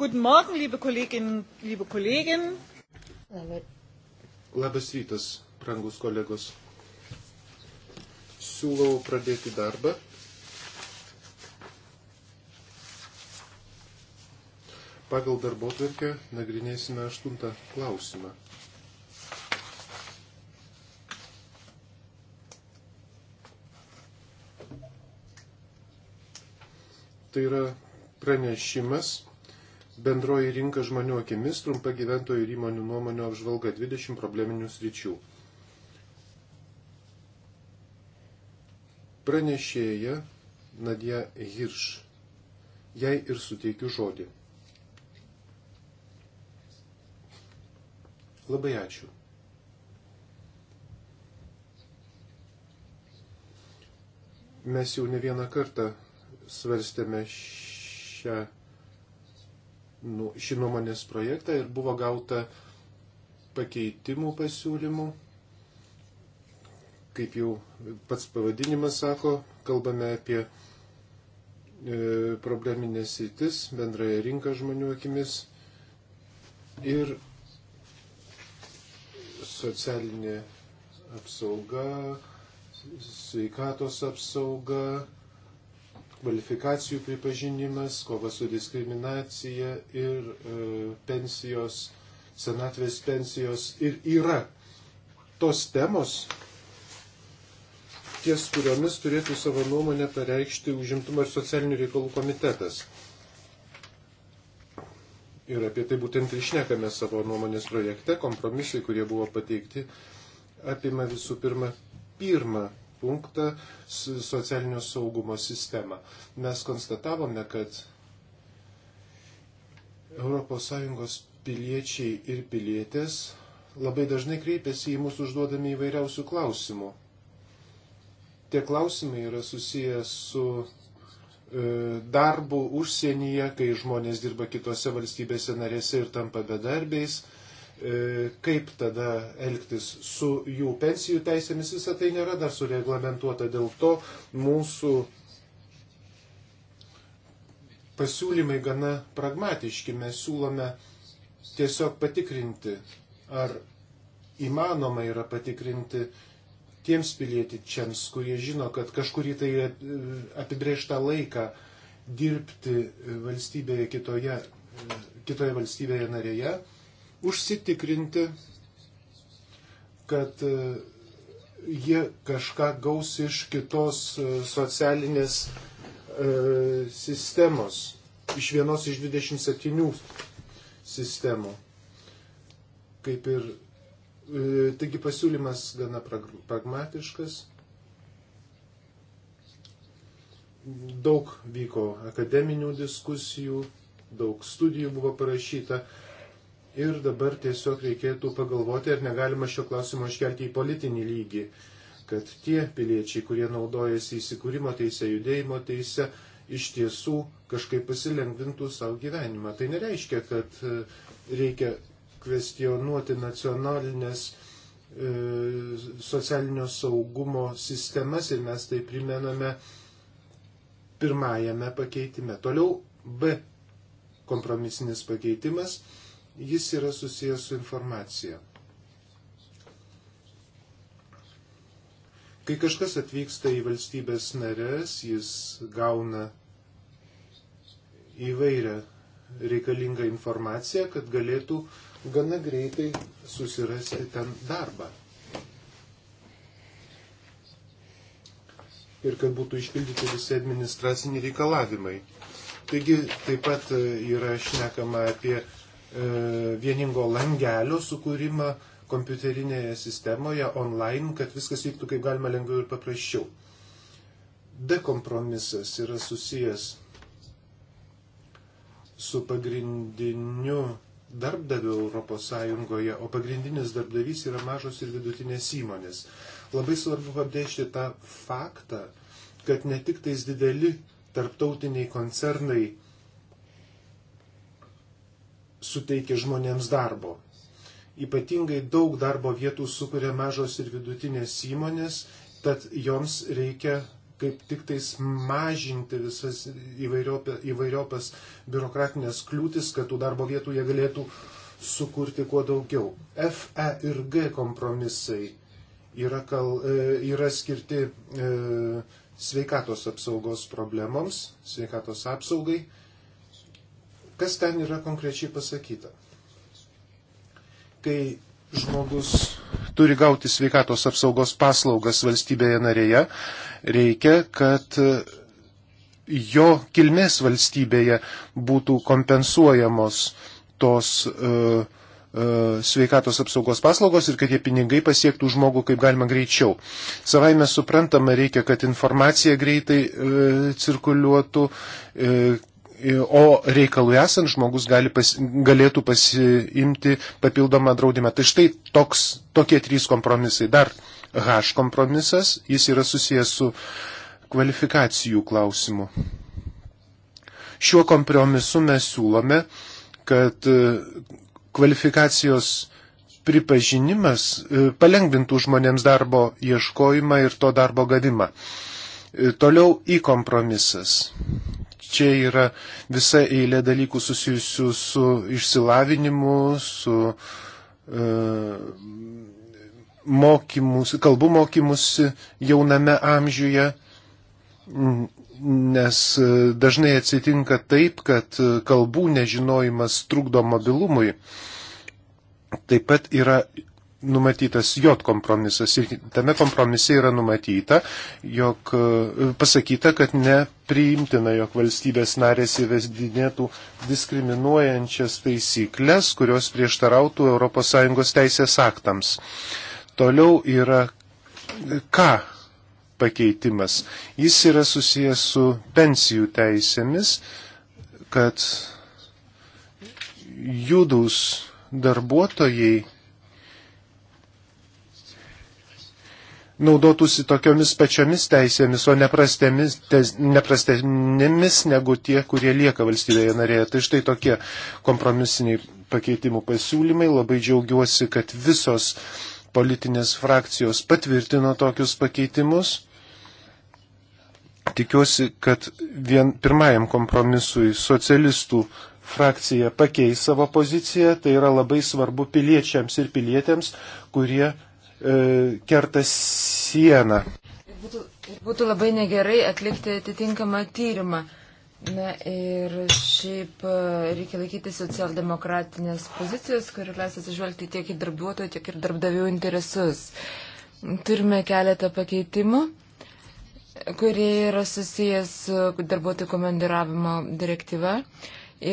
Guten Morgen, liebe Kolleginnen, liebe Kollegen. Labas rytas, brangus kolegos. Siūlau pradėti darbą. Pagal darbo tvarkę nagrinėsime aštuntą klausimą. tai yra pranešimas Bendroji rinka žmonių akimis, trumpa gyventojų ir įmonių nuomonio apžvalga 20 probleminių sričių. Pranešėja Nadia Hirš. Jai ir suteikiu žodį. Labai ačiū. Mes jau ne vieną kartą svarstėme šią nu, šį nuomonės projektą ir buvo gauta pakeitimų pasiūlymų. Kaip jau pats pavadinimas sako, kalbame apie e, probleminės sritis, bendrąją rinką žmonių akimis ir socialinė apsauga, sveikatos apsauga, kvalifikacijų pripažinimas, kova su diskriminacija ir e, pensijos, senatvės pensijos ir yra tos temos, ties kuriomis turėtų savo nuomonę pareikšti užimtumo ir socialinių reikalų komitetas. Ir apie tai būtent ir išnekame savo nuomonės projekte, kompromisai, kurie buvo pateikti, apima visų pirma pirmą punktą socialinio saugumo sistemą. Mes konstatavome, kad ES piliečiai ir pilietės labai dažnai kreipiasi į mūsų užduodami įvairiausių klausimų. Tie klausimai yra susijęs su e, darbu užsienyje, kai žmonės dirba kitose valstybėse narėse ir tampa bedarbiais. E, kaip tada elgtis su jų pensijų teisėmis, visą tai nėra dar sureglamentuota. Dėl to mūsų pasiūlymai gana pragmatiški. Mes siūlome tiesiog patikrinti, ar įmanoma yra patikrinti tiems piliečiams, kurie žino, kad kažkurį tai e, apibrėžtą laiką dirbti e, valstybėje kitoje, kitoje valstybėje narėje užsitikrinti, kad e, jie kažką gaus iš kitos e, socialinės e, sistemos, iš vienos iš 27 sistemų. Kaip ir, taigi pasiūlymas gana pragmatiškas. Daug vyko akademinių diskusijų, daug studijų buvo parašyta, ir dabar tiesiog reikėtų pagalvoti, ar negalima šio klausimo iškelti į politinį lygį, kad tie piliečiai, kurie naudojasi įsikūrimo teise, judėjimo teise, iš tiesų kažkaip pasilengvintų savo gyvenimą. Tai nereiškia, kad e, reikia kvestionuoti nacionalinės e, socialinio saugumo sistemas ir mes tai primename pirmajame pakeitime. Toliau B kompromisinis pakeitimas Jis yra susijęs su informacija. Kai kažkas atvyksta į valstybės narės, jis gauna įvairią reikalingą informaciją, kad galėtų gana greitai susirasti ten darbą. ir kad būtų išpildyti visi administraciniai reikalavimai. Taigi taip pat yra šnekama apie E, vieningo langelio sukūrimą kompiuterinėje sistemoje online, kad viskas vyktų kaip galima lengviau ir paprasčiau. Dekompromisas yra susijęs su pagrindiniu darbdaviu ES, o pagrindinis darbdavys yra mažos ir vidutinės įmonės. Labai svarbu pabrėžti tą faktą, kad ne tik tais dideli tarptautiniai koncernai suteikia žmonėms darbo. Ypatingai daug darbo vietų sukuria mažos ir vidutinės įmonės, tad joms reikia kaip tik tais mažinti visas įvairiopas biurokratinės kliūtis, kad tų darbo vietų jie galėtų sukurti kuo daugiau. F, E ir G kompromisai yra, kal, e, yra skirti e, sveikatos apsaugos problemoms, sveikatos apsaugai. Kas ten yra konkrečiai pasakyta? Kai žmogus turi gauti sveikatos apsaugos paslaugas valstybėje narėje, reikia, kad jo kilmės valstybėje būtų kompensuojamos tos uh, sveikatos apsaugos paslaugos ir kad tie pinigai pasiektų žmogų kaip galima greičiau. Savai mes suprantama reikia, kad informacija greitai e, cirkuliuotų, e, E, o reikalui esant žmogus pas, galėtų pasiimti papildomą draudimą. Tai štai toks, tokie trys kompromisai. Dar H kompromisas, jis yra susijęs su kvalifikacijų klausimu. Šiuo kompromisu mes siūlome, kad e, kvalifikacijos pripažinimas e, palengvintų žmonėms darbo ieškojimą ir to darbo gavimą. Toliau į kompromisas čia yra visa eilė dalykų susijusių su išsilavinimu, su e, mokymus, kalbų mokymusi jauname amžiuje, nes e, dažnai atsitinka taip, kad e, kalbų nežinojimas trukdo mobilumui. Taip pat yra numatytas J kompromisas ir tame kompromise yra numatyta, jog e, pasakyta, kad nepriimtina, jog valstybės narės įvesdinėtų diskriminuojančias taisyklės, kurios prieštarautų ES teisės aktams. Toliau yra ką pakeitimas. Jis yra susijęs su pensijų teisėmis, kad judus darbuotojai naudotųsi tokiomis pačiomis teisėmis, o neprastesnėmis negu tie, kurie lieka valstybėje narėje. Tai štai tokie kompromisiniai pakeitimų pasiūlymai. Labai džiaugiuosi, kad visos politinės frakcijos patvirtino tokius pakeitimus. Tikiuosi, kad vien pirmajam kompromisui socialistų frakcija pakeis savo poziciją, tai yra labai svarbu piliečiams ir pilietėms, kurie E, kerta sieną. Ir būtų, ir būtų labai negerai atlikti atitinkamą tyrimą. Na ir šiaip e, reikia laikyti socialdemokratinės pozicijos, kuri leis atsižvelgti tiek į darbuotojų, tiek ir darbdavių interesus. Turime keletą pakeitimų, kurie yra susijęs su darbuotojų komandiravimo direktyva.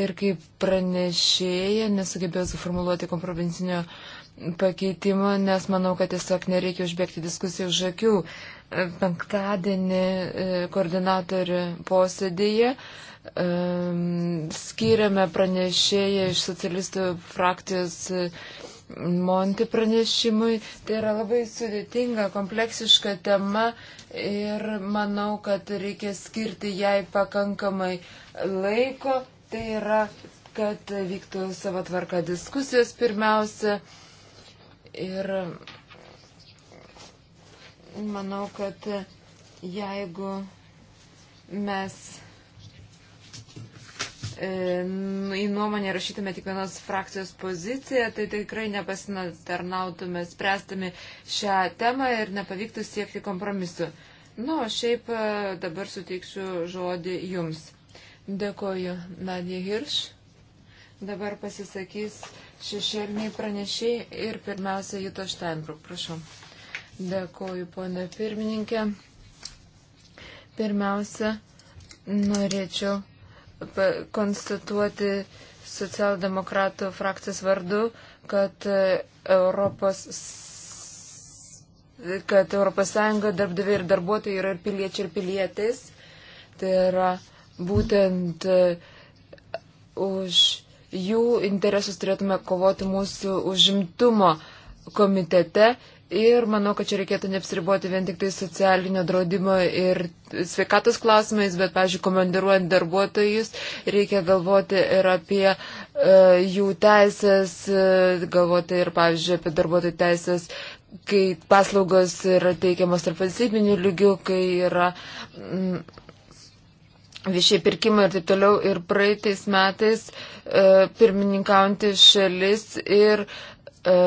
Ir kaip pranešėja nesugebėjo suformuoluoti kompromisinio uh, pakeitimą, nes manau, kad tiesiog nereikia užbėgti diskusijų už akių. E, penktadienį e, koordinatorių posėdėje e, skiriame pranešėją iš socialistų frakcijos Monti pranešimui. Tai yra labai sudėtinga, kompleksiška tema ir manau, kad reikia skirti jai pakankamai laiko. Tai yra, kad vyktų savo tvarka diskusijos pirmiausia. Ir manau, kad jeigu mes e, į nuomonę rašytume tik vienos frakcijos poziciją, tai tikrai nepasinatarnautume spręstami šią temą ir nepavyktų siekti kompromisu. Nu, šiaip e, dabar suteiksiu žodį jums. Dėkoju, Nadie Hirš. Dabar pasisakys šešėliniai pranešiai ir pirmiausia Juto Steinbruk, prašau. Dėkuoju, ponė pirmininkė. Pirmiausia, norėčiau konstatuoti socialdemokratų frakcijos vardu, kad e, Europos kad ES darbdaviai ir darbuotojai yra ir piliečiai ir pilietės. Tai yra būtent e, už jų interesus turėtume kovoti mūsų užimtumo komitete. Ir manau, kad čia reikėtų neapsiriboti vien tik tai socialinio draudimo ir sveikatos klausimais, bet, pažiūrėjau, komandiruojant darbuotojus, reikia galvoti ir apie e, jų teisės, e, galvoti ir, pavyzdžiui, apie darbuotojų teisės, kai paslaugos yra teikiamas tarp valstybinių lygių, kai yra. Mm, viešiai pirkimai ir taip toliau. Ir praeitais metais e, pirmininkaujantį šalis ir e,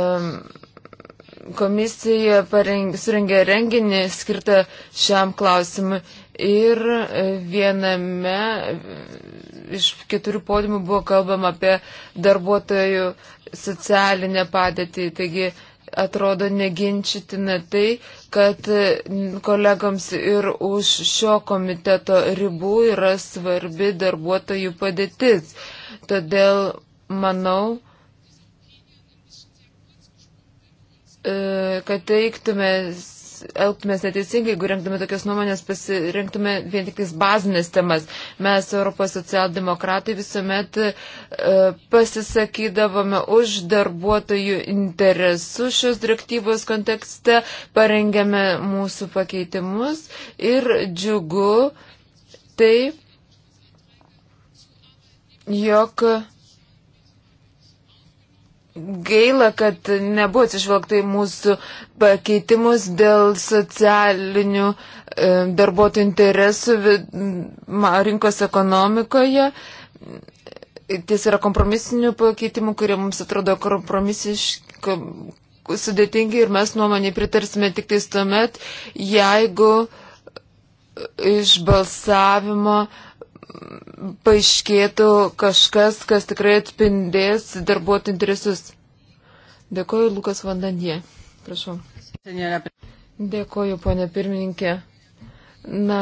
komisija pareng, surengė renginį skirtą šiam klausimui. Ir e, viename iš keturių podimų buvo kalbama apie darbuotojų socialinę padėtį. Taigi atrodo neginčitina tai, kad e, kolegams ir už šio komiteto ribų yra svarbi darbuotojų padėtis. Todėl manau, e, kad teiktumės elgtumės neteisingai, jeigu renktume tokias nuomonės, pasirinktume vien tik tais bazinės temas. Mes, Europos socialdemokratai, visuomet e, pasisakydavome už darbuotojų interesus šios direktyvos kontekste, parengėme mūsų pakeitimus ir džiugu tai, jog gaila, kad nebuvo atsižvelgta į mūsų pakeitimus dėl socialinių e, darbuotojų interesų rinkos ekonomikoje. Ties yra kompromisinių pakeitimų, kurie mums atrodo kompromisiškai sudėtingi ir mes nuomonį pritarsime tik tais tuomet, jeigu iš balsavimo uh, paaiškėtų kažkas, kas tikrai atspindės darbuotojų interesus. Dėkoju, Lukas Vandanie. Prašau. Dėkoju, ponė pirmininkė. Na,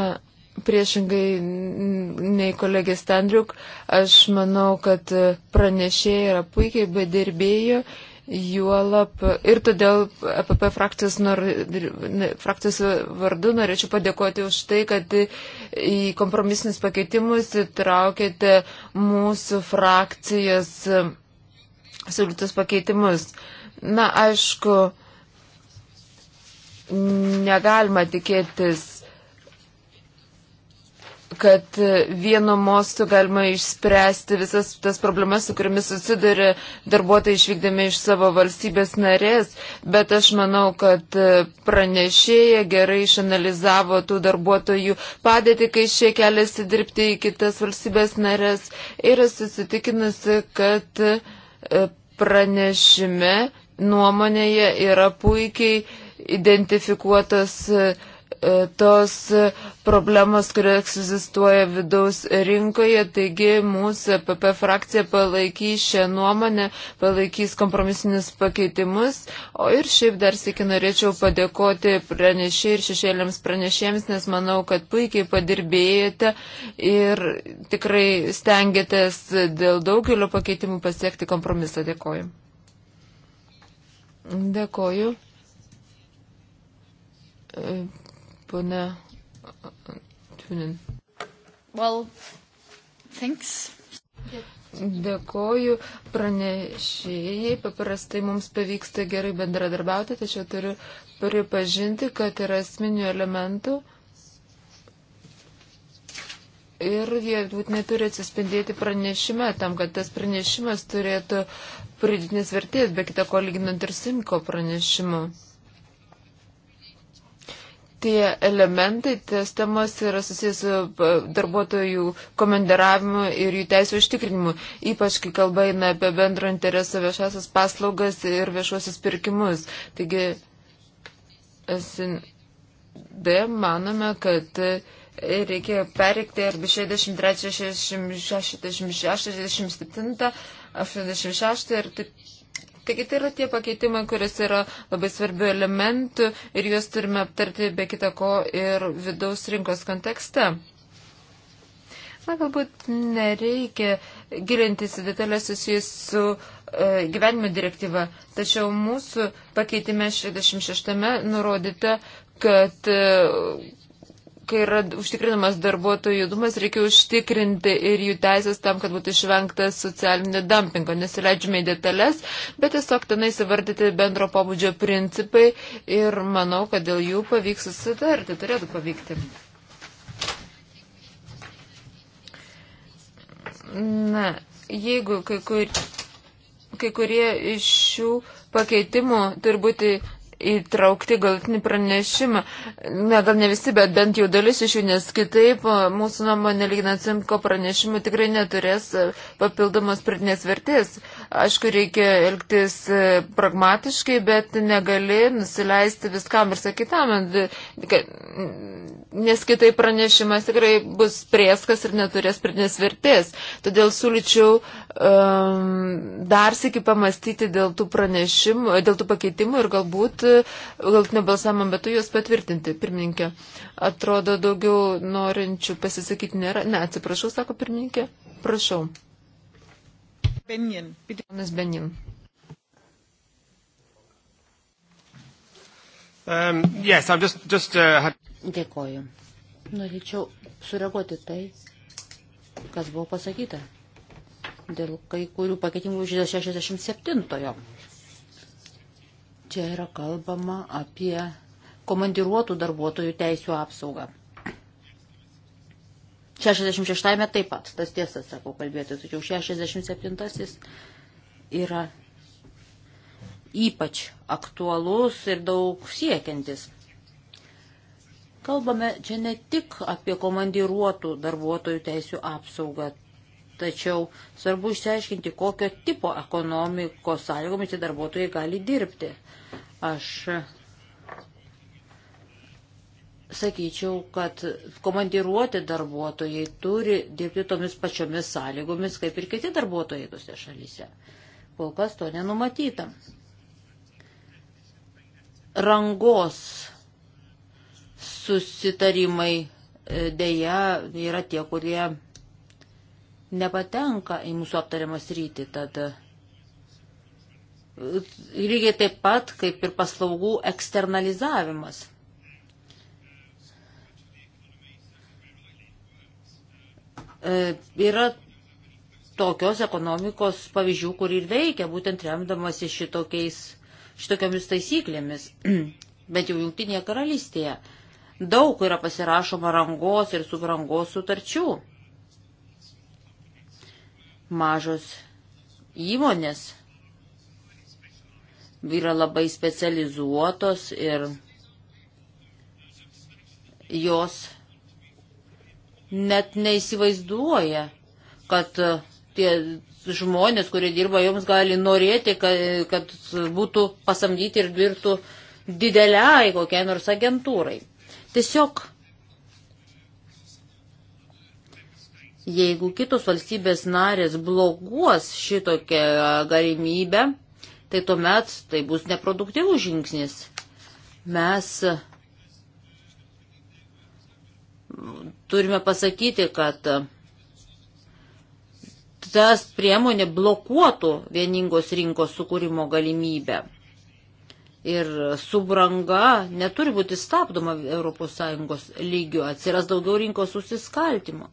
priešingai nei kolegė Standriuk, aš manau, kad pranešėjai yra puikiai bedirbėjo Juolap ir todėl APP e frakcijos, nor, frakcijos vardu norėčiau padėkoti už tai, kad į kompromisinius pakeitimus įtraukėte mūsų frakcijos siūlytus pakeitimus. Na, aišku, negalima tikėtis kad vienu mostu galima išspręsti visas tas problemas, su kuriamis susiduria darbuotojai išvykdami iš savo valstybės narės, bet aš manau, kad pranešėja gerai išanalizavo tų darbuotojų padėtį, kai šie keliasi dirbti į kitas valstybės narės ir susitikinusi, kad e, pranešime nuomonėje yra puikiai identifikuotas uh, E, tos problemos, kurios egzistuoja vidaus rinkoje. Taigi mūsų PP e frakcija palaikys šią nuomonę, palaikys kompromisinius pakeitimus. O ir šiaip dar sėki norėčiau padėkoti pranešiai ir šešėliams pranešėjams, nes manau, kad puikiai padirbėjote ir tikrai stengiatės dėl daugelio pakeitimų pasiekti kompromisą. Dėkoju. Dėkoju e, Pone Tunin. Well, thanks. Dėkoju pranešėjai. Paprastai mums pavyksta gerai bendradarbiauti, tačiau turiu pripažinti, kad yra asmeninių elementų ir jie būtinai turi atsispindėti pranešime, tam, kad tas pranešimas turėtų pridėtinės vertės, be kita ko lyginant ir Simko pranešimu tie elementai, tas temas yra susijęs su e, darbuotojų komandiravimu ir jų teisų užtikrinimu, ypač kai kalba eina apie bendro interesą viešasias paslaugas ir viešuosius pirkimus. Taigi, SND manome, kad e, reikia pereikti arba 63, 66, 67, 86 ir taip Taigi tai yra tie pakeitimai, kuris yra labai svarbių elementų ir juos turime aptarti be kita ko ir vidaus rinkos kontekste. Na, galbūt nereikia gilintis į detalę susijęs su e, gyvenimo direktyva, tačiau mūsų pakeitime 66 nurodyta, kad e, kai yra užtikrinamas darbuotojų judumas, reikia užtikrinti ir jų teisės tam, kad būtų išvengtas socialinio dumpingo. Nesileidžiame į detalės, bet tiesiog tenai įsivardyti bendro pobūdžio principai ir manau, kad dėl jų pavyks susitarti, turėtų pavykti. Na, jeigu kai, kur, kai kurie iš šių pakeitimų turi būti įtraukti galutinį pranešimą. Na, gal ne visi, bet bent jau dalis iš jų, nes kitaip mūsų nuomonė lyginant Simko pranešimu tikrai neturės e, papildomos pridinės vertės. Aišku, reikia elgtis e, pragmatiškai, bet negali nusileisti viskam ir sakytam, e, nes kitai pranešimas tikrai bus prieskas ir neturės pridinės vertės. Todėl siūlyčiau um, dar sėki pamastyti dėl tų pranešimų, dėl tų pakeitimų ir galbūt e, galtinio balsavimo metu juos patvirtinti. Pirmininkė, atrodo daugiau norinčių pasisakyti nėra. Ne, atsiprašau, sako pirmininkė. Prašau. Benjen. Ponas Benjen. Um, yes, just, just, uh, had... Dėkoju. Norėčiau sureaguoti tai, kas buvo pasakyta dėl kai kurių pakeitimų 67-ojo. Čia yra kalbama apie komandiruotų darbuotojų teisų apsaugą. 66-ame taip pat, tas tiesas, sakau kalbėti, tačiau 67-asis yra ypač aktualus ir daug siekiantis. Kalbame čia ne tik apie komandiruotų darbuotojų teisų apsaugą, tačiau svarbu išsiaiškinti, kokio tipo ekonomikos sąlygomis tie darbuotojai gali dirbti. Aš sakyčiau, kad komandiruoti darbuotojai turi dirbti tomis pačiomis sąlygomis, kaip ir kiti darbuotojai tose šalyse. Kol kas to nenumatyta. Rangos susitarimai e, dėja yra tie, kurie nepatenka į mūsų aptariamas rytį. Tad e, lygiai taip pat kaip ir paslaugų eksternalizavimas. E, yra tokios ekonomikos pavyzdžių, kur ir veikia, būtent remdamasi šitokiais, šitokiamis taisyklėmis, bet jau jungtinėje karalystėje. Daug yra pasirašoma rangos ir subrangos sutarčių. Mažos įmonės yra labai specializuotos ir jos net neįsivaizduoja, kad e, tie žmonės, kurie dirba, joms gali norėti, kad, kad būtų pasamdyti ir dirbtų dideliai kokiai nors agentūrai. Tiesiog, jeigu kitos valstybės narės bloguos šitokią galimybę, tai tuomet tai bus neproduktyvus žingsnis. Mes turime pasakyti, kad tas priemonė blokuotų vieningos rinkos sukūrimo galimybę. Ir subranga neturi būti stabdoma ES lygiu, atsiras daugiau rinkos susiskaldimo.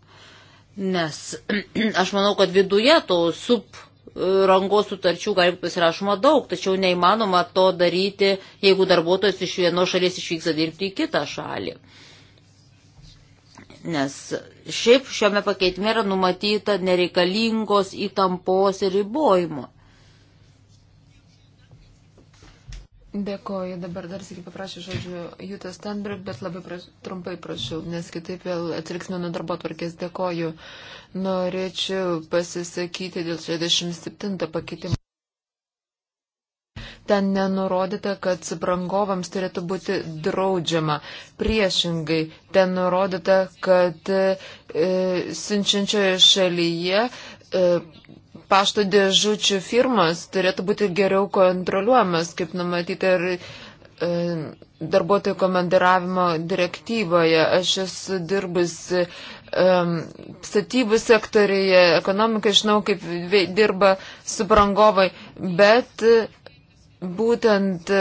Nes aš manau, kad viduje to sub rangos sutarčių gali pasirašoma daug, tačiau neįmanoma to daryti, jeigu darbuotojas iš vienos šalies išvyksta dirbti į kitą šalį. Uh, nes šiaip šiame pakeitime yra numatyta nereikalingos įtampos ir ribojimo. Dėkoju, dabar dar sėkiu paprašau žodžiu Jūtą Stenberg, bet labai praš, trumpai prašau, nes kitaip vėl atsiliksime nuo darbo tvarkės. Dėkoju. Norėčiau pasisakyti dėl 67 pakeitimo. Ten nenurodyta, kad subrangovams turėtų būti draudžiama. Priešingai, ten nurodyta, kad e, siunčiančioje šalyje e, pašto dėžučių firmas turėtų būti geriau kontroliuojamas, kaip numatyta ir e, darbuotojų komandiravimo direktyvoje. Aš esu dirbusi um, e, statybų sektorėje, ekonomikai žinau, kaip dirba subrangovai, bet uh, būtent e,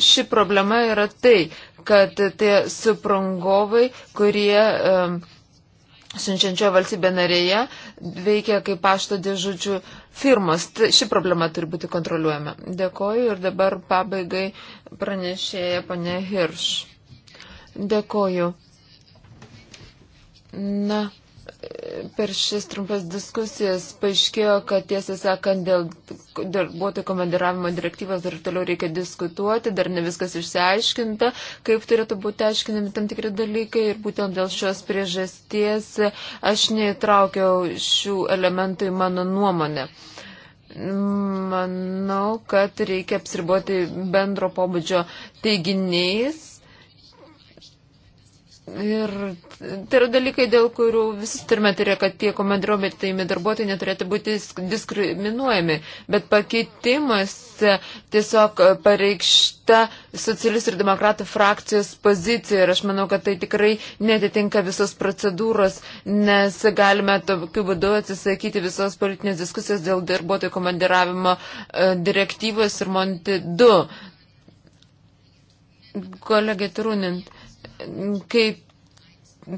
ši problema yra tai, kad tie suprangovai, kurie um, e, siunčiančioje valstybė narėje veikia kaip pašto dėžučių firmos. Tai ši problema turi būti kontroliuojama. Dėkoju ir dabar pabaigai pranešėja ponė Hirš. Dėkoju. Na per šis trumpas diskusijas paaiškėjo, kad tiesą sakant, dėl darbuotojų komandiravimo direktyvos dar toliau reikia diskutuoti, dar ne viskas išsiaiškinta, kaip turėtų būti aiškinami tam tikri dalykai ir būtent dėl šios priežasties aš neįtraukiau šių elementų į mano nuomonę. Manau, kad reikia apsirboti bendro pobūdžio teiginiais Ir tai yra dalykai, dėl kurių visi turime turėti, kad tie komandiruometėjami darbuotojai neturėtų būti diskriminuojami. Bet pakeitimas e, tiesiog pareikšta socialistų ir demokratų frakcijos pozicija. Ir aš manau, kad tai tikrai netitinka visos procedūros, nes galime tokiu būdu atsisakyti visos politinės diskusijos dėl darbuotojų komandiravimo e, direktyvos ir Monti 2. Kolegė Trūnint kaip,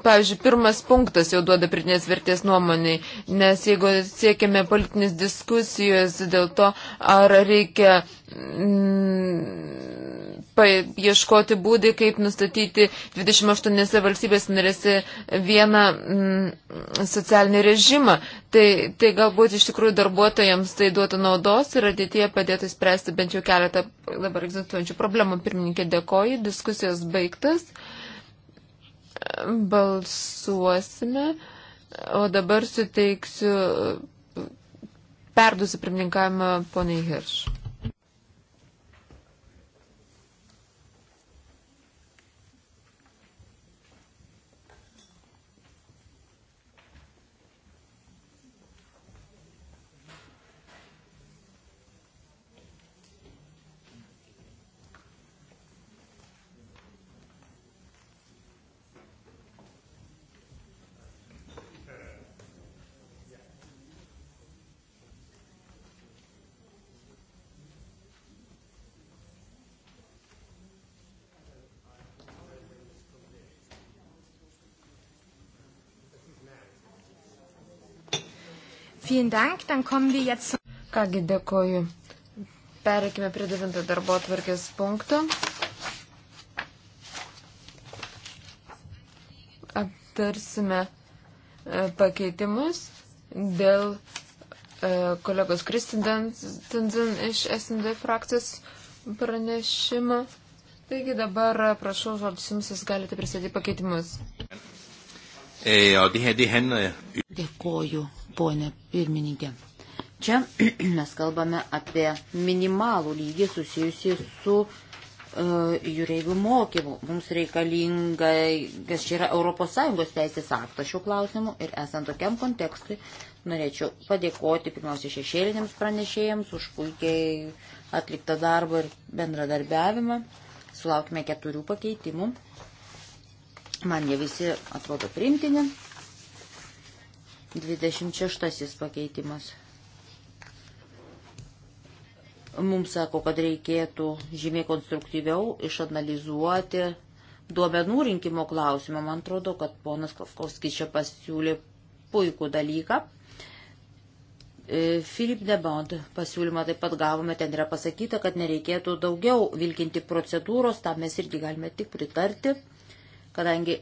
pavyzdžiui, pirmas punktas jau duoda pritinės vertės nuomoniai, nes jeigu siekiame politinės diskusijos dėl to, ar reikia mm, ieškoti būdai, kaip nustatyti 28 valstybės narėse vieną mm, socialinį režimą, tai, tai galbūt iš tikrųjų darbuotojams tai duotų naudos ir ateityje padėtų spręsti bent jau keletą dabar egzistuojančių problemų. Pirmininkė dėkoju, diskusijos baigtas balsuosime, o dabar suteiksiu, perdusiu pirmininkavimą poniai Hirš. Vielen Dank, dann kommen wir jetzt. Kągi dėkoju. Pereikime prie devinto darbo atvarkės punkto. Aptarsime e, pakeitimus dėl e, kolegos Kristindantzin iš SND frakcijos pranešimo. Taigi dabar e, prašau žodžius jums, jūs galite pristatyti pakeitimus. Eh, dėkoju ponė pirmininkė. Čia mes kalbame apie minimalų lygį susijusi su uh, jūreivių mokymu. Mums reikalinga, kas čia yra ES teisės aktas šiuo klausimu ir esant tokiam kontekstui, norėčiau padėkoti pirmiausia šešėlinėms pranešėjams už puikiai atliktą darbą ir bendradarbiavimą. Sulaukime keturių pakeitimų. Man jie visi atrodo primtini. 26 pakeitimas. Mums sako, kad reikėtų žymiai konstruktyviau išanalizuoti duomenų rinkimo klausimą. Man atrodo, kad ponas Klavkovskis čia pasiūlė puikų dalyką. Filip e, Debond pasiūlymą taip pat gavome, ten yra pasakyta, kad nereikėtų daugiau vilkinti procedūros, tam mes irgi galime tik pritarti, kadangi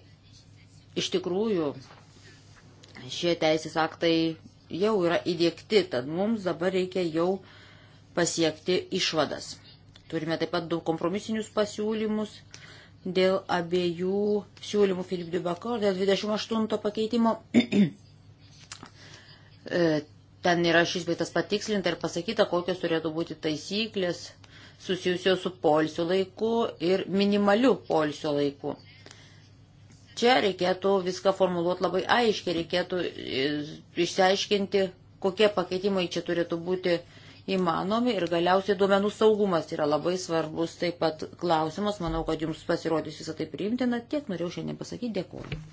iš tikrųjų Šie teisės aktai jau yra įdėkti, tad mums dabar reikia jau pasiekti išvadas. Turime taip pat daug kompromisinius pasiūlymus dėl abiejų siūlymų Filip Dubako, dėl 28 pakeitimo. E, ten yra šis baitas patikslinta ir pasakyta, kokios turėtų būti taisyklės susijusios su polsio laiku ir minimaliu polsio laiku. Čia reikėtų viską formuluoti labai aiškiai, reikėtų e, išsiaiškinti, kokie pakeitimai čia turėtų būti įmanomi ir galiausiai duomenų saugumas yra labai svarbus taip pat klausimas. Manau, kad jums pasirodys visą tai priimtina. Tiek norėjau šiandien pasakyti. Dėkuoju.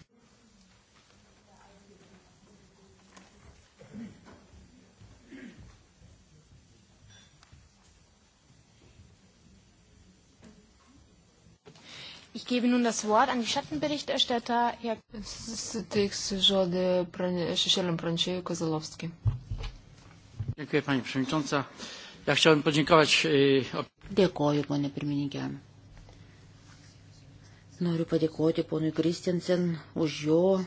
Ich gebe nun das Wort an die Schattenberichterstatter, Herr. Suteiksiu žodį prane, šešėliam pranešėjui Kozalovskį. Dėkui, panie Przewodnicząca. Ja chciałem podziękować. Dėkoju, ponė pirmininkė. Noriu padėkoti ponui Kristiansen už jo e,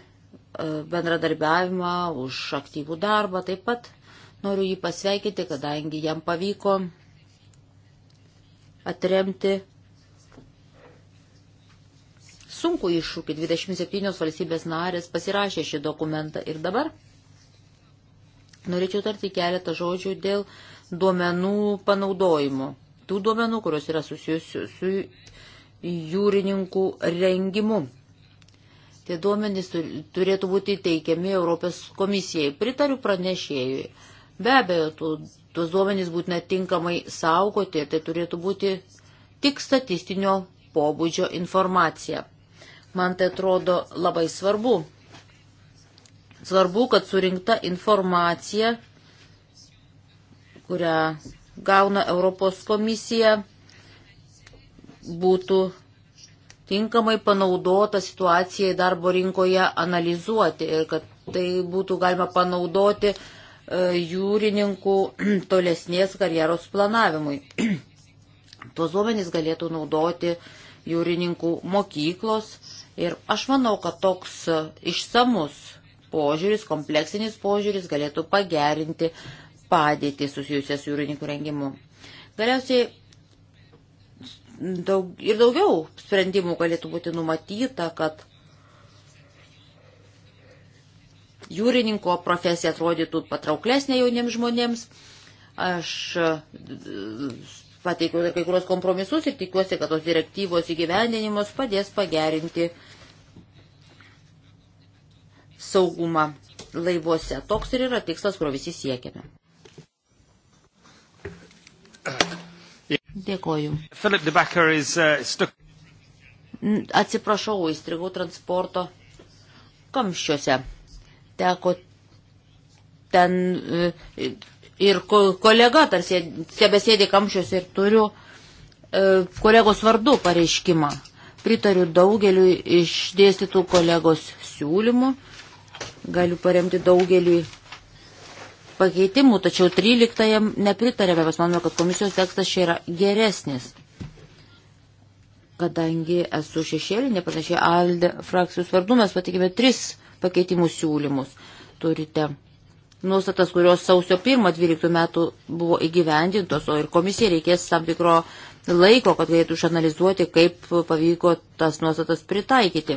bendradarbiavimą, už aktyvų darbą. Taip pat noriu jį pasveikinti, kadangi jam pavyko atremti sunku iššūkį. 27 valstybės narės pasirašė šį dokumentą ir dabar norėčiau tarti keletą žodžių dėl duomenų panaudojimo. Tų duomenų, kurios yra susijusių su jūrininkų rengimu. Tie duomenys turėtų būti teikiami Europos komisijai. Pritariu pranešėjui. Be abejo, tu, tuos duomenys būtina tinkamai saugoti, tai turėtų būti tik statistinio pobūdžio informacija. Man tai atrodo labai svarbu. Svarbu, kad surinkta informacija, kurią gauna Europos komisija, būtų tinkamai panaudota situacija darbo rinkoje analizuoti ir kad tai būtų galima panaudoti e, jūrininkų tolesnės karjeros planavimui. Tuos duomenys galėtų naudoti jūrininkų mokyklos Ir aš manau, kad toks e, išsamus požiūris, kompleksinis požiūris galėtų pagerinti padėtį susijusias jūrininkų rengimu. Galiausiai daug, ir daugiau sprendimų galėtų būti numatyta, kad jūrininko profesija atrodytų patrauklesnė jauniems žmonėms. Aš e, pateikiau ir kai kurios kompromisus ir tikiuosi, kad tos direktyvos įgyvendinimas padės pagerinti saugumą laivuose. Toks ir yra tikslas, kurio visi siekiame. Dėkoju. Philip de Becker is uh, stuck. Atsiprašau, įstrigau transporto kamščiuose. Teko ten uh, ir kolega tarsi sebesėdė kamščius ir turiu e, kolegos vardu pareiškimą. Pritariu daugeliu išdėstytų kolegos siūlymų, galiu paremti daugeliu pakeitimų, tačiau 13 nepritarėme, mes manome, kad komisijos tekstas čia yra geresnis. Kadangi esu šešėlinė, panašiai Alde frakcijos vardu, mes patikime tris pakeitimų siūlymus. Turite nuostatas, kurios sausio 1-12 metų buvo įgyvendintos, o ir komisija reikės tam tikro laiko, kad galėtų išanalizuoti, kaip pavyko tas nuostatas pritaikyti.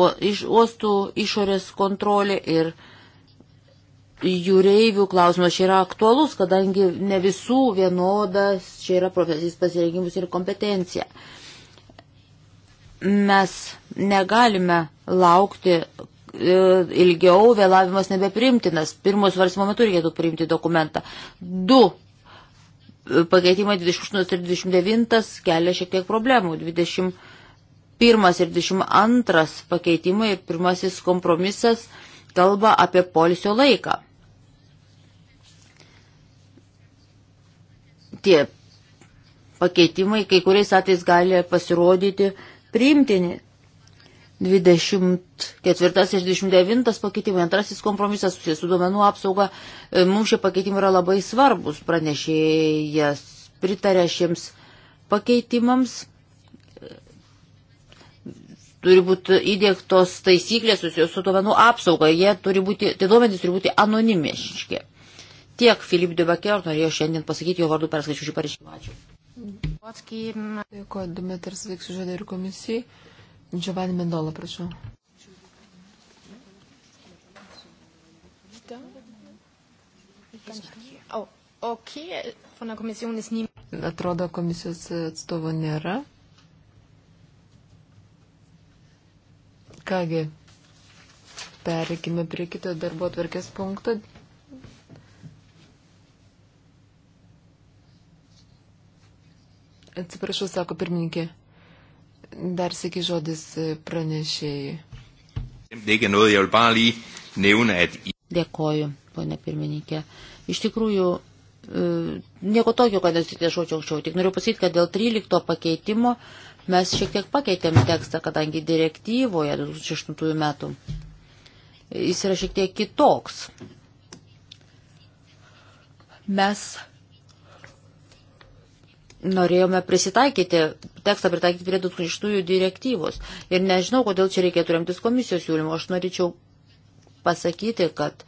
O iš uostų išorės kontrolė ir jūreivių klausimas čia yra aktualus, kadangi ne visų vienodas čia yra profesijas pasirinkimus ir kompetencija. Mes negalime laukti, E, ilgiau vėlavimas nebeprimtinas. Pirmos svarstymo metu reikėtų priimti dokumentą. Du e, pakeitimai 28 ir 29 kelia šiek tiek problemų. 21 ir 22 pakeitimai ir pirmasis kompromisas kalba apie polisio laiką. Tie pakeitimai kai kuriais atvejais gali pasirodyti priimtini, 24 ir 29 pakeitimai, antrasis kompromisas susijęs su duomenų apsauga, e, mums šie pakeitimai yra labai svarbus, pranešėjas pritarė šiems pakeitimams. E, turi būti įdėktos taisyklės susijęs su duomenų apsauga, jie turi būti, tai duomenys turi būti anonimiški. Tiek Filip Debaker norėjo šiandien pasakyti, jo vardu perskaičiu šį pareiškimą. Ačiū. Dėkuoju, Dimitris Veiksų žodė ir komisijai. Giovanni Mendola, proszę. Oh, Atrodo, komisijos atstovo nėra. Kągi, pereikime prie kito darbo atverkės punkto. Atsiprašau, sako pirmininkė. Dar sėki žodis pranešėjai. Er Dėkoju, ponė pirmininkė. Iš tikrųjų, e, nieko tokio, kad nesitešuočiau aukščiau. Tik noriu pasakyti, kad dėl 13 pakeitimo mes šiek tiek pakeitėm tekstą, kadangi direktyvoje 2008 metų e, jis yra šiek tiek kitoks. Mes norėjome prisitaikyti, tekstą pritaikyti prie 2006 direktyvos. Ir nežinau, kodėl čia reikėtų remtis komisijos siūlymu. Aš norėčiau pasakyti, kad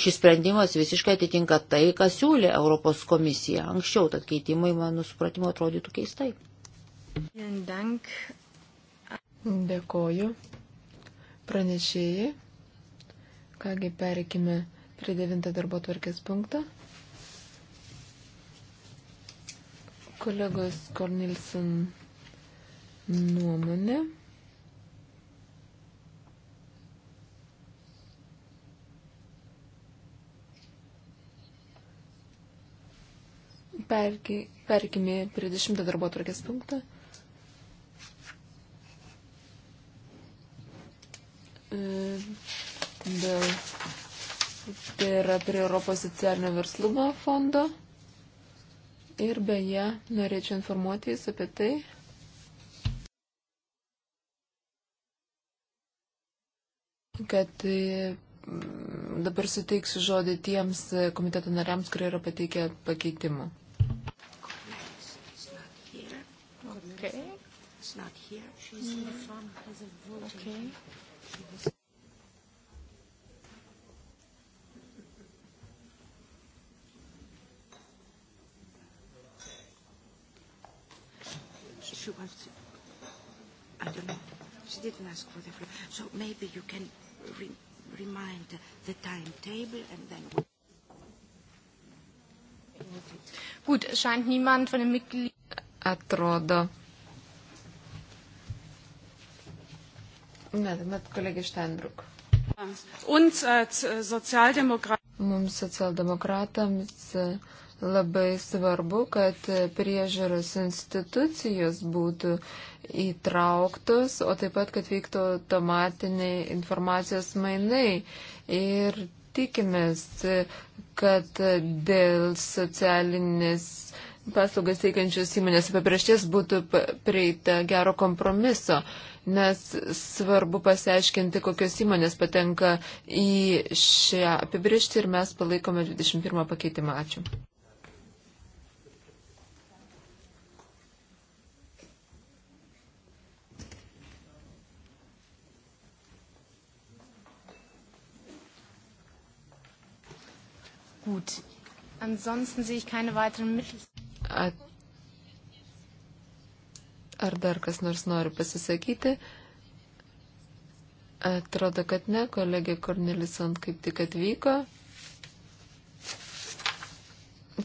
šis sprendimas visiškai atitinka tai, ką siūlė Europos komisija. Anksčiau, tad keitimai, mano supratimo, atrodytų keistai. Dėkoju. Pranešėjai. Kągi, perikime prie devinto darbo tvarkės punktą. kolegos Kornilsen nuomonę. Perki, perkime prie 10 darbo atvarkės punktą. E, dėl, tai yra prie Europos socialinio verslumo fondo. Ir beje, norėčiau informuoti Jūs apie tai, kad e, dabar suteiksiu žodį tiems e, komiteto nariams, kurie yra pateikę pakeitimų. Okay. for the floor. So maybe you can re remind the timetable and then we... Gut, scheint niemand von den Mitgliedern... Atrodo. Ne, tuomet kolegė Steinbrück. Uns, uh, Mums socialdemokratams Labai svarbu, kad priežiūros institucijos būtų įtrauktos, o taip pat, kad vyktų automatiniai informacijos mainai. Ir tikimės, kad dėl socialinės paslaugas teikiančios įmonės apibriešties būtų prieita gero kompromiso, nes svarbu pasiaiškinti, kokios įmonės patenka į šią apibriešti ir mes palaikome 21 pakeitimą. Ačiū. Gut. Ansonsten sehe ich keine weiteren Mittel. Ar dar kas nors nori pasisakyti? Atrodo, kad ne, kolegė Kornelison kaip tik atvyko.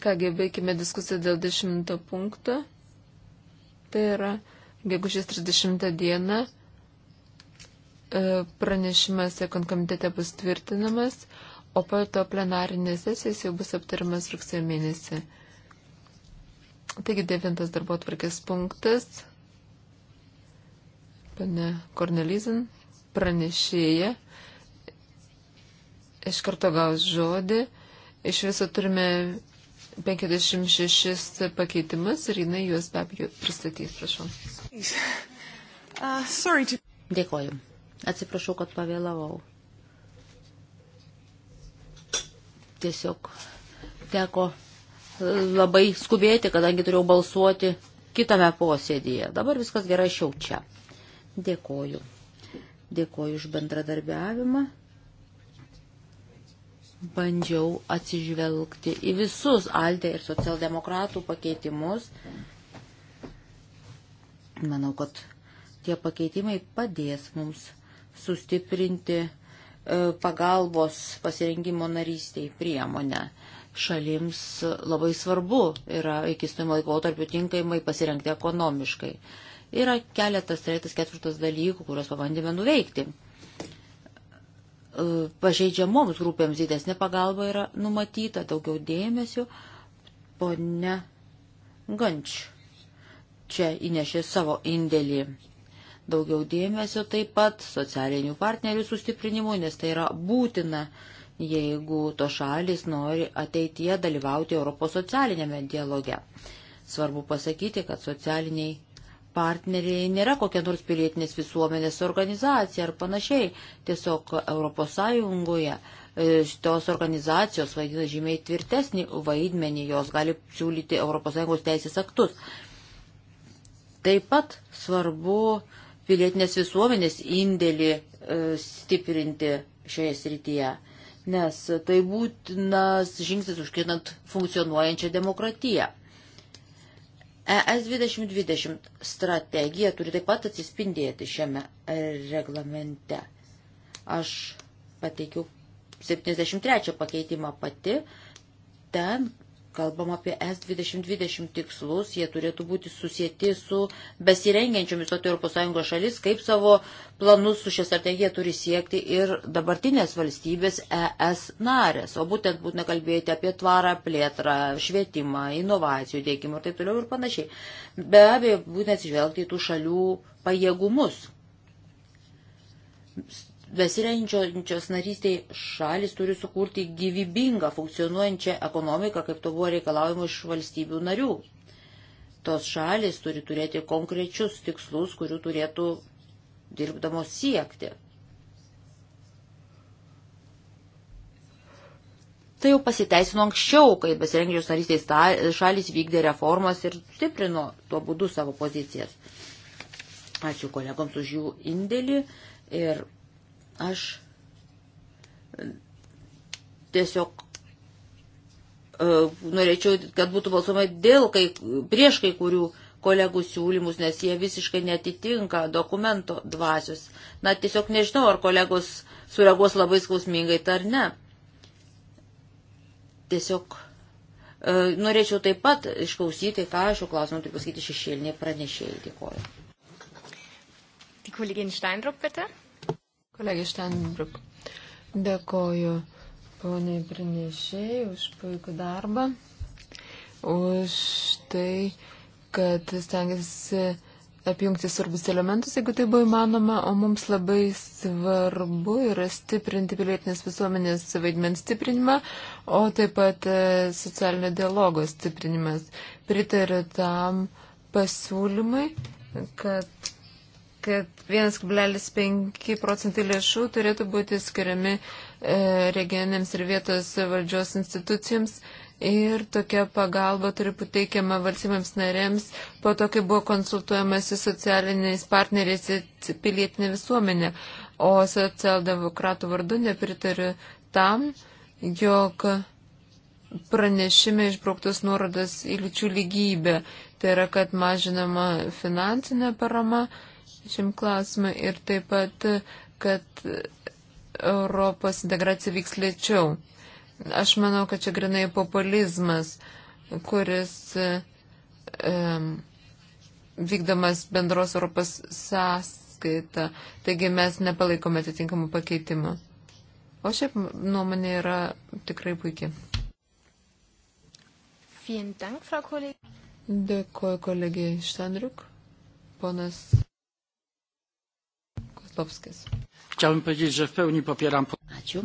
Kągi, baigime diskusiją dėl dešimto punkto. Tai yra gegužės 30 diena. E, pranešimas ekonomitete bus tvirtinamas o po to plenarinės sesijos jau bus aptarimas rugsėjo mėnesį. Taigi devintas darbo atvarkės punktas. Pane Kornelizin pranešėja. Iš karto gaus žodį. Iš viso turime 56 pakeitimus ir jinai juos be abejo pristatys, prašau. Uh, to... Dėkoju. Atsiprašau, kad pavėlavau. tiesiog teko e, labai skubėti, kadangi turėjau balsuoti kitame posėdėje. Dabar viskas gerai, aš jau čia. Dėkoju. Dėkoju už bendradarbiavimą. Bandžiau atsižvelgti į visus Aldė ir socialdemokratų pakeitimus. Manau, kad tie pakeitimai padės mums sustiprinti E, pagalbos pasirengimo narystiai priemonę. Šalims labai svarbu yra iki stojimo laikotarpių tinkamai pasirengti ekonomiškai. Yra keletas, trečias, ketvirtas dalykų, kuriuos pabandėme nuveikti. E, pažeidžiamoms grupėms didesnė pagalba yra numatyta, daugiau dėmesio. Pone Ganč čia įnešė savo indėlį daugiau dėmesio taip pat socialinių partnerių sustiprinimui, nes tai yra būtina, jeigu to šalis nori ateityje dalyvauti Europos socialinėme dialoge. Svarbu pasakyti, kad socialiniai partneriai nėra kokia nors pilietinės visuomenės organizacija ar panašiai. Tiesiog ES e, šitos organizacijos vaidina žymiai tvirtesnį vaidmenį, jos gali siūlyti ES teisės aktus. Taip pat svarbu uh, pilietinės visuomenės indėlį e, stiprinti šioje srityje, nes tai būtinas žingsnis užkinant funkcionuojančią demokratiją. ES 2020 strategija turi taip pat atsispindėti šiame reglamente. Aš pateikiau 73 pakeitimą pati, ten Kalbam apie S2020 tikslus, jie turėtų būti susijęti su besirengiančiomis stoti ES šalis, kaip savo planus su šia strategija turi siekti ir dabartinės valstybės ES narės. O būtent būtina kalbėti apie tvarą, plėtrą, švietimą, inovacijų dėkimą ir taip toliau ir panašiai. Be abejo, būtent atsižvelgti į tų šalių pajėgumus besirenčios narystiai šalis turi sukurti gyvybingą funkcionuojančią ekonomiką, kaip to buvo reikalaujama iš valstybių narių. Tos šalis turi turėti konkrečius tikslus, kurių turėtų dirbdamos siekti. Tai jau pasiteisino anksčiau, kai besirengiančios narystės šalis vykdė reformas ir stiprino tuo būdu savo pozicijas. Ačiū kolegoms už jų indėlį ir Aš e, tiesiog e, norėčiau, kad būtų balsuoma dėl kai, prieš kai kurių kolegų siūlymus, nes jie visiškai netitinka dokumento dvasios. Na, tiesiog nežinau, ar kolegos sureaguos labai skausmingai, tai ar ne. Tiesiog e, norėčiau taip pat išklausyti, ką šiuo klausimu turi pasakyti šešėlinė pranešėjai. Dėkoju. Die Kollegin Steinrupp, bitte. Kolegė Štenbruk, dėkoju poniai pranešėjai už puikų darbą, už tai, kad stengiasi apjungti svarbus elementus, jeigu tai buvo įmanoma, o mums labai svarbu yra stiprinti pilietinės visuomenės vaidmens stiprinimą, o taip pat e, socialinio dialogo stiprinimas. Pritariu tam pasiūlymui, kad kad 1,5 procentai lėšų turėtų būti skiriami e, regioniams ir vietos valdžios institucijams. Ir tokia pagalba turi būti teikiama valstybėms narėms po to, kai buvo konsultuojamasi socialiniais partneriais ir pilietinė visuomenė. O socialdemokratų vardu nepritariu tam, jog pranešime išbrauktas nuorodas į lyčių lygybę. Tai yra, kad mažinama finansinė parama šiam klausimui ir taip pat, kad Europos integracija vyks lėčiau. Aš manau, kad čia grinai populizmas, kuris um, vykdomas bendros Europos sąskaita. Taigi mes nepalaikome atitinkamų pakeitimų. O šiaip nuomonė yra tikrai puikia. Dėkuoju kolegijai Štandriuk. Ponas Popskis. Ačiū.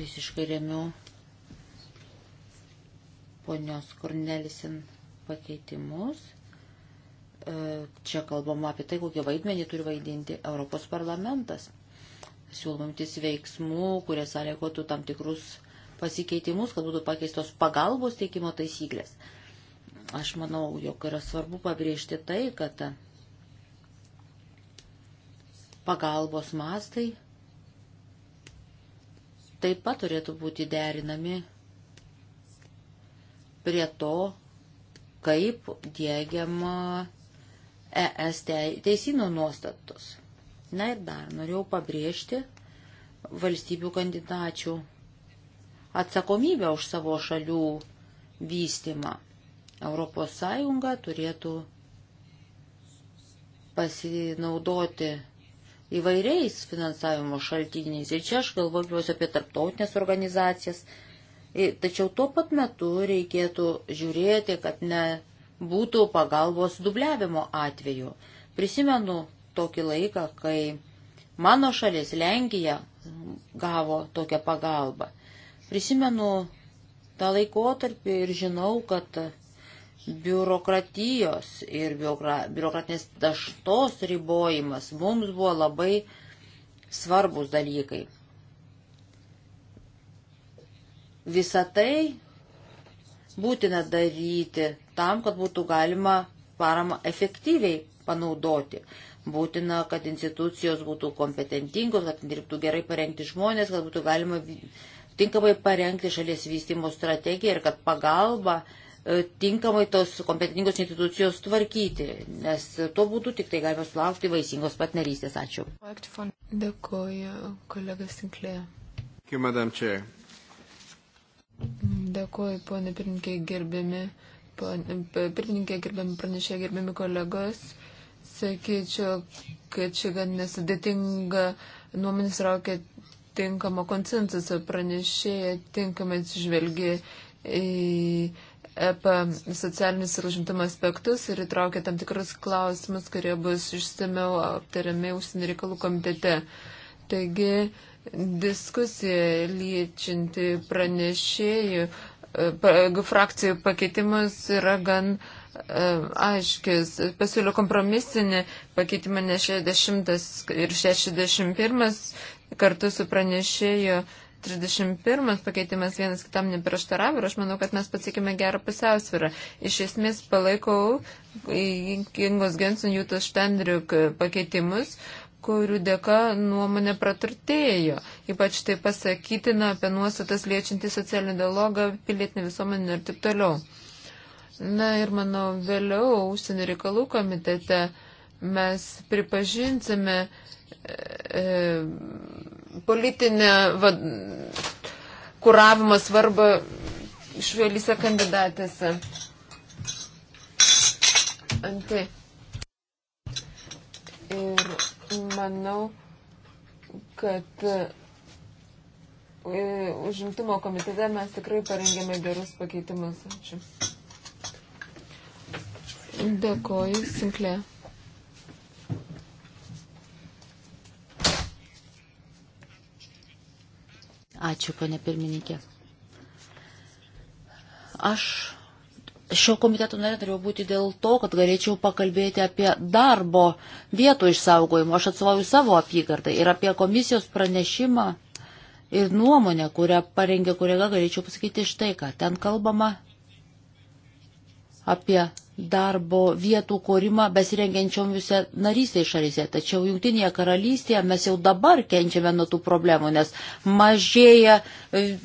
Visiškai remiu ponios Kornelisin pakeitimus. E, čia kalbama apie tai, kokį vaidmenį turi vaidinti Europos parlamentas. Siūlomantis veiksmų, kurie sąlygotų tam tikrus pasikeitimus, kad būtų pakeistos pagalbos teikimo taisyklės. Aš manau, jog yra svarbu pabrėžti tai, kad pagalbos mastai taip pat turėtų būti derinami prie to, kaip dėgiama ES teisino nuostatos. Na ir dar norėjau pabrėžti valstybių kandidačių atsakomybę už savo šalių vystimą. Europos Sąjunga turėtų pasinaudoti įvairiais finansavimo šaltiniais. Ir čia aš galvoju pirmiausia apie tarptautinės organizacijas. Tačiau tuo pat metu reikėtų žiūrėti, kad nebūtų pagalbos dubliavimo atveju. Prisimenu tokį laiką, kai mano šalis Lenkija gavo tokią pagalbą. Prisimenu tą laikotarpį ir žinau, kad biurokratijos ir biurokratinės daštos ribojimas mums buvo labai svarbus dalykai. Visą tai būtina daryti tam, kad būtų galima paramą efektyviai panaudoti. Būtina, kad institucijos būtų kompetentingos, kad dirbtų gerai parengti žmonės, kad būtų galima tinkamai parengti šalies vystimo strategiją ir kad pagalba uh, E, tinkamai tos kompetentingos institucijos tvarkyti, nes tuo būdu tik tai galime sulaukti vaisingos partnerystės. Ačiū. Dėkuoju, kolega Sinklė. Dėkuoju, ponė pirmininkė, gerbiami, e, pirmininkė, gerbiami pranešė, gerbiami kolegos. Sakyčiau, kad čia gan nesudėtinga nuomonės raukia tinkamo konsensuso pranešėja, tinkamai atsižvelgia į. E, apie e socialinius ir užimtumo aspektus ir įtraukė tam tikrus klausimus, kurie bus išsimiau aptariami užsienio reikalų komitete. Taigi diskusija liečianti pranešėjų e, frakcijų pakeitimus yra gan e, aiškis. Pasiūliu kompromisinį pakeitimą ne 60 ir 61 kartu su pranešėjo 31 pakeitimas vienas kitam neprieštaravo ir aš manau, kad mes pasiekime gerą pusiausvyrą. Iš esmės palaikau Kingos Genson Jūtos Štendriuk pakeitimus kurių dėka nuomonė praturtėjo. Ypač tai pasakytina apie nuostatas liečiantį socialinį dialogą, pilietinį visuomenį ir taip toliau. Na ir manau, vėliau užsienio reikalų komitete mes pripažinsime e, e, politinę vad, kuravimo svarbą švelyse kandidatėse. Antai. Ir manau, kad e, užimtumo komitete mes tikrai parengėme gerus pakeitimus. Ačiū. Dėkoju, Sinklė. Ačiū, ponė pirmininkė. Aš šio komiteto narė turėjau būti dėl to, kad galėčiau pakalbėti apie darbo vietų išsaugojimą. Aš atsvauju savo apygardą ir apie komisijos pranešimą ir nuomonę, kurią parengė kolega, galėčiau pasakyti štai ką. Ten kalbama apie darbo vietų kūrimą besirengiančiom visą narystę išarėse. Tačiau Junktinėje karalystėje mes jau dabar kenčiame nuo tų problemų, nes mažėja e,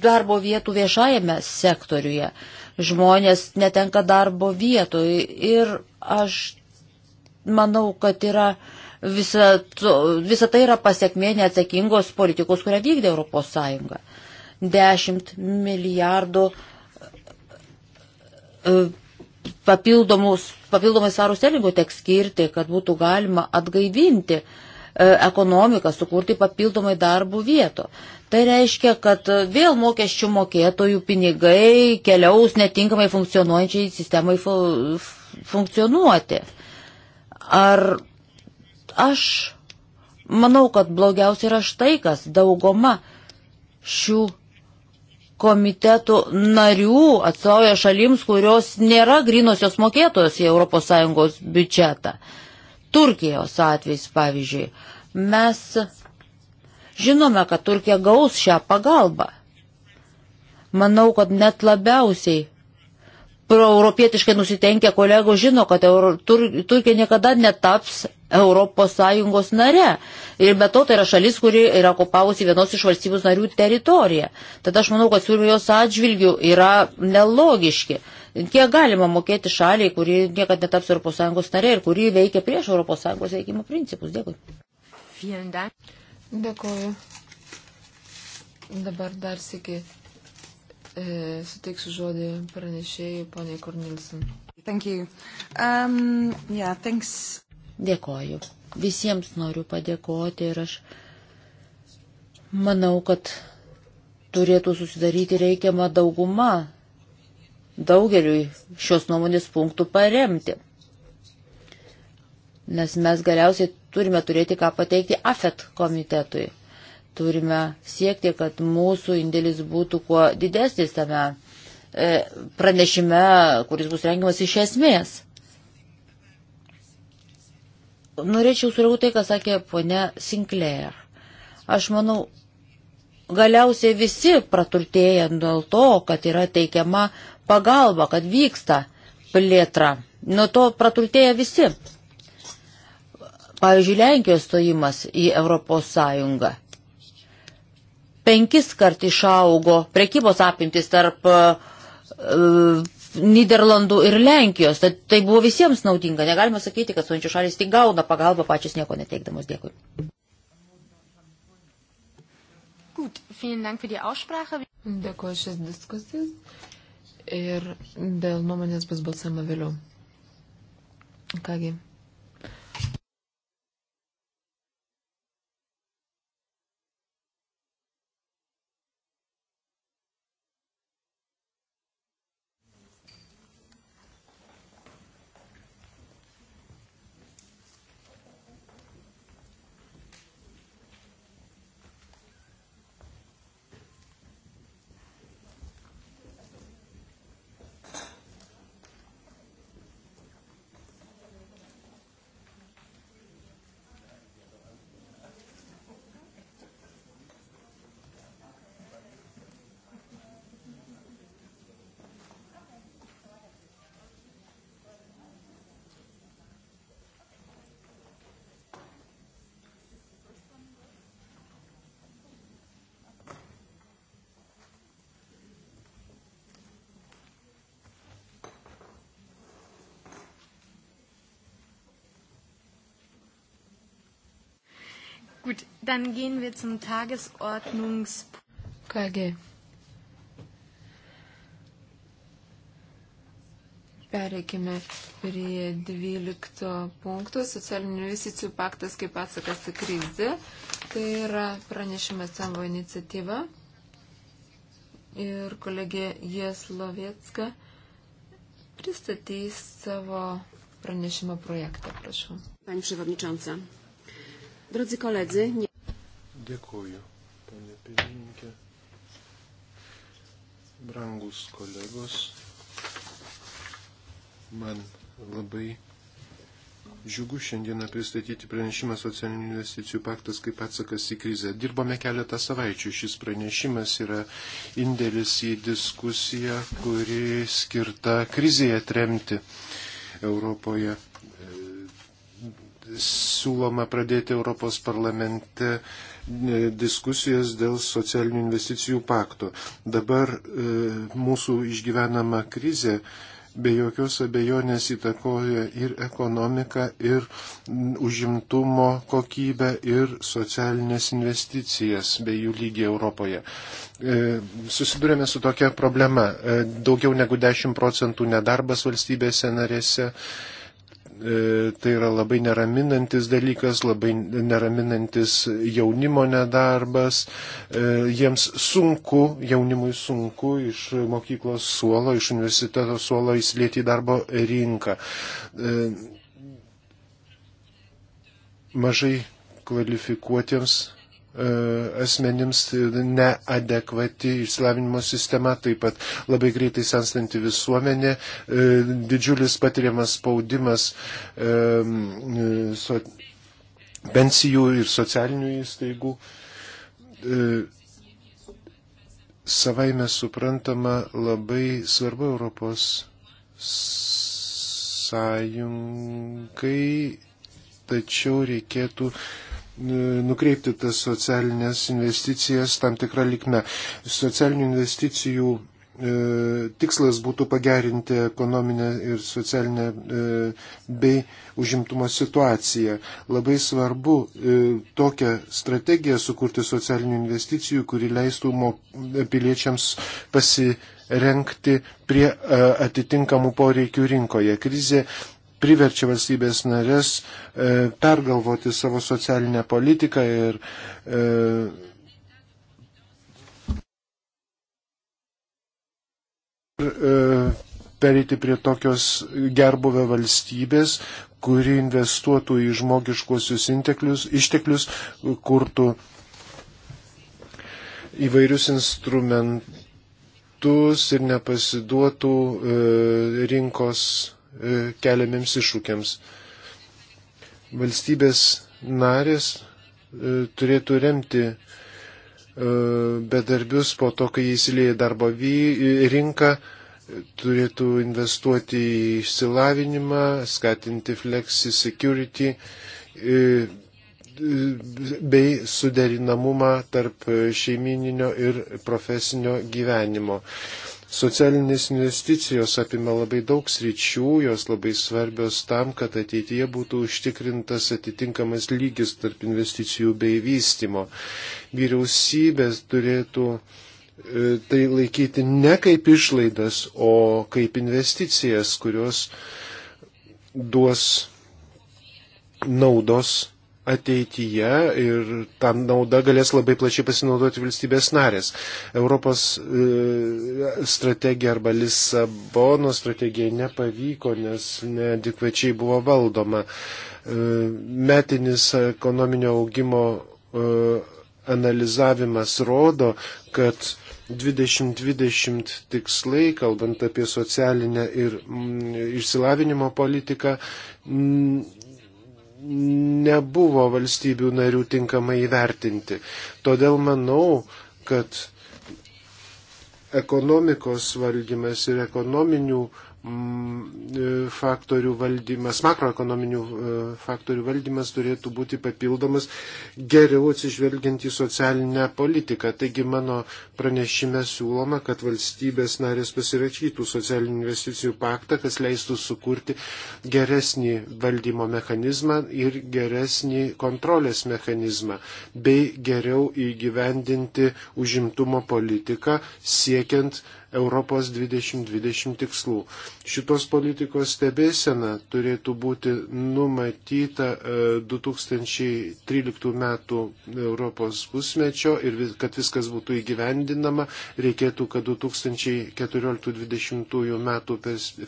darbo vietų viešajame sektoriuje. Žmonės netenka darbo vietų ir aš manau, kad yra visa, visa tai yra pasiekmė neatsakingos politikos, kurią vykdė Europos Sąjunga. 10 milijardų e, papildomus, papildomai svarų sterlingų teks skirti, kad būtų galima atgaivinti e, ekonomiką, sukurti papildomai darbų vietų. Tai reiškia, kad vėl mokesčių mokėtojų pinigai keliaus netinkamai funkcionuojančiai sistemai fu funkcionuoti. Ar aš manau, kad blogiausia yra štai kas dauguma šių komitetų narių atstovauja šalims, kurios nėra grinosios mokėtojos į ES biudžetą. Turkijos atvejs, pavyzdžiui, mes žinome, kad Turkija gaus šią pagalbą. Manau, kad net labiausiai proeuropietiškai nusitenkę kolegos žino, kad Euro, Tur, Turkija niekada netaps ES nare. Ir be to tai yra šalis, kuri yra okupavusi vienos iš valstybių narių teritoriją. Tad aš manau, kad siūlymai jos atžvilgių yra nelogiški. Kiek galima mokėti šaliai, kuri niekada netaps ES narė ir kuri veikia prieš ES veikimo principus. Dėkui. Dėkuoju. Dabar dar sėki e, suteiksiu žodį pranešėjai, poniai Kornilsen. Thank you. Um, yeah, thanks. Dėkoju. Visiems noriu padėkoti ir aš manau, kad turėtų susidaryti reikiamą daugumą daugeliui šios nuomonės punktų paremti. Nes mes galiausiai turime turėti ką pateikti AFET komitetui. Turime siekti, kad mūsų indėlis būtų kuo didesnis tame e, pranešime, kuris bus rengiamas iš esmės. Norėčiau sureaguoti tai, ką sakė ponia Sinclair. Aš manau, galiausiai visi praturtėja dėl to, kad yra teikiama pagalba, kad vyksta plėtra. Nuo to praturtėja visi. Pavyzdžiui, Lenkijos stojimas į Europos Sąjungą. Penkis kart išaugo prekybos apimtis tarp uh, Niderlandų ir Lenkijos. Tai, tai buvo visiems naudinga. Negalima sakyti, kad suančių šalis tik gauna pagalbą pačios nieko neteikdamos. Dėkui. Dėkuoju šias diskusijas ir dėl nuomonės bus balsama vėliau. Kągi. Gut, dann gehen wir zum Tagesordnungs... Kągi. Pereikime prie 12 punktų socialinių investicijų paktas kaip atsakas į krizę. Tai yra pranešimas savo iniciatyva. Ir kolegė Jeslovietska pristatys savo pranešimo projektą, prašau. Pani Przewodnicząca, Drodzy koledzy. Nie... Dėkuoju, ponė pirmininkė. Brangus kolegos, man labai Žiūgu šiandieną pristatyti pranešimą socialinių investicijų paktas kaip atsakas į krizę. Dirbame keletą savaičių. Šis pranešimas yra indėlis į diskusiją, kuri skirta krizėje tremti Europoje siūloma pradėti Europos parlamente e, diskusijas dėl socialinių investicijų pakto. Dabar e, mūsų išgyvenama krizė be jokios abejonės įtakoja ir ekonomiką, ir užimtumo kokybę, ir socialinės investicijas bei jų lygį Europoje. E, susidurėme su tokia problema. Daugiau negu 10 procentų nedarbas valstybėse narėse E, tai yra labai neraminantis dalykas, labai neraminantis jaunimo nedarbas. E, jiems sunku, jaunimui sunku iš mokyklos suolo, iš universiteto suolo įsilieti į darbo rinką. E, mažai kvalifikuotiems E, asmenims neadekvati išsilavinimo sistema, taip pat labai greitai senstanti visuomenė, e, didžiulis patiriamas spaudimas e, pensijų ir socialinių įstaigų. Savai mes suprantama labai svarbu Europos sąjungai, tačiau reikėtų uh, nukreipti tas socialinės investicijas tam tikrą likmę. Socialinių investicijų e, tikslas būtų pagerinti ekonominę ir socialinę e, bei užimtumo situaciją. Labai svarbu e, tokią strategiją sukurti socialinių investicijų, kuri leistų piliečiams pasirenkti prie atitinkamų poreikių rinkoje. Krizė priverčia valstybės narės e, pergalvoti savo socialinę politiką ir e, e perėti prie tokios gerbuvę valstybės, kuri investuotų į žmogiškuosius išteklius, kurtų įvairius instrumentus ir nepasiduotų e, rinkos E, keliamiems iššūkiams. Valstybės narės e, turėtų remti e, bedarbius po to, kai jie įsilieja darbo rinką, turėtų investuoti į išsilavinimą, skatinti flexi security bei suderinamumą tarp šeimininio ir profesinio gyvenimo. Socialinės investicijos apima labai daug sričių, jos labai svarbios tam, kad ateityje būtų užtikrintas atitinkamas lygis tarp investicijų bei vystimo. Vyriausybės turėtų e, tai laikyti ne kaip išlaidas, o kaip investicijas, kurios duos naudos ateityje ir tam nauda galės labai plačiai pasinaudoti valstybės narės. Europos e, strategija arba Lisabono strategija nepavyko, nes neadekvačiai buvo valdoma. E, metinis ekonominio augimo e, analizavimas rodo, kad 2020 tikslai, kalbant apie socialinę ir mm, išsilavinimo politiką, mm, nebuvo valstybių narių tinkamai įvertinti. Todėl manau, kad ekonomikos valdymas ir ekonominių Mm, e, faktorių valdymas, makroekonominių e, faktorių valdymas turėtų būti papildomas geriau atsižvelgiant į socialinę politiką. Taigi mano pranešime siūloma, kad valstybės narės pasirašytų socialinių investicijų paktą, kas leistų sukurti geresnį valdymo mechanizmą ir geresnį kontrolės mechanizmą, bei geriau įgyvendinti užimtumo politiką siekiant Europos 2020 tikslų. Šitos politikos stebėsena turėtų būti numatyta 2013 e, metų Europos pusmečio ir kad viskas būtų įgyvendinama, reikėtų, kad 2014-2020 metų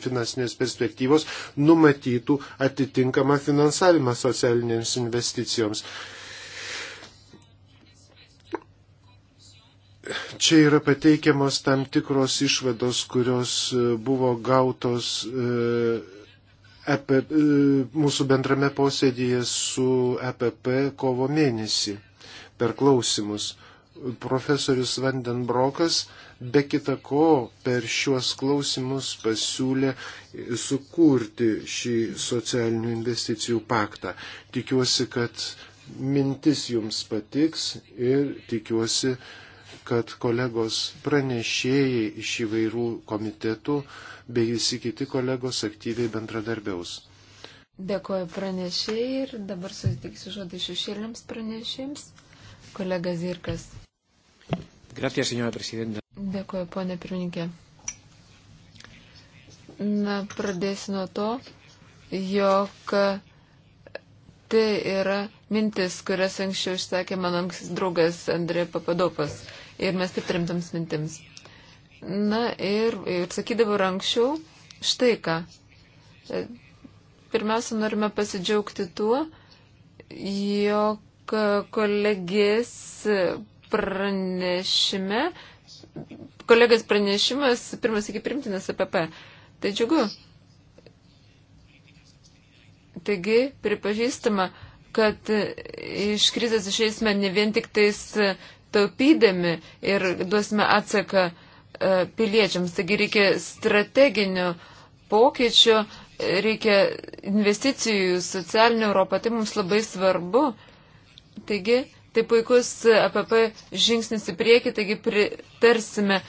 finansinės perspektyvos numatytų atitinkamą finansavimą socialinėms investicijoms. Čia yra pateikiamos tam tikros išvados, kurios e, buvo gautos EP, e e, mūsų bendrame posėdėje su EPP kovo mėnesį per klausimus. Profesorius Vandenbrokas be kita ko per šiuos klausimus pasiūlė sukurti šį socialinių investicijų paktą. Tikiuosi, kad mintis jums patiks ir tikiuosi, kad kolegos pranešėjai iš įvairių komitetų bei visi kiti kolegos aktyviai bendradarbiaus. Dėkuoju pranešėjai ir dabar susitiksiu žodį šešėliams pranešėjams. Kolega Zirkas. Gracias, señora presidenta. Dėkuoju, ponė pirmininkė. Na, pradėsiu nuo to, jog tai yra mintis, kurias anksčiau išsakė mano draugas Andrė Papadopas ir mes pritarėm toms mintims. Na ir, ir sakydavau ir anksčiau, štai ką. Pirmiausia, norime pasidžiaugti tuo, jog kolegės pranešime, kolegės pranešimas, pirmas iki primtinas APP. Tai džiugu. Taigi, pripažįstama, kad iš krizės išeisime ne vien tik tais taupydami ir duosime atsaką e, piliečiams. Taigi reikia strateginių pokyčių, reikia investicijų, socialinė Europa, tai mums labai svarbu. Taigi, tai puikus APP žingsnis į priekį, taigi pritarsime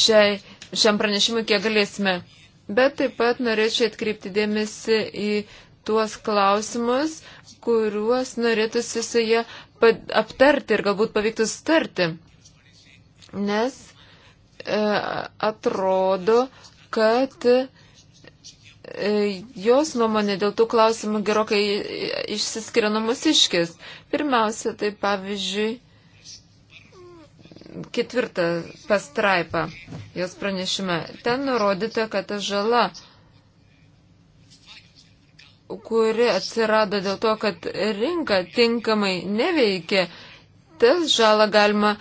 šiai, šiam pranešimui, kiek galėsime. Bet taip pat norėčiau atkreipti dėmesį į tuos klausimus, kuriuos norėtųsi su jie aptarti ir galbūt pavyktų starti. Nes e, atrodo, kad e, jos nuomonė dėl tų klausimų gerokai išsiskiria nuo musiškis. Pirmiausia, tai pavyzdžiui, ketvirtą pastraipą jos pranešime. Ten nurodyta, kad ta žala, kuri atsirado dėl to, kad rinka tinkamai neveikia, tas žalą galima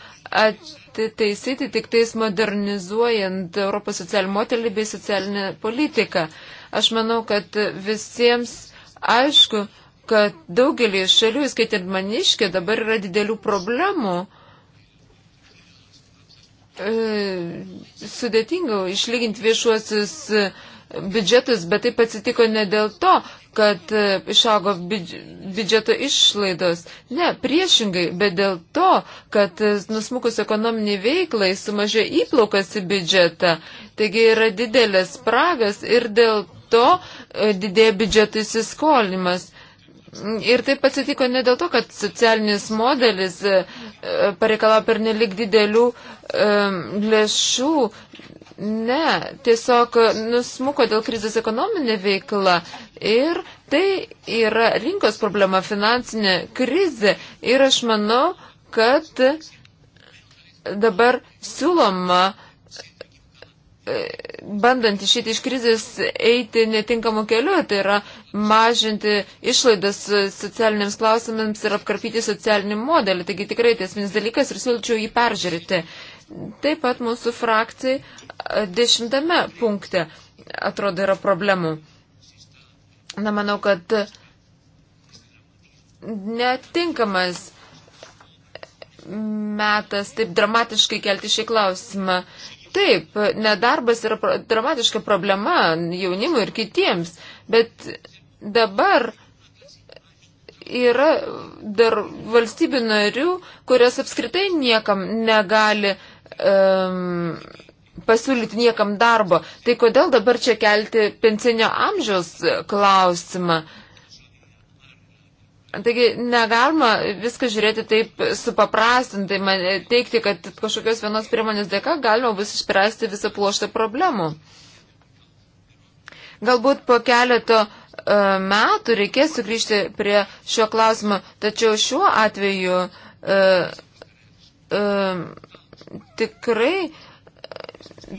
atitaisyti tik tais modernizuojant Europos socialinį modelį bei socialinę politiką. Aš manau, kad visiems aišku, kad daugelį šalių, skaitant maniškė, dabar yra didelių problemų. E, sudėtinga išlyginti viešuosius biudžetus, bet taip atsitiko ne dėl to, kad e, išaugo biudžeto išlaidos. Ne, priešingai, bet dėl to, kad e, nusmukus ekonominiai veiklai sumažė įplaukas į biudžetą. Taigi yra didelės spragas ir dėl to e, didėja biudžeto įsiskolimas. Ir taip atsitiko ne dėl to, kad socialinis modelis e, pareikalavo per nelik didelių e, lėšų. Ne, tiesiog nusmuko dėl krizės ekonominė veikla ir tai yra rinkos problema, finansinė krizė. Ir aš manau, kad dabar siūloma uh, bandant išėti iš krizės, eiti netinkamu keliu, tai yra mažinti išlaidas socialiniams klausimams ir apkarpyti socialinį modelį. Taigi tikrai tiesminis dalykas ir siūlyčiau jį peržiūrėti. Taip pat mūsų frakcijai dešimtame punkte atrodo yra problemų. Na, manau, kad netinkamas metas taip dramatiškai kelti šį klausimą. Taip, nedarbas yra dramatiška problema jaunimui ir kitiems, bet dabar yra dar valstybių narių, kurios apskritai niekam negali um, pasiūlyti niekam darbo. Tai kodėl dabar čia kelti pensinio amžiaus klausimą? Uh, Taigi negalima viską žiūrėti taip supaprastintai, e, teikti, kad kažkokios vienos priemonės dėka galima bus išspręsti visą pluoštą problemų. Galbūt po keleto uh, metų reikės sugrįžti prie šio klausimo, tačiau šiuo atveju uh, uh, tikrai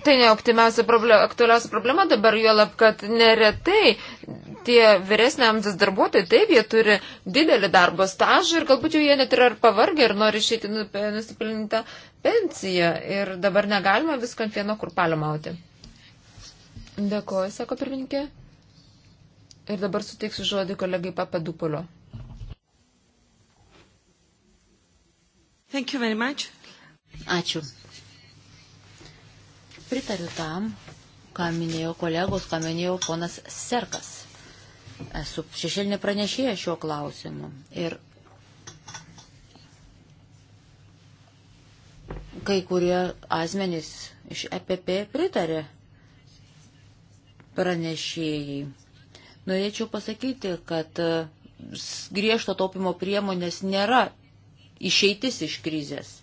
tai ne optimiausia problema, aktualiausia problema dabar, juolab, kad neretai tie vyresnio amžiaus darbuotojai, taip, jie turi didelį darbo stažą ir galbūt jau jie net yra ir pavargę ir nori išeiti nu, nusipelnytą pensiją ir dabar negalima visko ant vieno kurpalio mauti. Dėkuoju, sako pirmininkė. Ir dabar suteiksiu žodį kolegai Papadupolio. Thank you very much. Ačiū. Pritariu tam, ką minėjo kolegos, ką minėjo ponas Serkas. Esu šešėlinė pranešėja šiuo klausimu. Ir kai kurie asmenys iš EPP pritarė pranešėjai. Norėčiau pasakyti, kad e, griežto taupimo priemonės nėra išeitis iš krizės.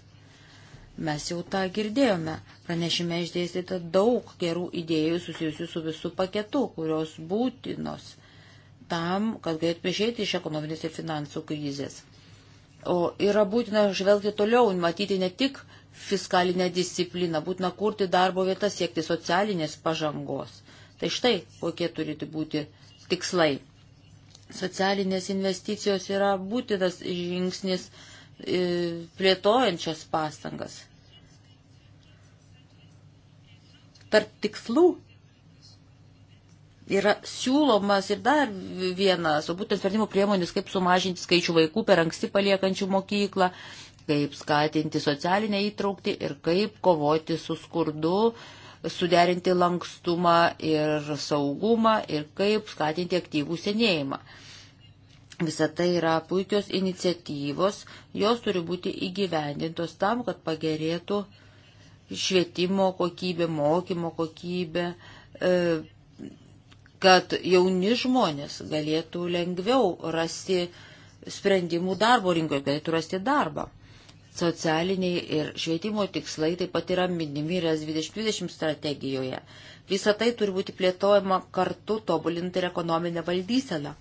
Mes jau tą girdėjome. Pranešime išdėstyta daug gerų idėjų susijusių su visų paketu, kurios būtinos tam, kad galėtume išėti iš ekonominės ir finansų krizės. O yra būtina žvelgti toliau, matyti ne tik fiskalinę discipliną, būtina kurti darbo vietas, siekti socialinės pažangos. Tai štai kokie turėtų būti tikslai. Socialinės investicijos yra būtinas žingsnis e, plėtojančias pastangas. Tarp tikslų yra siūlomas ir dar vienas, o būtent sprendimo priemonės, kaip sumažinti skaičių vaikų per anksti paliekančių mokyklą, kaip skatinti socialinę įtraukti ir kaip kovoti su skurdu, suderinti lankstumą ir saugumą ir kaip skatinti aktyvų senėjimą. Visa tai yra puikios iniciatyvos, jos turi būti įgyvendintos tam, kad pagerėtų švietimo kokybė, mokymo kokybė, e, kad jauni žmonės galėtų lengviau rasti sprendimų darbo rinkoje, galėtų rasti darbą. Socialiniai ir švietimo tikslai taip pat yra minimi RES 2020 strategijoje. Visą tai turi būti plėtojama kartu tobulinti ir ekonominę valdyseną.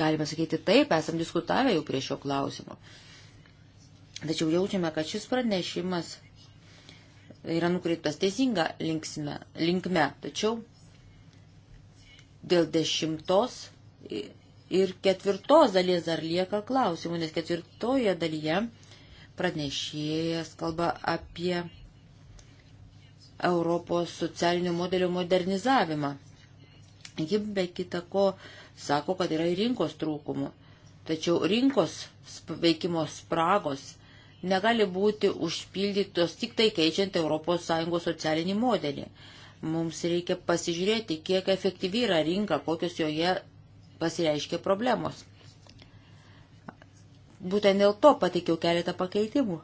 Galime sakyti taip, esam diskutavę jau prie šio klausimo. Tačiau jaučiame, kad šis pranešimas yra nukreiptas teisinga linksme, linkme. Tačiau dėl dešimtos ir ketvirtos dalies dar lieka klausimų, nes ketvirtoje dalyje pranešėjas kalba apie Europos socialinių modelių modernizavimą. Ji be kita ko sako, kad yra rinkos trūkumų. Tačiau rinkos veikimo spragos negali būti užpildytos tik tai keičiant ES socialinį modelį. Mums reikia pasižiūrėti, kiek efektyvi yra rinka, kokios joje pasireiškia problemos. Būtent dėl to patikiau keletą pakeitimų.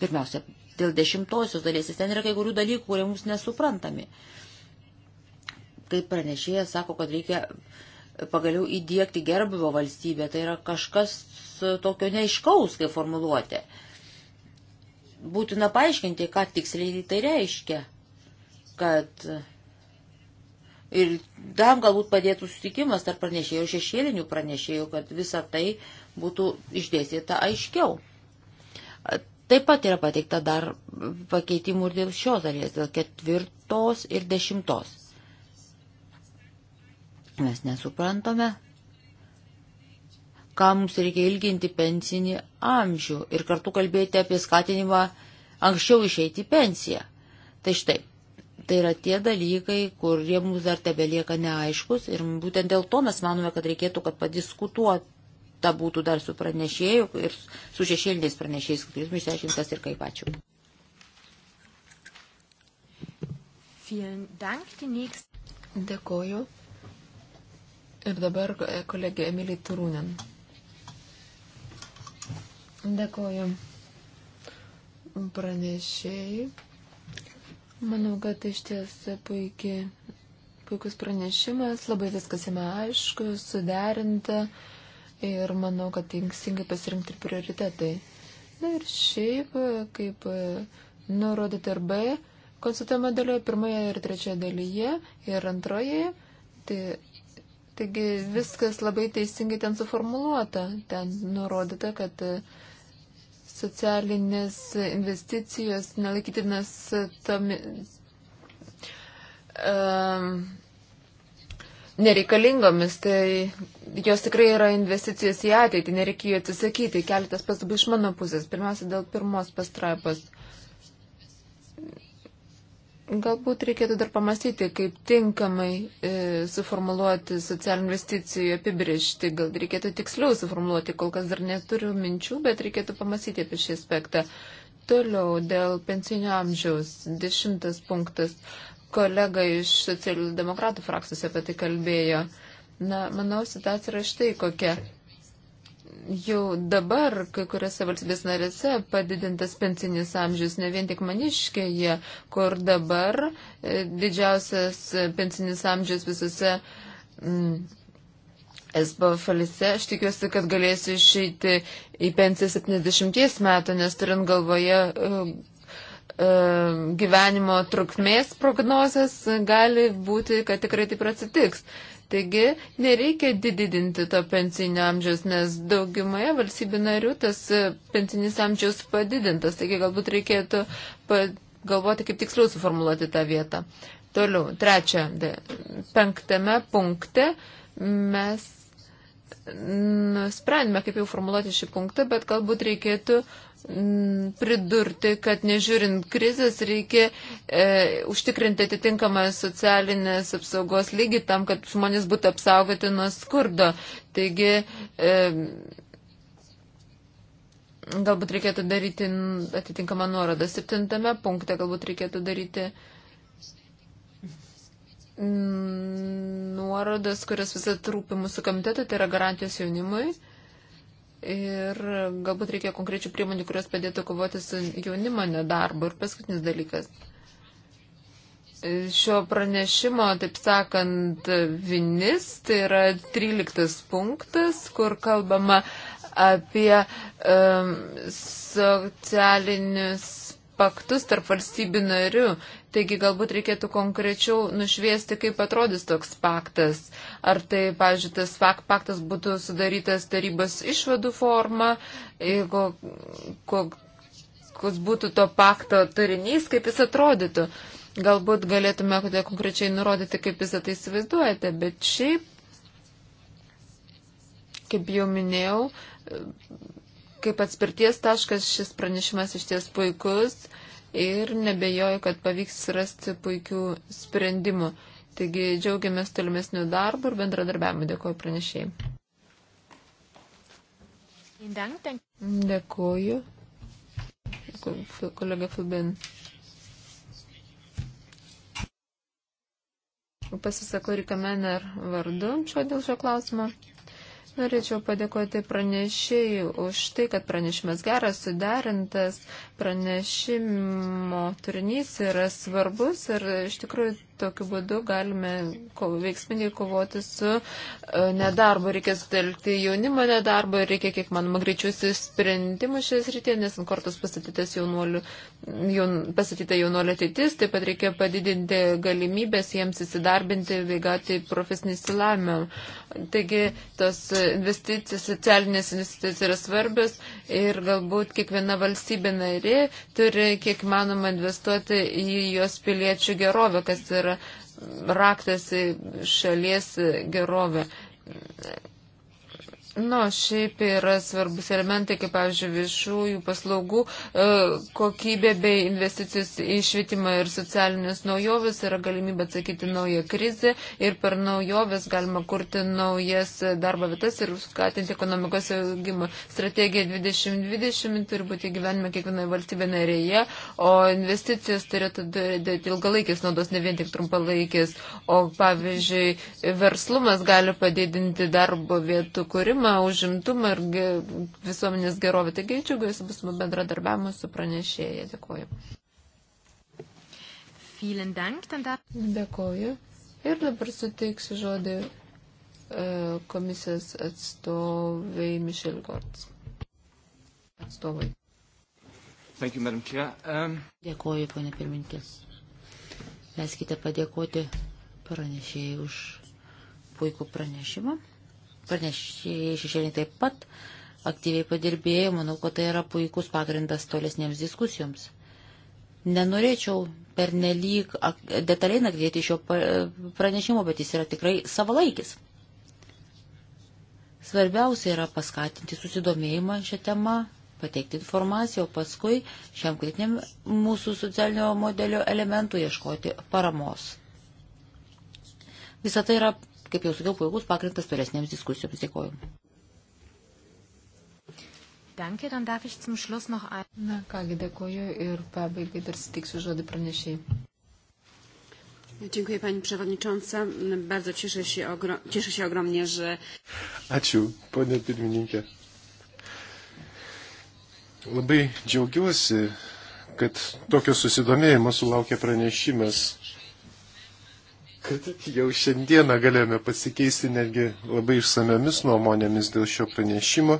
Pirmiausia, dėl dešimtosios dalies, ten yra kai kurių dalykų, kurie mums nesuprantami. Kaip pranešėjas sako, kad reikia pagaliau įdėkti gerbuvo valstybę. Tai yra kažkas e, tokio neiškaus, kai formuluoti. Būtina paaiškinti, ką tiksliai tai reiškia, kad e, ir tam galbūt padėtų sutikimas tarp pranešėjų, šešėlinių pranešėjų, kad visa tai būtų išdėstyta aiškiau. E, taip pat yra pateikta dar pakeitimų ir dėl šios dalies, dėl ketvirtos ir dešimtos. Mes nesuprantame, ką mums reikia ilginti pensinį amžių ir kartu kalbėti apie skatinimą anksčiau išeiti į pensiją. Tai štai, tai yra tie dalykai, kurie mums dar tebelieka neaiškus ir būtent dėl to mes manome, kad reikėtų, kad padiskutuota būtų dar su pranešėju ir su šešėliniais pranešėjais, kad jūs išsiaiškintas ir kaip ačiū. Dėkoju. Ir dabar e, kolegė Emilija Turūnen. Dėkoju pranešėjai. Manau, kad iš ties puikiai, puikus pranešimas, labai viskas jame aišku, suderinta ir manau, kad tinksingai pasirinkti prioritetai. Na ir šiaip, kaip nurodyti ir B, konsultama dalyje, pirmoje ir trečioje dalyje ir antroje, tai Taigi viskas labai teisingai ten suformuluota. Ten nurodyta, kad e, socialinės investicijos nelaikytinas tam. Um, e, Nereikalingomis, tai jos tikrai yra investicijos į ateitį, nereikėjo atsisakyti. Keletas pastabų iš mano pusės. Pirmiausia, dėl pirmos pastraipos. Uh, Galbūt reikėtų dar pamastyti, kaip tinkamai e, suformuluoti socialinių investicijų apibriežti. Gal reikėtų tiksliau suformuluoti, kol kas dar neturiu minčių, bet reikėtų pamastyti apie šį aspektą. Toliau dėl pensinio amžiaus. Dešimtas punktas. Kolega iš socialdemokratų frakcijos apie tai kalbėjo. Na, manau, situacija yra štai kokia jau dabar kai kuriuose valstybės narėse padidintas pensinis amžius, ne vien tik maniškėje, kur dabar e, didžiausias pensinis amžius visose. Mm, Esbo falise, aš tikiuosi, kad galėsiu išeiti į pensiją 70 metų, nes turint galvoje uh, gyvenimo trukmės prognozes, gali būti, kad tikrai taip atsitiks. Taigi nereikia didinti to pensinio amžiaus, nes daugumoje valstybių narių tas e, pensinis amžiaus padidintas. Taigi galbūt reikėtų galvoti, kaip tiksliau suformuoluoti tą vietą. Toliau, trečia, penktame punkte mes nusprendėme, kaip jau formuluoti šį punktą, bet galbūt reikėtų Mm, pridurti, kad nežiūrint krizės reikia e, užtikrinti atitinkamą socialinės apsaugos lygį tam, kad žmonės būtų apsaugoti nuo skurdo. Taigi, e, galbūt reikėtų daryti atitinkamą nuorodą. Septintame punkte galbūt reikėtų daryti nuorodas, kurias visą trūpi mūsų komitetą, tai yra garantijos jaunimui. E, Ir galbūt reikia konkrečių priemonių, kurios padėtų kovoti su jaunimo nedarbu. Ir paskutinis dalykas. Šio pranešimo, taip sakant, vinis, tai yra 13 punktas, kur kalbama apie um, socialinius paktus tarp valstybių narių, taigi galbūt reikėtų konkrečiau nušviesti, kaip atrodys toks paktas. Ar tai, pažiūrėjau, tas paktas būtų sudarytas tarybos išvadų forma, jeigu koks būtų to pakto turinys, kaip jis atrodytų. Galbūt galėtume konkrečiai nurodyti, kaip visą tai įsivaizduojate, bet šiaip, kaip jau minėjau, Kaip atspirties taškas šis pranešimas iš ties puikus ir nebejoju, kad pavyks rasti puikių sprendimų. Taigi džiaugiamės tolimesnių darbų ir bendradarbiavimų. Dėkuoju pranešėjai. Dėkuoju. Kolega Filbin. Pasisakau Rika Mener vardu šio dėl šio klausimo. Norėčiau padėkoti pranešėjai už tai, kad pranešimas geras, suderintas, pranešimo turinys yra svarbus ir iš tikrųjų tokiu būdu galime veiksmingai kovoti su e, nedarbu. Reikia sutelkti jaunimo nedarbą ir reikia, kiek manoma, greičiausių sprendimų šioje srityje, nes ant kortos pastatyta jaunuolio jaun, ateitis, taip pat reikia padidinti galimybės jiems įsidarbinti bei gauti profesinį įsilavimą. Taigi tos investicijos, socialinės investicijos yra svarbios ir galbūt kiekviena valstybė nari turi, kiek manoma, investuoti į jos piliečių gerovę, kas yra yra raktas į šalies gerovę. Nu, šiaip yra svarbus elementai, kaip, pavyzdžiui, viešųjų paslaugų e, kokybė bei investicijos į švietimą ir socialinės naujovės yra galimybė atsakyti naują krizę ir per naujovės galima kurti naujas darbo vietas ir skatinti ekonomikos augimą. Strategija 2020 turi būti gyvenime kiekvienoje valstybė narėje, o investicijos turėtų dėti ilgalaikės naudos, ne vien tik trumpalaikės, o, pavyzdžiui, verslumas gali padidinti darbo vietų kūrimą verslumą, užimtumą ir ge, visuomenės gerovę. Taigi džiaugiuosi būsimų bendradarbiavimų su pranešėja. Dėkuoju. Dėkuoju. Ir dabar suteiksiu žodį e, komisijos atstovai Mišel Gorts. Atstovai. Thank you, Madam Chair. Um... Dėkuoju, ponė pirmininkė. Leiskite padėkoti pranešėjai už puikų pranešimą. Pranešėjai šešėlį taip pat aktyviai padirbėjo, manau, kad tai yra puikus pagrindas tolesnėms diskusijoms. Nenorėčiau per nelyg detaliai nagrinėti šio pranešimo, bet jis yra tikrai savalaikis. Svarbiausia yra paskatinti susidomėjimą šią temą, pateikti informaciją, o paskui šiam kritiniam mūsų socialinio modelio elementų ieškoti paramos. Visą tai yra kaip jau sakiau, puikus pagrindas tolesnėms diskusijoms. Dėkoju. Danke, dann darf ich zum Schluss noch ein. Na kągi, dėkoju ir pabaigai dar sutiksiu žodį pranešėjai. Dziękuję Pani Przewodnicząca. Bardzo cieszę się, ogro... cieszę się ogromnie, że... Ačiū, ponia pirmininkė. Labai džiaugiuosi, kad tokio susidomėjimo sulaukė pranešimas kad jau šiandieną galėjome pasikeisti netgi labai išsamiamis nuomonėmis dėl šio pranešimo.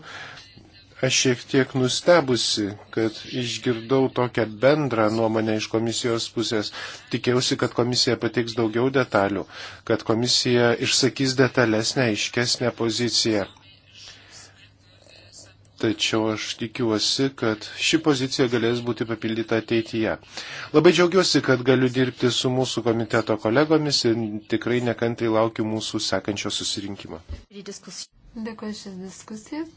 Aš šiek tiek nustebusi, kad išgirdau tokią bendrą nuomonę iš komisijos pusės. Tikėjausi, kad komisija pateiks daugiau detalių, kad komisija išsakys detalesnę, aiškesnę poziciją tačiau aš tikiuosi, kad ši pozicija galės būti papildyta ateityje. Labai džiaugiuosi, kad galiu dirbti su mūsų komiteto kolegomis ir tikrai nekantai laukiu mūsų sekančio susirinkimo. Dėkuoju šias diskusijas.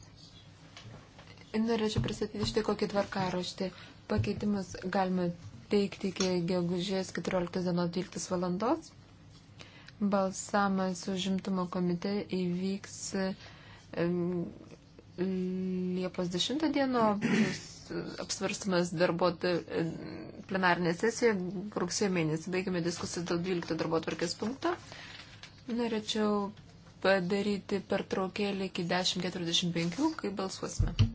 Norėčiau pristatyti štai kokį tvarkaraštį. Pakeitimus galima teikti iki gegužės 14 dienos 12 valandos. Balsamas užimtumo komitete įvyks Liepos 10 dieno apsvarstamas darbo e, plenarinė sesija rugsėjo mėnesį. Baigėme diskusijas dėl 12 darbo tvarkės punkto. Norėčiau padaryti pertraukėlį iki 10.45, kai balsuosime.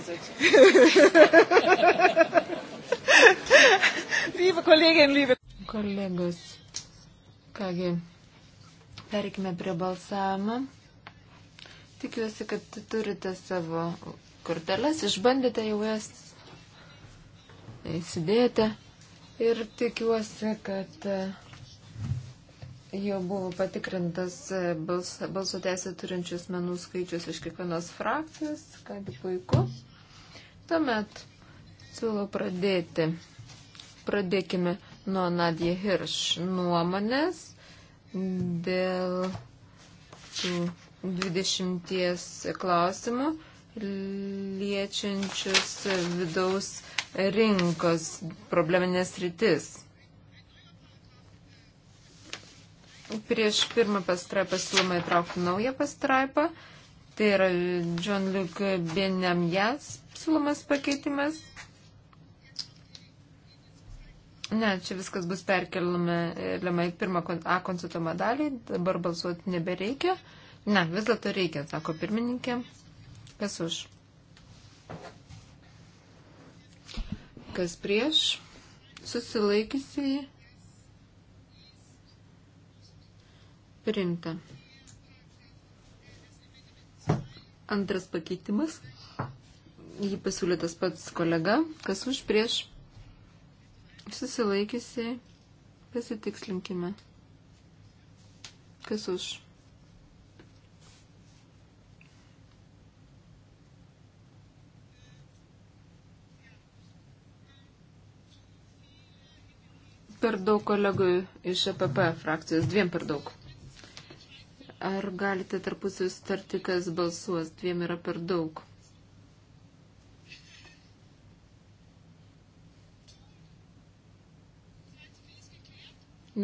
was it. liebe Kolleginnen, liebe Kolegos, kągi, perikime prie balsavimo. Tikiuosi, kad turite savo korteles, išbandėte jau jas, įsidėjote ir tikiuosi, kad e, jau buvo patikrintas e, balso teisę turinčius menų skaičius iš kiekvienos frakcijos, ką tik puiku. Tuomet siūlau pradėti. Pradėkime nuo Nadie Hirš nuomonės dėl tų 20 klausimų liečiančius vidaus rinkos probleminės rytis. Prieš pirmą pastraipą siūloma įtraukti naują pastraipą. Tai yra John Luke Benamjas siūlomas pakeitimas. Ne, čia viskas bus perkeliama į pirmą A konsultamą dalį, dabar balsuoti nebereikia. Ne, vis dėlto reikia, sako pirmininkė. Kas už? Kas prieš? Susilaikysiai. Priimta. Antras pakeitimas jį pasiūlė tas pats kolega, kas už prieš susilaikysi, pasitikslinkime. Kas už? Per daug kolegų iš EPP frakcijos, dviem per daug. Ar galite tarpusį sutarti, kas balsuos? Dviem yra per daug.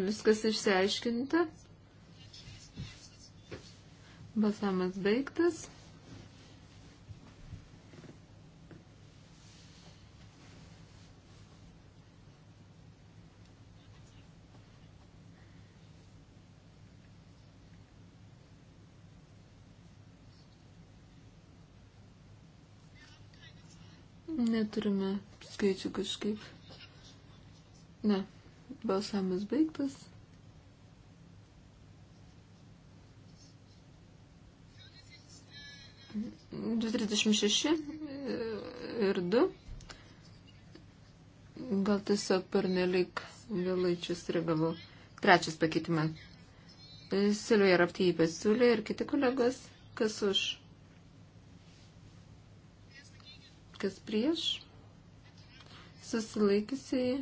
Viskas išsiaiškinta. Balsavimas baigtas. Neturime skaičių kažkaip. Ne. Balsavimas baigtas. Du trisdešimt šeši e, ir du. Gal tiesiog per nelik vėlai čia sregavau. Trečias pakeitimas. E, Silvija Raptyjį pasiūlė ir kiti kolegos. Kas už? Kas prieš? Susilaikysiai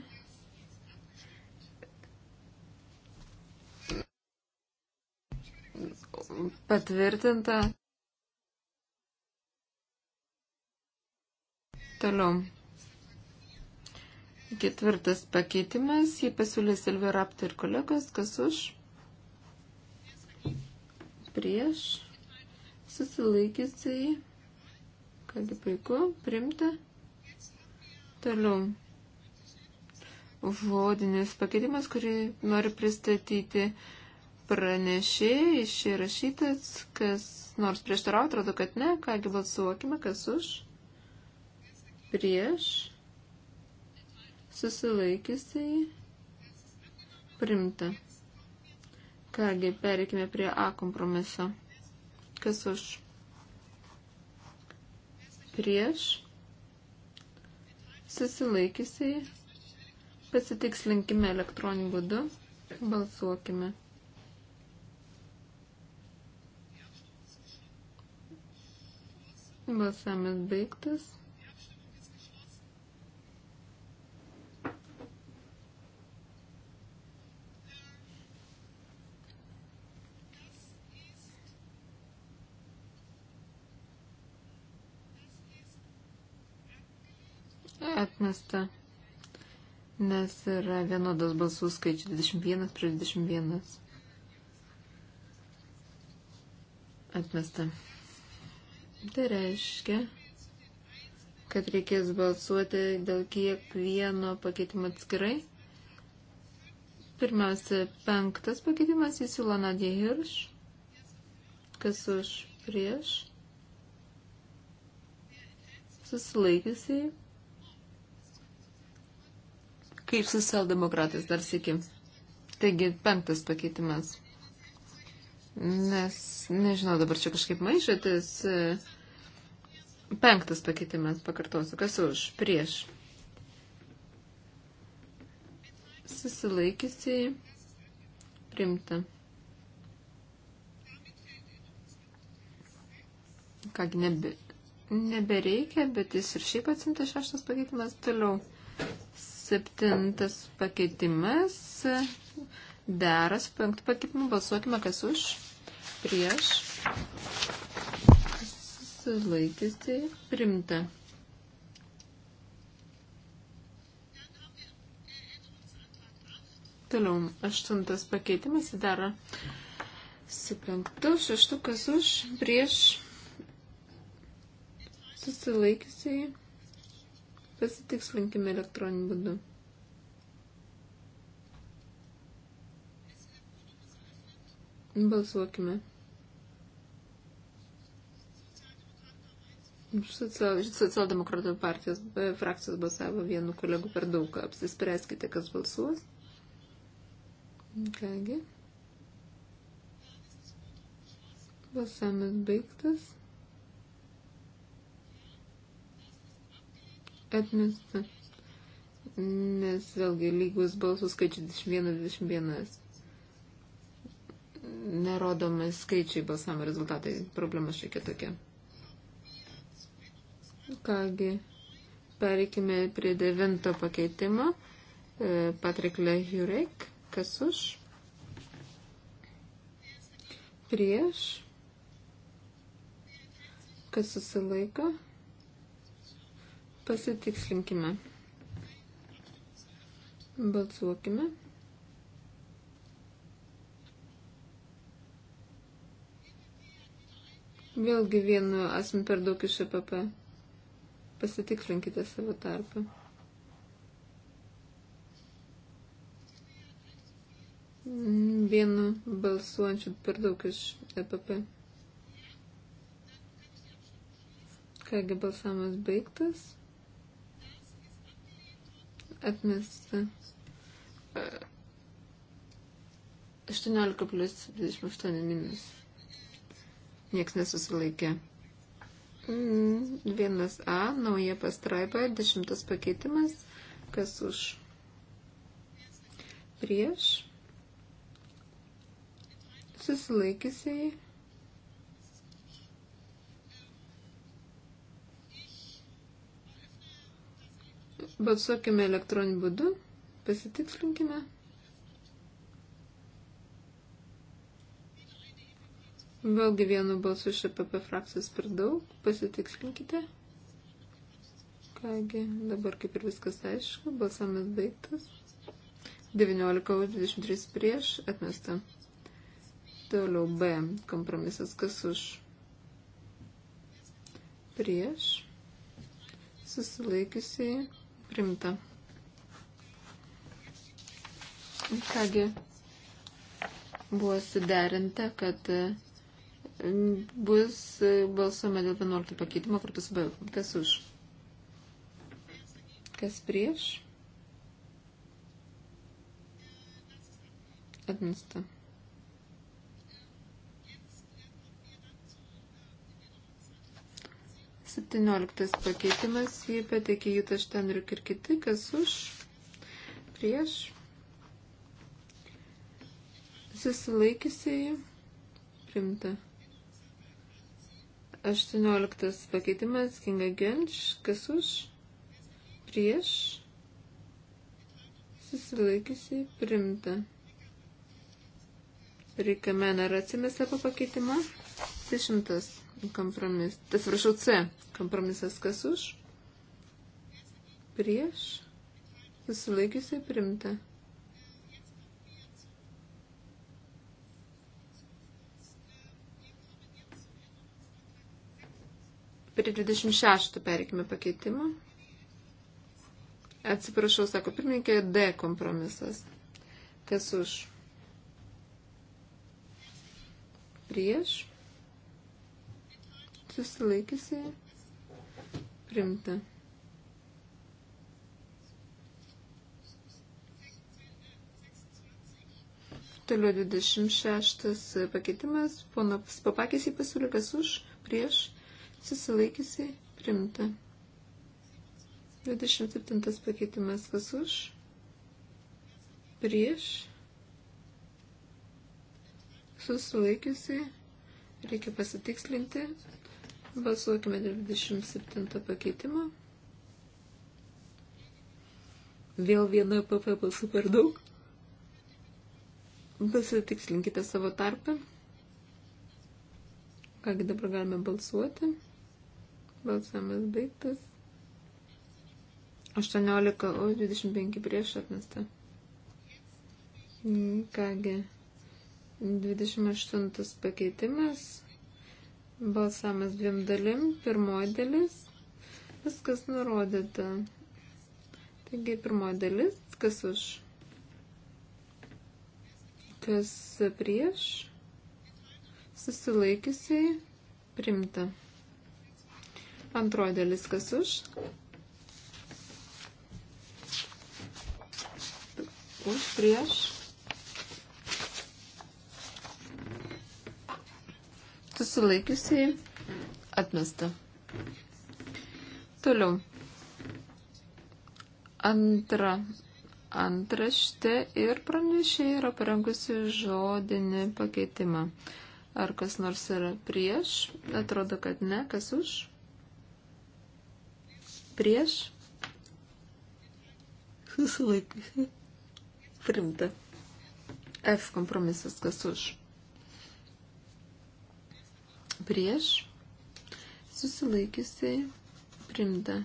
patvirtinta. Toliau. Ketvirtas pakeitimas, jį pasiūlė Silvia Rapta ir kolegos, kas už, prieš, susilaikysiai, kągi puiku, primta. Toliau. Žodinis pakeitimas, kurį noriu pristatyti pranešėjai išrašytas, kas nors prieštarau, atrodo, kad ne, kągi balsuokime, kas už, prieš, susilaikysiai, primta. Kągi, pereikime prie A kompromiso. Kas už, prieš, susilaikysiai, pasitikslinkime elektroniniu būdu, balsuokime. Balsavimas baigtas. atmesta, nes yra vienodas balsų skaičius 21 prieš 21. Atmesta. Tai reiškia, kad reikės balsuoti dėl kiekvieno pakeitimo atskirai. Pirmiausia, penktas pakeitimas įsiūlo Nadie Hirš. Kas už prieš? Susilaikiusiai. Kaip socialdemokratas dar sėki. Taigi, penktas pakeitimas. Nes, nežinau, dabar čia kažkaip maišytis. E, Penktas pakeitimas, pakartosiu, kas už, prieš. Susilaikysiai, primta. Kągi, nebe, nebereikia, bet jis ir šiaip atsimta šeštas pakeitimas toliau. Septintas pakeitimas deras, penktų pakeitimų balsuokime, kas už, prieš laikėsi primta. Toliau, aštuntas pakeitimas įdaro su penktu, šeštu, kas už, prieš susilaikysiai pasitikslinkime elektroniniu būdu. Balsuokime. Social, socialdemokratų partijos frakcijos balsavo vienu kolegu per daug. Apsispręskite, kas balsuos. Kągi. Balsavimas baigtas. Atmesta. Nes vėlgi lygus balsų skaičius 21-21. Nerodomas skaičiai balsavimo rezultatai. Problema šiek tiek tokia. Kągi, pereikime prie devinto pakeitimo. E, Patrik Lehurek, kas už? Prieš. Kas susilaiko? Pasitikslinkime. Balsuokime. Vėlgi vienu asmeniu per daug iš EPP. Pasitikslinkite savo tarpą. Vienu balsuojančiu per daug iš EPP. Kągi balsavimas baigtas. Atmesta. 18 plus 28 minus. Niekas nesusilaikė. 1A, nauja pastraipa, 10 pakeitimas, kas už prieš susilaikysiai. Balsuokime elektroniniu būdu, pasitikslinkime. Vėlgi vienu balsu iš APP e frakcijos per daug, pasitikslinkite. Kągi, dabar kaip ir viskas aišku, balsamas baigtas. 19 už 23 prieš atmesta. Toliau B. Kompromisas kas už. Prieš. Susilaikiusiai. Primta. Kągi, buvo suderinta, kad uh, bus e, balsuojama dėl 11 pakeitimo kartu su BF. Kas už? Kas prieš? Atmesta. Septynioliktas pakeitimas, jį pateikė Jūta Štenriuk ir kiti, kas už, prieš, susilaikysiai, primta. 18 pakeitimas, Kinga Genč, kas už, prieš, susilaikiusi, primta. Reikia meną ar atsimestą po pakeitimą. 10 kompromis, tas prašau C, kompromisas kas už, prieš, susilaikiusi, primta. Prie 26 perikime pakeitimą. Atsiprašau, sako pirmininkė, D kompromisas. Kas už? Prieš? Susilaikysi? Primta. Toliau 26 pakeitimas. Ponas papakės į pasiūlė, kas už? Prieš? Prieš? susilaikiusi primta. 27 pakeitimas kas už, prieš, susilaikiusi, reikia pasitikslinti, balsuokime 27 pakeitimą. Vėl vieno PP balsų per daug. Pasitikslinkite savo tarpę. Kągi dabar galime balsuoti. Balsavimas baigtas. 18, o 25 prieš atmesta. Kągi, 28 pakeitimas. Balsavimas dviem dalim. Pirmoji dalis. Viskas nurodyta. Taigi, pirmoji dalis. Kas už? Kas prieš? Susilaikysiai. Primta. Antroji dalis kas už. Už prieš. Susilaikiusiai atmesta. Toliau. Antra antraštė ir pranešė yra parengusi žodinį pakeitimą. Ar kas nors yra prieš? Atrodo, kad ne. Kas už? prieš susilaikiusi primta. F kompromisas kas už prieš susilaikiusi primta.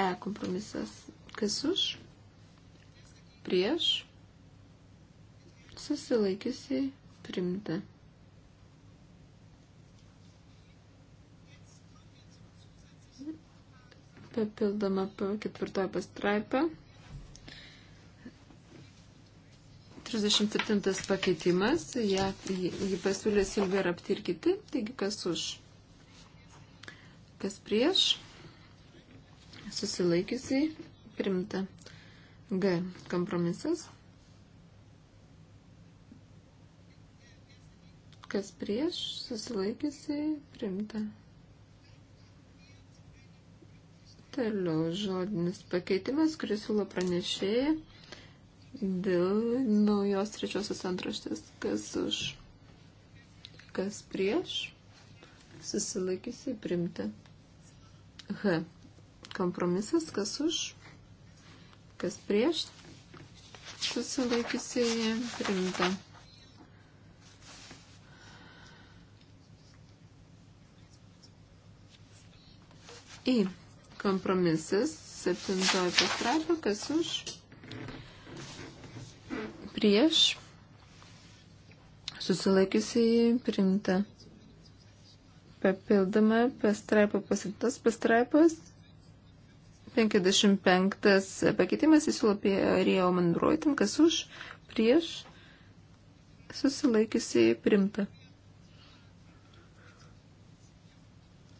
E kompromisas kas už prieš susilaikiusi primta. papildoma ketvirtoji pastraipa. 37 pakeitimas, ja, jį pasiūlė Silvija Rapti ir kiti, taigi kas už, kas prieš, susilaikiusiai, primta G kompromisas, kas prieš, susilaikiusiai, primta. Toliau žodinis pakeitimas, kuris siūlo pranešėjai dėl naujos trečiosios antraštės, kas už, kas prieš, susilaikysi primti. H. Kompromisas, kas už, kas prieš, susilaikysi primti. į Kompromisas septintoji pastraipa, kas už, prieš, susilaikiusiai primta. Papildoma pastraipa pasirinktos pastraipos. 55 pakeitimas įsiūlo apie Rio Mandroitin, kas už, prieš, susilaikiusiai primta.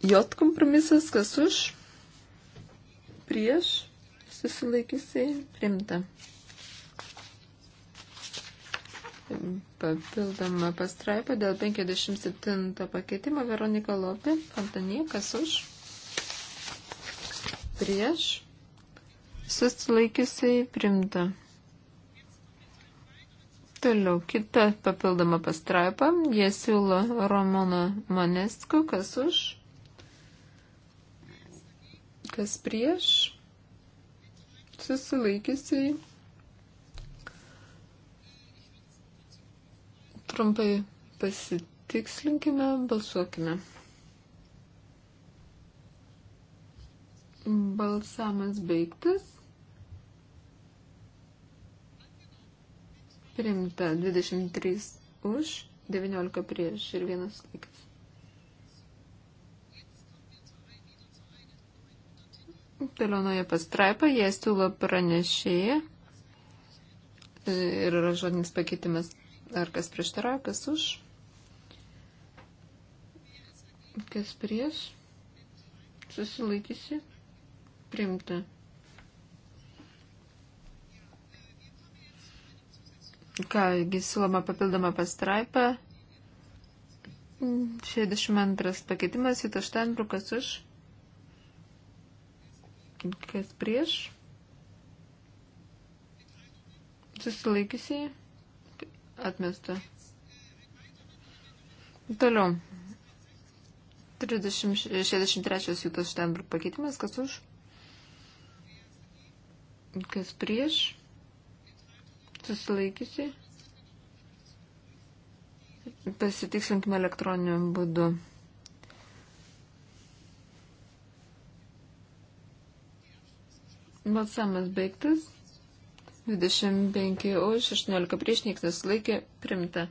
J kompromisas, kas už, prieš susilaikysiai primta. Papildoma pastraipa dėl 57 pakeitimo Veronika Lopė, Antanija, kas už, prieš susilaikysiai primta. Toliau kita papildoma pastraipa, jie siūlo Romoną Manesku, kas už kas prieš, susilaikysiai. Trumpai pasitikslinkime, balsuokime. Balsamas baigtas. Primta 23 už, 19 prieš ir vienas laikas. Tolionoje pastraipoje jie siūlo pranešėją ir yra žodinis pakeitimas. Ar kas prieštarauja, kas už? Kas prieš? Susilaikysi? Primta. Kągi, siūloma papildoma pastraipa. 62 mm, pakeitimas, Vito Štenbrukas už Kas prieš? Susilaikysiai. Atmesta. Toliau. 30, 63 Jūtas Štenbruk pakeitimas. Kas už? Kas prieš? Susilaikysiai. Pasitikslinkime elektroniniu būdu. Balsavimas baigtas. 25 už, 16 prieš, niekas nesilaikė, primta.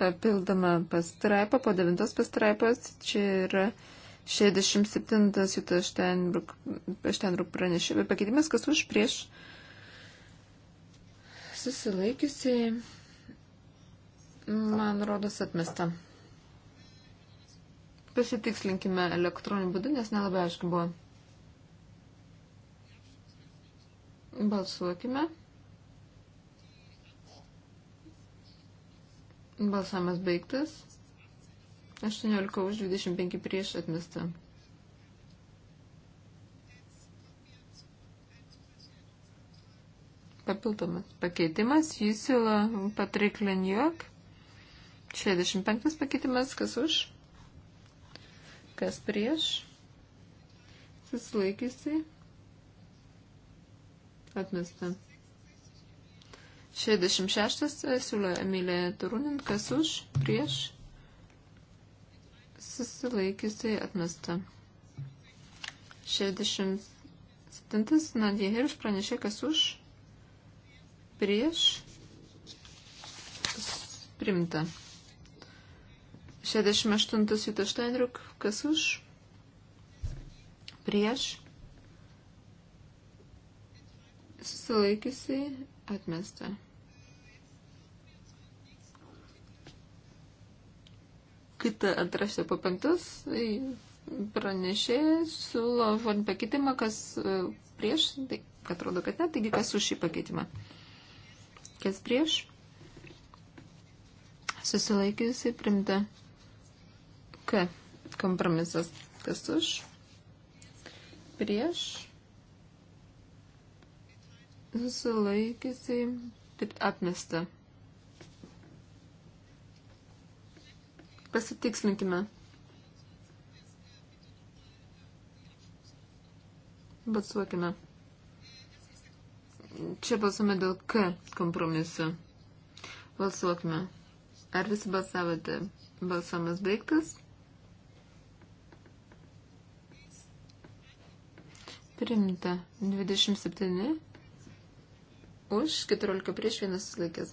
Papildoma pastraipa, po devintos pastraipos, čia yra 67 Juto Štenbruk pranešimai. Pakeitimas, kas už prieš susilaikiusiai, man rodos, atmesta. Pasitikslinkime elektroniniu būdu, nes nelabai aišku buvo. Balsuokime. Balsamas baigtas. 18 už 25 prieš atmesta. Papildomas pakeitimas. Jis siūlo patriklinjok. 65 pakeitimas. Kas už? Kas prieš? Susilaikysi. Atmesta. 66. Siūlė Emilė Turunin. Kas už? Prieš? Susilaikysi. Atmesta. 67. Nadie Hirš pranešė, kas už? Prieš? Primta. 68. Jutas Steinruk kas už, prieš, susilaikiusi, atmesta. Kita antraštė po penktus tai pranešė, siūlo žodį pakeitimą, kas e, prieš, tai atrodo, kad ne, taigi kas už šį pakeitimą. Kas prieš? Susilaikiusi primta. K kompromisas. Kas už? Prieš. Susilaikysiai. Atmesta. Pasitikslinkime. Balsuokime. Čia balsuome dėl K kompromisu. Balsuokime. Ar visi balsavote? Balsamas baigtas. Primta 27 už 14 prieš 1 susilaikęs.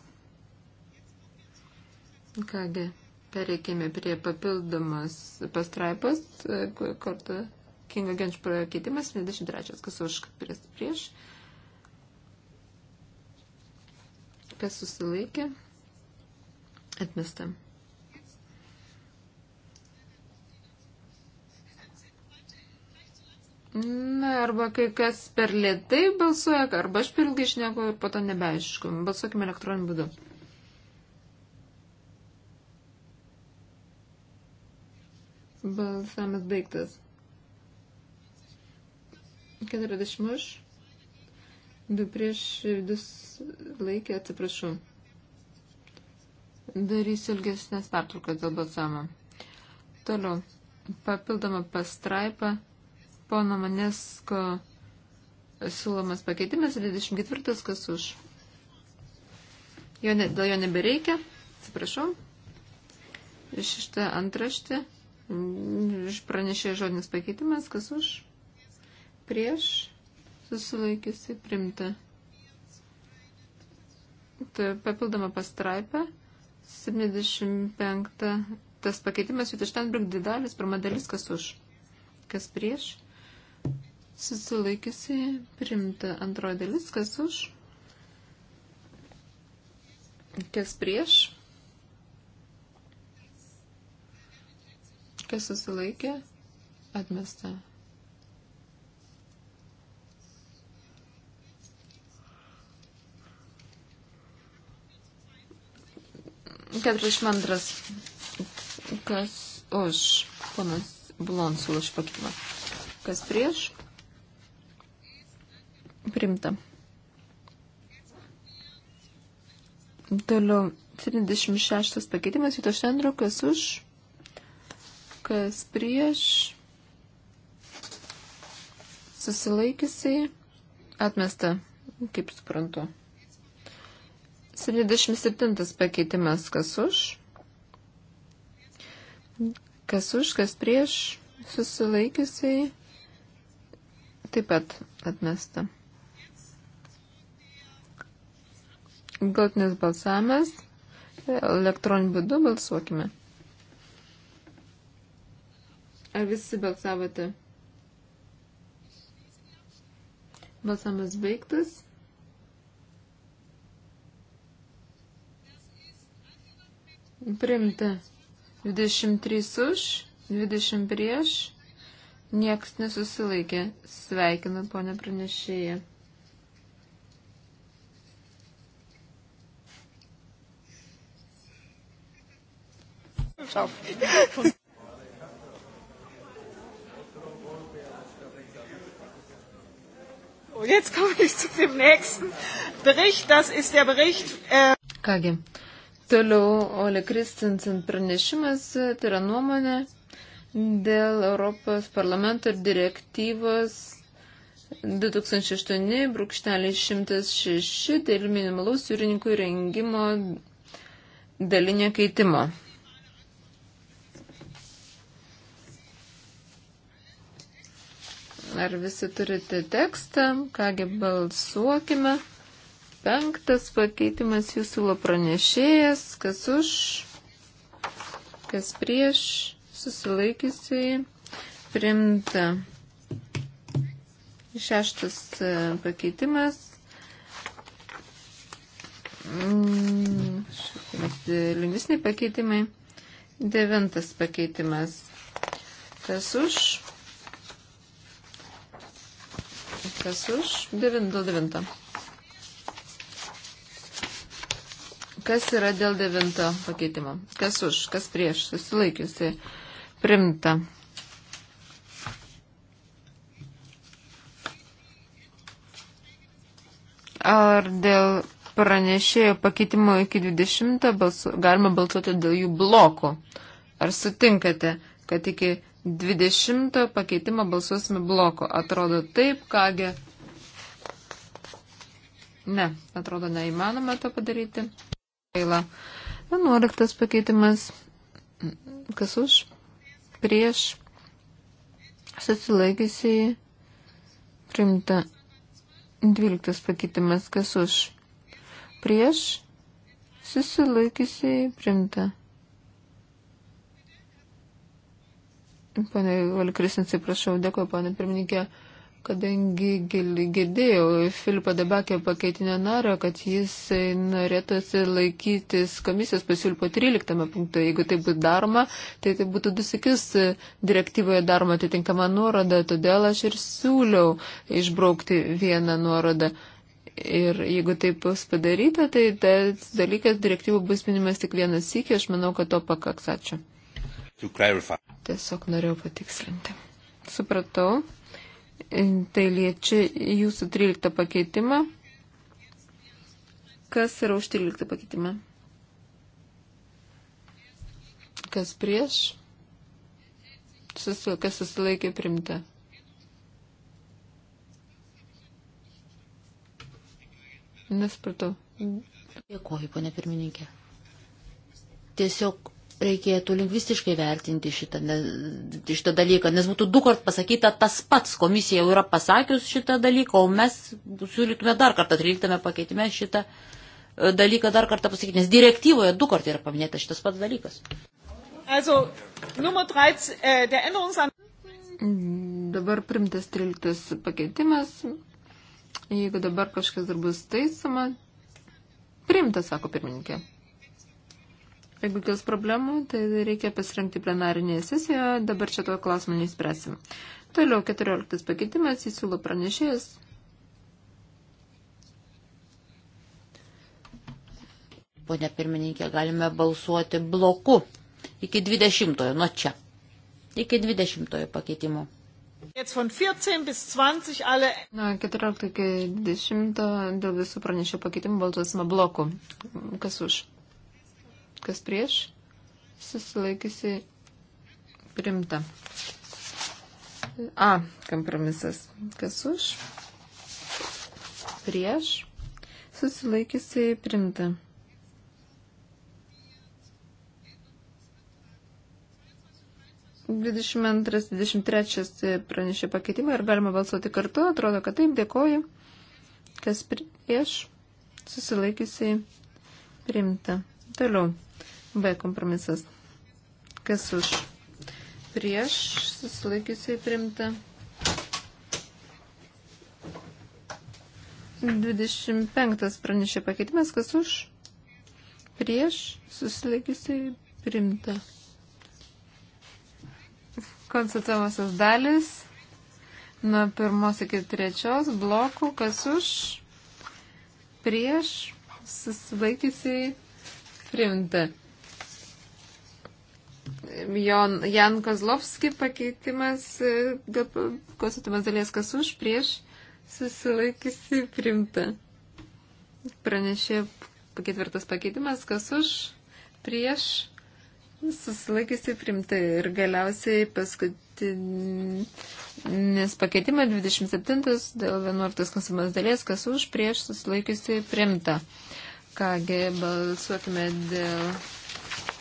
Kągi, pereikime prie papildomas pastraipas, kartu Kingo Genč pakeitimas 23, kas už prieš prieš. Kas susilaikė? Atmestam. Na, arba kai kas per lėtai balsuoja, arba aš per ilgai išneku ir po to nebeaišku. Balsuokime elektroniniu būdu. Balsavimas baigtas. 40 už. 2 prieš 2 laikė, atsiprašau. Darysiu ilgesnės pertraukas dėl balsavimo. Toliau. Papildoma pastraipa pono Manesko siūlomas pakeitimas 24, kas už. Jo ne, dėl jo nebereikia, atsiprašau. Iš šitą antraštį pranešė žodinis pakeitimas, kas už. Prieš susilaikiusi primta. Tai papildoma pastraipa. 75. Tas pakeitimas Jutištenbrug didelis, pirma dalis, kas už. Kas prieš susilaikiusi primta antroji dalis, kas už, kas prieš, kas susilaikė, atmesta. Keturiasdešimt antras. Kas už? Ponas Blonsulas pakilo. Kas prieš? Primta. Toliau 76 pakeitimas Vito Šendro, kas už, kas prieš, susilaikysiai, atmesta, kaip suprantu. 77 pakeitimas, kas už, kas už, kas prieš, susilaikysiai, taip pat atmesta. galtinis balsavimas. Elektroniniu būdu balsuokime. Ar visi balsavote? Balsavimas baigtas. Primta. 23 už, 20 prieš. Niekas nesusilaikė. Sveikinu, ponė pranešėja. Ciao. Oh, jetzt komme ich zu dem nächsten Bericht. Das ist der Bericht. Äh Kągi, toliau Ole Kristinsen pranešimas, e, tai yra nuomonė dėl Europos parlamento ir direktyvos 2008-106 dėl minimalaus jūrininkų rengimo dalinio keitimo. Ar visi turite tekstą? Kągi balsuokime. Penktas pakeitimas jūsų siūlo pranešėjas, kas už, kas prieš, susilaikysiai, primta. Šeštas e, pakeitimas. Mm, Lingvisniai pakeitimai. Devintas pakeitimas. Kas už, Kas už? 9 dėl 9. Kas yra dėl 9 pakeitimo? Kas už? Kas prieš? Susilaikiusi. Primta. Ar dėl pranešėjo pakeitimo iki 20 balsu, galima balsuoti dėl jų blokų? Ar sutinkate, kad iki 20 pakeitimą balsuosime bloko. Atrodo taip, kągi. Ne, atrodo neįmanoma to padaryti. Gaila. 11 pakeitimas. Kas už? Prieš. Susilaikysiai. Primta. 12 pakeitimas. Kas už? Prieš. Susilaikysiai. Primta. Pane Valikristin, atsiprašau, dėkuoju, pane pirmininkė, kadangi girdėjau Filipą Dabakę pakeitinę narą, kad jis norėtų laikytis komisijos pasiūlypo 13 punkto. Jeigu tai būtų daroma, tai tai būtų dusikis direktyvoje daroma atitinkama nuoroda, todėl aš ir siūliau išbraukti vieną nuorodą. Ir jeigu taip bus padaryta, tai tas dalykas direktyvų bus minimas tik vienas sykį, aš manau, kad to pakaks. Ačiū. Tiesiog norėjau patikslinti. Supratau. Tai liečia jūsų 13 pakeitimą. Kas yra už 13 pakeitimą? Kas prieš? Susil, kas susilaikė primta? Nespratau. Dėkuoju, ponė pirmininkė. Tiesiog reikėtų lingvistiškai vertinti šitą, ne, šitą dalyką, nes būtų du kart pasakyta tas pats, komisija jau yra pasakius šitą dalyką, o mes siūlytume dar kartą, 13 pakeitime šitą e, dalyką dar kartą pasakyti, nes direktyvoje du kart yra paminėtas šitas pats dalykas. Also, 13, äh, der Änderungsan... Dabar primtas 13 pakeitimas, jeigu dabar kažkas dar bus taisoma, primtas, sako pirmininkė. Jeigu kils problemų, tai reikia pasiremti plenarinėje sesijoje, dabar čia to klausimą neįspręsim. Toliau 14 pakeitimas įsiūlo pranešėjas. Pone pirmininkė, galime balsuoti bloku iki 20-ojo, nuo čia. Iki 20-ojo pakeitimo. Nuo 14 iki 20 dėl visų pranešio pakeitimų balsuosime bloku. Kas už? kas prieš, susilaikysi primta. A kompromisas, kas už, prieš, susilaikysi primta. Dvidešimt antras, dvidešimt trečias pranešė pakeitimą ir galima balsuoti kartu, atrodo, kad taip, dėkoju. Kas prieš, susilaikysi primta. Toliau. B kompromisas. Kas už? Prieš susilaikiusiai primta. 25 pranešė pakeitimas. Kas už? Prieš susilaikiusiai primta. Konstatuojamosios dalis. Nuo pirmos iki trečios blokų. Kas už? Prieš susilaikiusiai primta. Jon, Jan Kozlovski pakeitimas, e, konstatumas dalies kas už, prieš, susilaikysi primta. Pranešė ketvirtas pakeitimas, kas už, prieš, susilaikysi primta. Ir galiausiai paskutinis pakeitimas, 27 dėl 11 konstatumas dalies, kas už, prieš, susilaikysi primta. Kągi, balsuokime dėl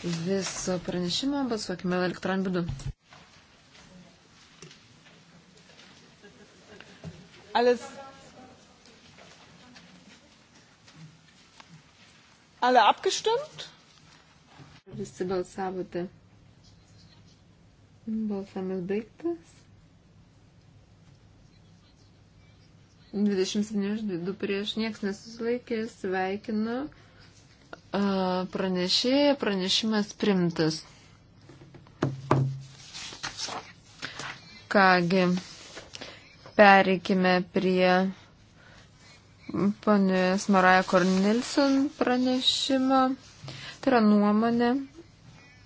visą pranešimą, balsuokime elektroniniu būdu. Alles. Alle abgestimmt? Visi balsavote. Balsavimas baigtas. 27 už 2 prieš nieks nesusilaikė, sveikinu pranešėja, pranešimas primtas. Kągi, pereikime prie panės Maraja Kornilson pranešimo. Tai yra nuomonė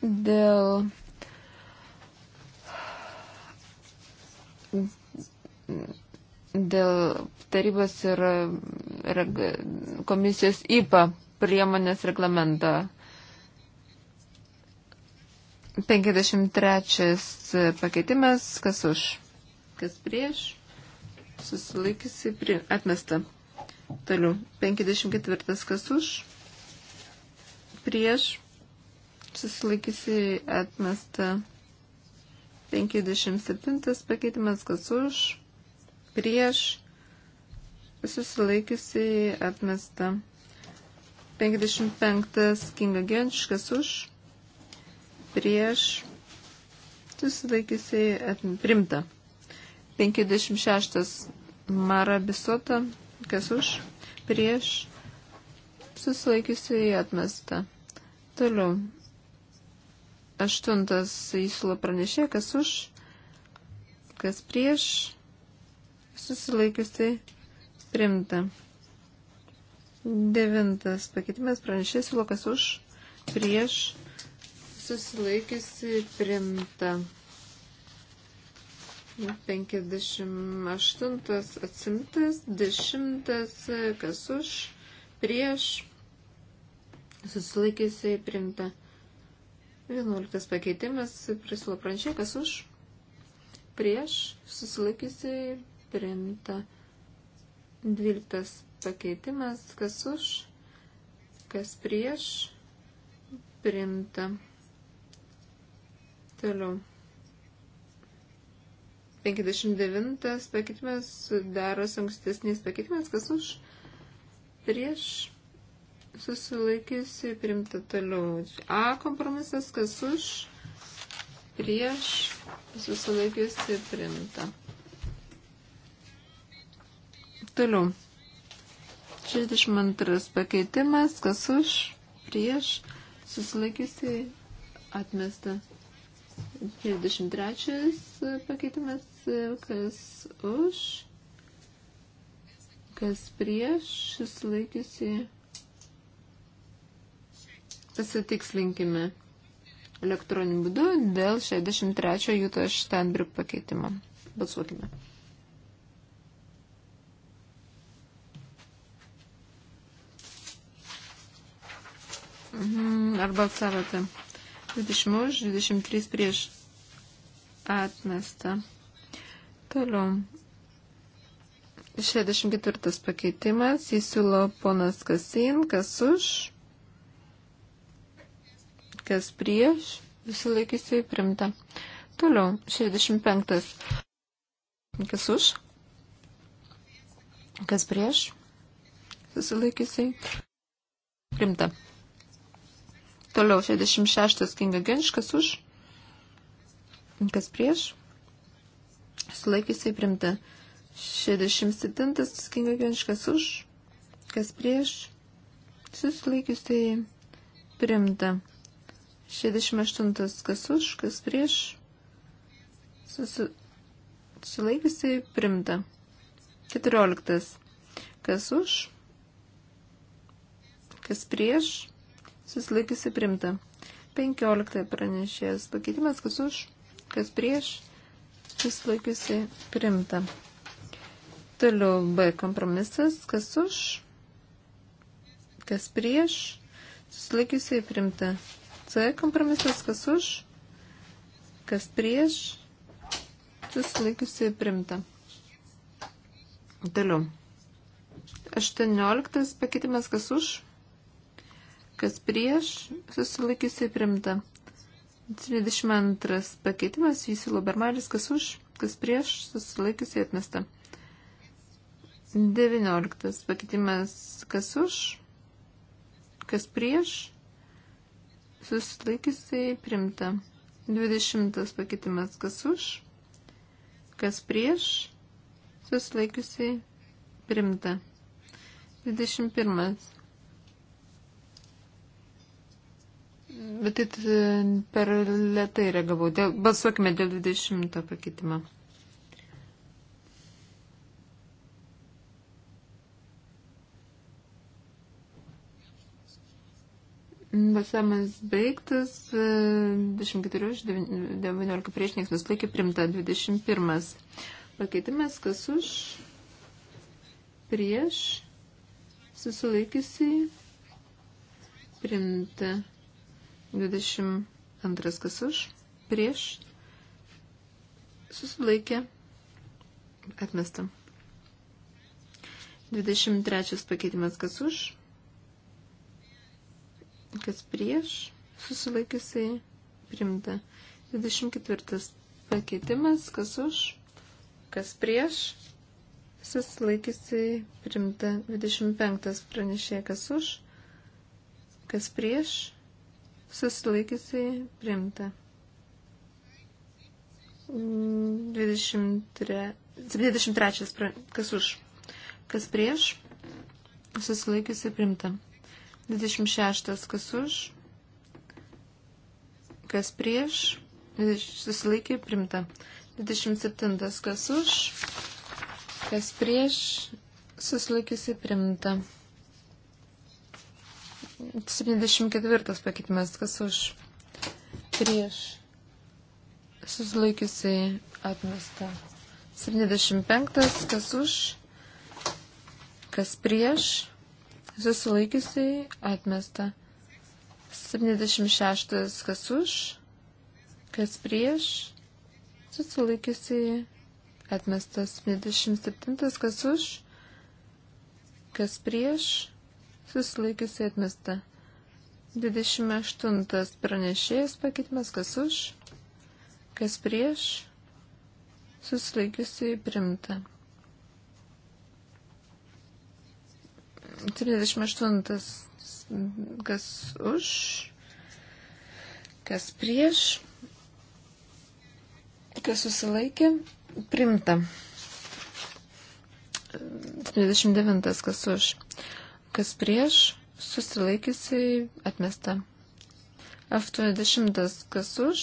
dėl dėl tarybos ir komisijos IPA priemonės reglamentą. 53 pakeitimas, kas už, kas prieš, susilaikysi, prie, atmesta. Toliau, 54 kas už, prieš, susilaikysi, atmesta. 57 pakeitimas, kas už, prieš, susilaikysi, atmesta. 55 Kinga Genčkas už, prieš, susilaikysiai primta. 56 Mara Bisota, kas už, prieš, susilaikysiai atmesta. Toliau. Aštuntas įsula pranešė, kas už, kas prieš, susilaikiusiai primta. Devintas pakeitimas pranešės siūlokas už, prieš, susilaikiusi primta. 58 atsimtas, 10 kas už, prieš, susilaikiusi primta. 11 pakeitimas prisilo pranešė, kas už, prieš, susilaikiusi primta. 12 pakeitimas, kas už, kas prieš, priimta. Toliau. 59 pakeitimas daros ankstesnis pakeitimas, kas už, prieš, susilaikysi, priimta toliau. A kompromisas, kas už, prieš, susilaikysi, priimta. Toliau. 32 pakeitimas, kas už, prieš, susilaikiusi, atmesta. 33 pakeitimas, kas už, kas prieš, susilaikiusi. Pasitikslinkime elektroniniu būdu dėl 63 Jūto Štenbriuk pakeitimo. Balsuokime. Mhm, ar balsavote? 20 už, 23 prieš atmestą. Toliau. 64 pakeitimas. Jis siūlo ponas Kasin, kas už, kas prieš, visi laikysiu įprimta. Toliau. 65. Kas už, kas prieš, susilaikysiu. Primta. Toliau 66 kinga ginčkas už, kas prieš, sulaikysiai primta. 67 kinga ginčkas už, kas prieš, susilaikiusiai primta. 68 kas už, kas prieš, susilaikiusiai primta. 14 kas už, kas prieš, susilaikiusi primta. 15 pranešėjas pakeitimas, kas už, kas prieš, susilaikiusi primta. Toliau B kompromisas, kas už, kas prieš, susilaikiusi primta. C kompromisas, kas už, kas prieš, susilaikiusi primta. Toliau. 18 pakeitimas, kas už, kas prieš, susilaikysiai primta. 22 pakeitimas, visi lobermaris, kas už, kas prieš, susilaikysiai atmesta. 19 pakeitimas, kas už, kas prieš, susilaikysiai primta. 20 pakeitimas, kas už, kas prieš, susilaikysiai primta. 21 Bet tai e, per lietai reagavau. Dėl, balsuokime dėl 20 pakeitimą. Balsavimas baigtas. 24 e, už 19 prieš niekas nuslaikė primta. 21. Pakeitimas kas už prieš susilaikysiai primta. 22 kas už, prieš, susilaikė, atmesta. 23 pakeitimas kas už, kas prieš, susilaikiusiai, primta. 24 pakeitimas kas už, kas prieš, susilaikiusiai, primta. 25 pranešė kas už, kas prieš, susilaikysiai priimta. 23, 73, kas už, kas prieš, susilaikysiai priimta. 26, kas už, kas prieš, susilaikiai primta. 27. Kas už, kas prieš, susilaikiusi primta. 74 pakeitimas, kas už prieš susilaikiusiai atmesta. 75, kas už, kas prieš susilaikiusiai atmesta. 76, kas už, kas prieš susilaikiusiai atmestas. 77, kas už, kas prieš susilaikiusi atmesta. 28 pranešėjas pakeitimas, kas už, kas prieš, susilaikiusi primta. 38 kas už, kas prieš, kas susilaikė, primta. 39 kas už kas prieš, susilaikysiai atmesta. 80 kas už,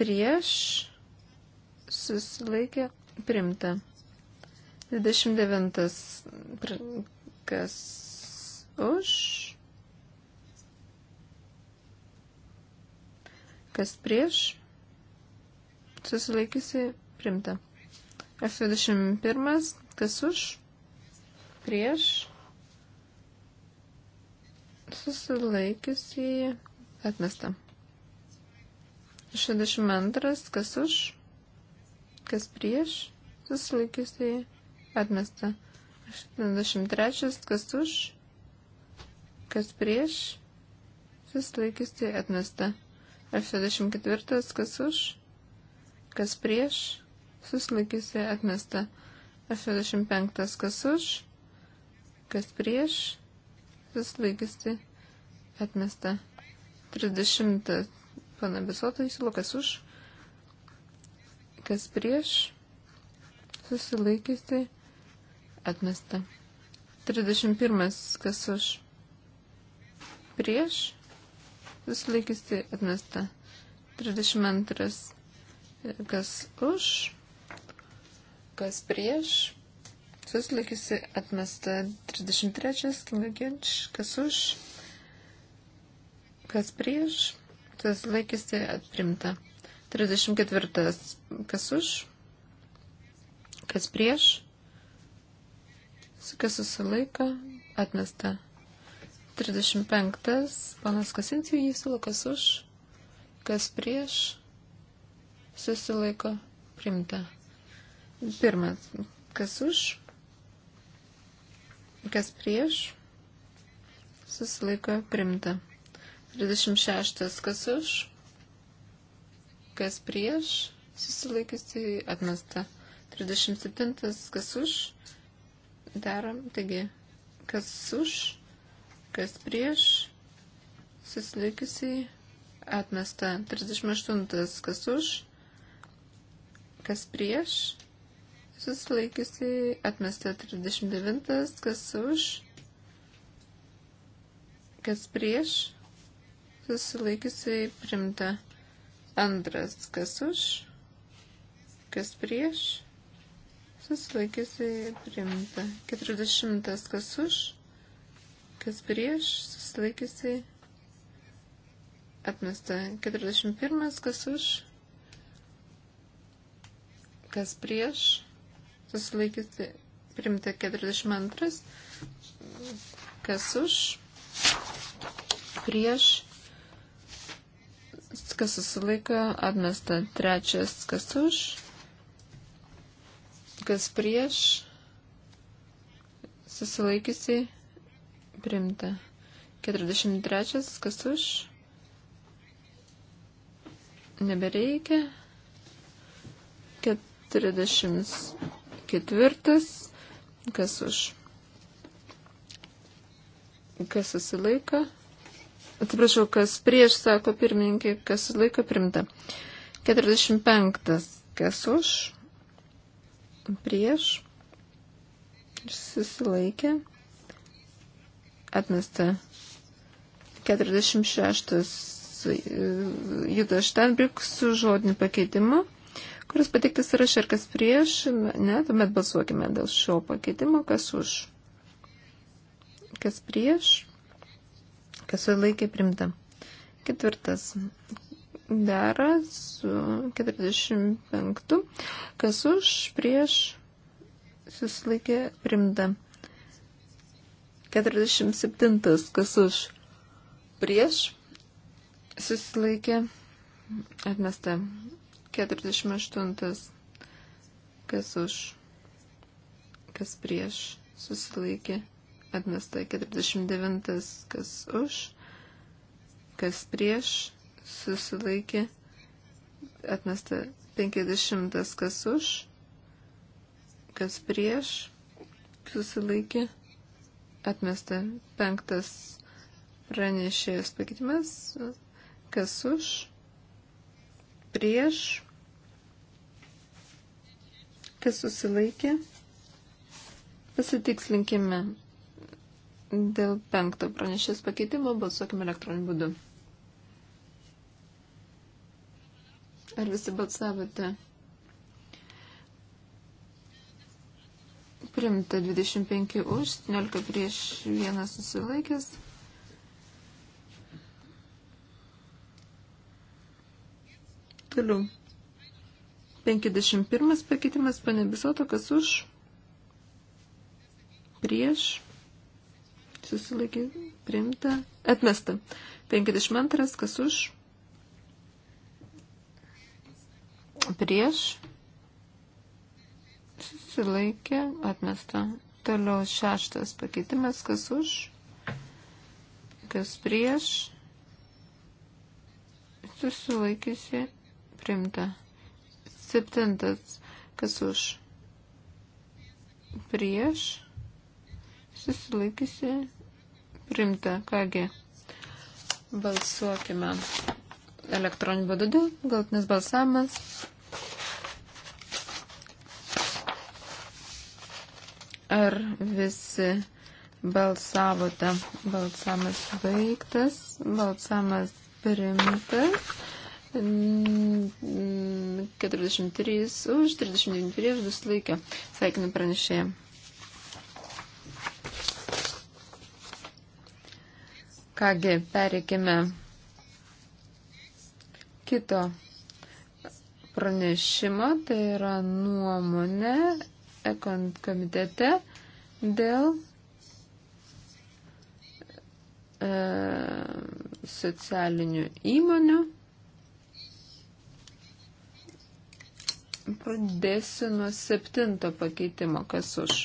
prieš, susilaikė, primta. 29 kas už, kas prieš, susilaikysiai, primta. F21 kas už, prieš susilaikiusi atmesta. 62. Kas už, kas prieš susilaikiusi atmesta. 83. Kas už, kas prieš susilaikiusi atmesta. 84. Kas už, kas prieš susilaikiusi atmesta. 85. Kas už, kas prieš, vis laikėsi atmesta. 30 pana Bisoto įsilo, kas už, kas prieš, susilaikėsi atmesta. 31 kas už, prieš, susilaikėsi atmesta. 32 kas už, kas prieš, susilaikiusi atmesta 33, Kinga Ginč, kas už, kas prieš, susilaikiusi atprimta 34, kas už, kas prieš, kas susilaiko, atmesta 35, panas Kasincijų jį siūlo, kas už, kas prieš, susilaiko, primta. Pirmas, kas už, Kas prieš? Susilaiko primta. 36. Kas už? Kas prieš? Susilaikiusi atmesta. 37. Kas už? Darom. Taigi, kas už? Kas prieš? Susilaikiusi atmesta. 38. Kas už? Kas prieš? susilaikiusiai, atmesta 39, kas už, kas prieš, susilaikiusiai, primta antras, kas už, kas prieš, susilaikiusiai, primta 40, kas už, kas prieš, susilaikiusiai, atmesta 41, kas už, kas prieš, susilaikyti primta 42, kas už, prieš, kas susilaiko, atmesta trečias, kas už, kas prieš, susilaikysi, primta 43, kas už, nebereikia. 40 Ketvirtas, kas už, kas susilaiko. Atsiprašau, kas prieš, sako pirmininkė, kas susilaiko primta. 45, kas už, prieš, susilaikė, atmesta. 46 juda Štenbrik su žodiniu pakeitimu kuris patiktas yra ir kas prieš, ne, tuomet balsuokime dėl šio pakeitimo, kas už, kas prieš, kas laikė primta. Ketvirtas dera su 45, kas už, prieš, susilaikė primta. 47, kas už, prieš, susilaikė atmesta. 48. Kas už, kas prieš, susilaikė, atmesta. 49. Kas už, kas prieš, susilaikė, atmesta. 50. Kas už, kas prieš, susilaikė, atmesta. 5. Pranešėjas pakeitimas, kas už, prieš, kas susilaikė. Pasitikslinkime dėl penkto pranešės pakeitimo, balsuokime elektroniniu būdu. Ar visi balsavote? Primta 25 už, 17 prieš 1 susilaikęs. Toliau. 51 pakeitimas, pane Bisoto, kas už? Prieš. Susilaikė. Priimta. Atmesta. 52, kas už? Prieš. Susilaikė. Atmesta. Toliau šeštas pakeitimas, kas už? Kas prieš? Susilaikysi primta. Septintas, kas už, prieš, susilaikysi, primta. Kągi, balsuokime elektroniniu būdu, galtinis balsavimas. Ar visi balsavote? Balsamas baigtas, balsamas primtas. 43 už, 39 prieš, 2 laikė. Sveikinu pranešėją. Kągi, pereikime kito pranešimo, tai yra nuomonė ekont komitete dėl e, socialinių įmonių. Pradėsiu nuo septinto pakeitimo. Kas už?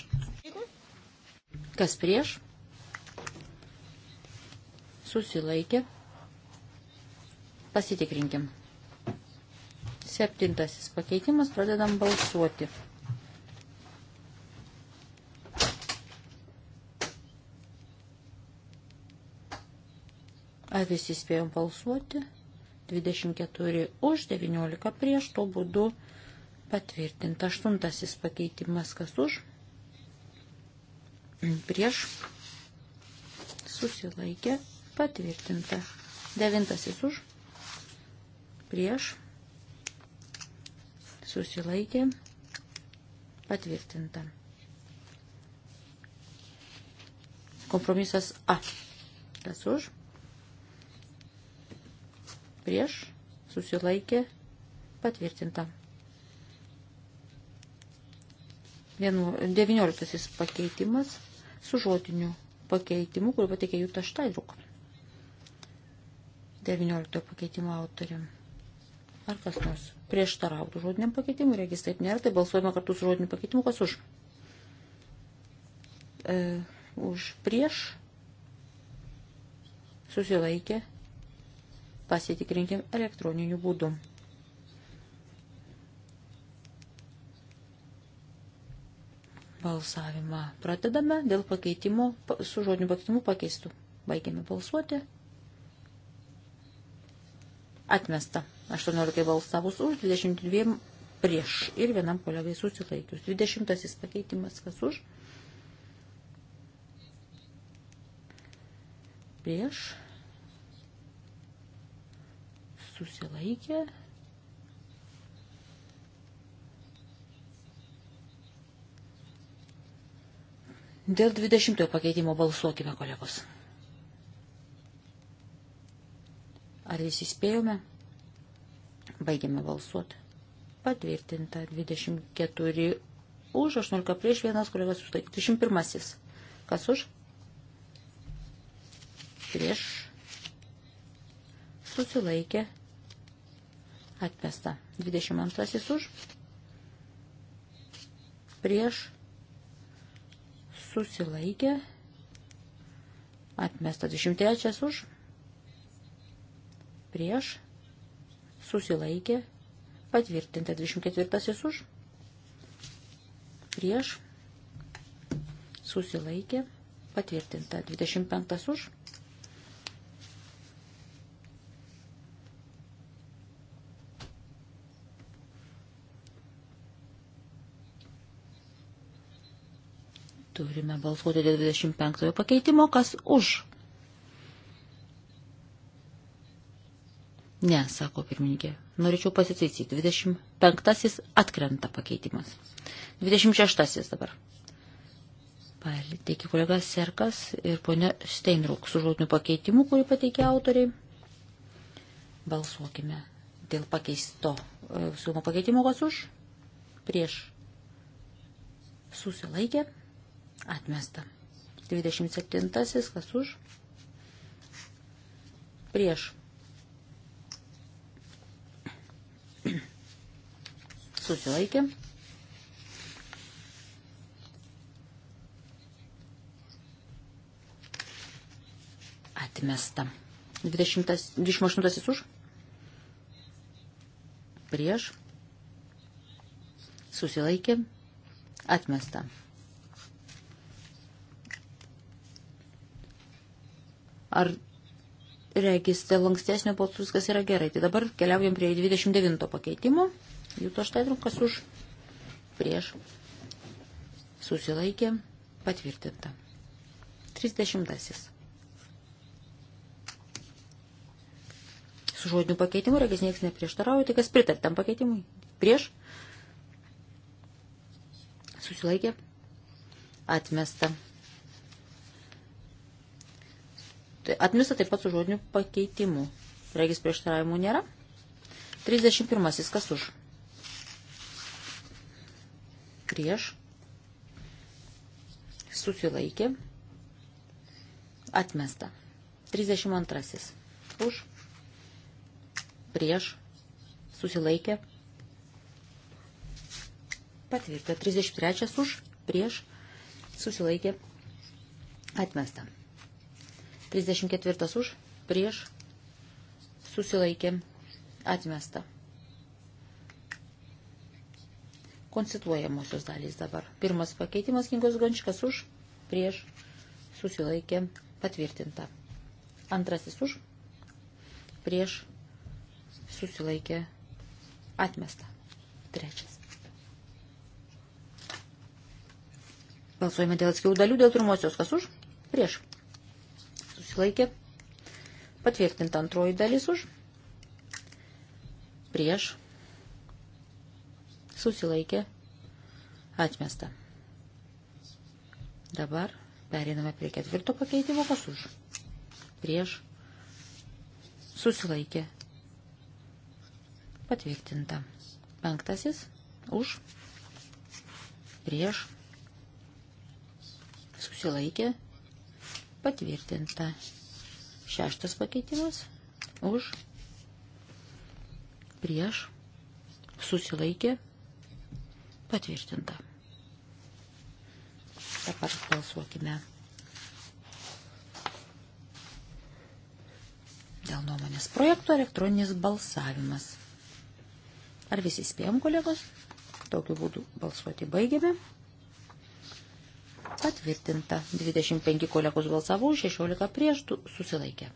Kas prieš? Susilaikė. Pasitikrinkim. Septintasis pakeitimas. Pradedam balsuoti. Ar visi spėjom balsuoti? 24 už, 19 prieš, tuo būdu Patvirtinta aštuntasis pakeitimas, kas už, prieš, susilaikė, patvirtinta. Devintasis už, prieš, susilaikė, patvirtinta. Kompromisas A. Kas už, prieš, susilaikė, patvirtinta. 19 pakeitimas su žodiniu pakeitimu, kurį pateikė Jūta Štaidruk. 19 pakeitimo autoriam. Ar kas nors prieštarautų žodiniam pakeitimui, regis taip nėra, tai balsuojame kartu su žodiniu pakeitimu, kas už. E, už prieš susilaikė, pasitikrinkim elektroniniu būdu. Balsavimą pradedame dėl pakeitimo, su žodiniu pakeitimu pakeistų. Baigiame balsuoti. Atmesta. 18 balsavus už, 22 prieš ir vienam kolegai susilaikius. 20 pakeitimas kas už. Prieš. Susilaikė. Dėl 20 pakeitimo balsuokime, kolegos. Ar visi spėjome? Baigiame balsuoti. Patvirtinta 24 už, 18 prieš vienas kolegas sustaikė. 21. Kas už? Prieš. Susilaikė. Atmesta. 22 už. Prieš susilaikė, atmesta 23 už, prieš, susilaikė, patvirtinta 24 už, prieš, susilaikė, patvirtinta 25 už, Turime balsuoti dėl 25 pakeitimo, kas už. Ne, sako pirmininkė, norėčiau pasitaisyti. 25 atkrenta pakeitimas. 26 dabar. Pateikė kolega Serkas ir ponia Steinruk su žodiniu pakeitimu, kurį pateikė autoriai. Balsuokime dėl pakeisto e, siūlymo pakeitimo, kas už, prieš, susilaikė. Atmesta. 27. Kas už? Prieš. Susilaikė. Atmesta. 20, 28 už. Prieš. Susilaikė. Atmesta. Ar reikiste lankstesnio balsus, kas yra gerai. Tai dabar keliaujam prie 29 pakeitimo. Jūtų aš tai trumpas už prieš susilaikė patvirtinta. 30. Su žodiniu pakeitimu regis niekas neprieštarauja, tai kas pritarė tam pakeitimui? Prieš susilaikė atmesta. Tai Atmista taip pat su žodiniu pakeitimu. Regis prieštaravimų nėra. 31. Kas už? Prieš. Susilaikė. Atmesta. 32. Už. Prieš. Susilaikė. Patvirtė. 33. Už. Prieš. Susilaikė. Atmesta. 34 už, prieš, susilaikė, atmesta. Konstituojamosios dalys dabar. Pirmas pakeitimas knygos gončkas už, prieš, susilaikė, patvirtinta. Antrasis už, prieš, susilaikė, atmesta. Trečias. Balsuojame dėl atskirų dalių, dėl pirmosios kas už, prieš, susilaikė. Patvirtinta antroji dalis už, prieš, susilaikė, atmesta. Dabar periname prie ketvirto pakeitimo, kas už, prieš, susilaikė, patvirtinta. Penktasis, už, prieš, susilaikė, Patvirtinta. Šeštas pakeitimas. Už. Prieš. Susilaikė. Patvirtinta. Dabar balsuokime. Dėl nuomonės projekto elektroninis balsavimas. Ar visi spėjom, kolegos? Tokiu būdu balsuoti baigiame patvirtinta. 25 kolegos balsavo, 16 prieš susilaikė.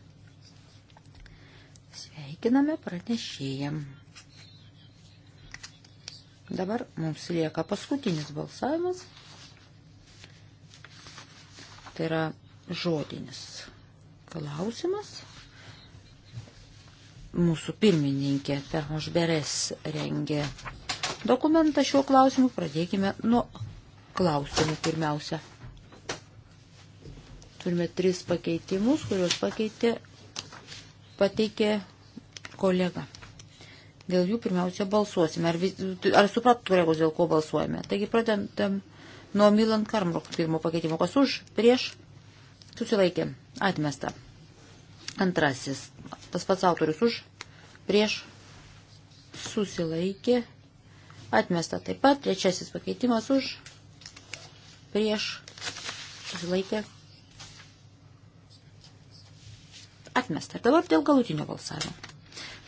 Sveikiname pranešėjam. Dabar mums lieka paskutinis balsavimas. Tai yra žodinis klausimas. Mūsų pirmininkė Perhošberes rengė dokumentą šiuo klausimu. Pradėkime nuo klausimų pirmiausia. Turime tris pakeitimus, kuriuos pakeitė, pateikė kolega. Dėl jų pirmiausia balsuosime. Ar, vis, ar suprat, kolegos, dėl ko balsuojame? Taigi pradedam nuo Milan Karmrok pirmo pakeitimo. Kas už, prieš, susilaikė, atmesta. Antrasis, tas pats autorius už, prieš, susilaikė, atmesta taip pat. Trečiasis pakeitimas už, prieš susilaikė atmesta. Ir dabar dėl galutinio balsavimo.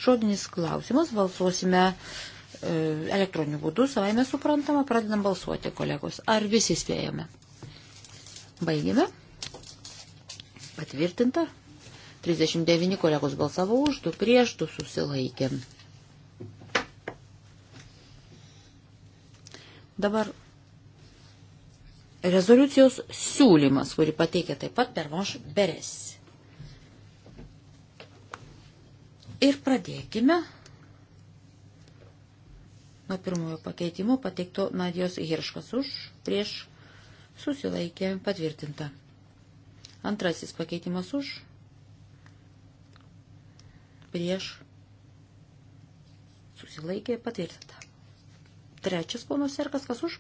Žodinis klausimas, balsuosime e, elektroniniu būdu, savaime suprantama, pradedam balsuoti, kolegos. Ar visi spėjome? Baigėme. Patvirtinta. 39 kolegos balsavo už, 2 prieš, 2 susilaikė. Dabar rezoliucijos siūlymas, kurį pateikė taip pat Pervanš Beres. Ir pradėkime nuo pirmojo pakeitimo pateikto Nadijos Hirškas už, prieš, susilaikė, patvirtinta. Antrasis pakeitimas už, prieš, susilaikė, patvirtinta. Trečias ponas Serkas, kas už?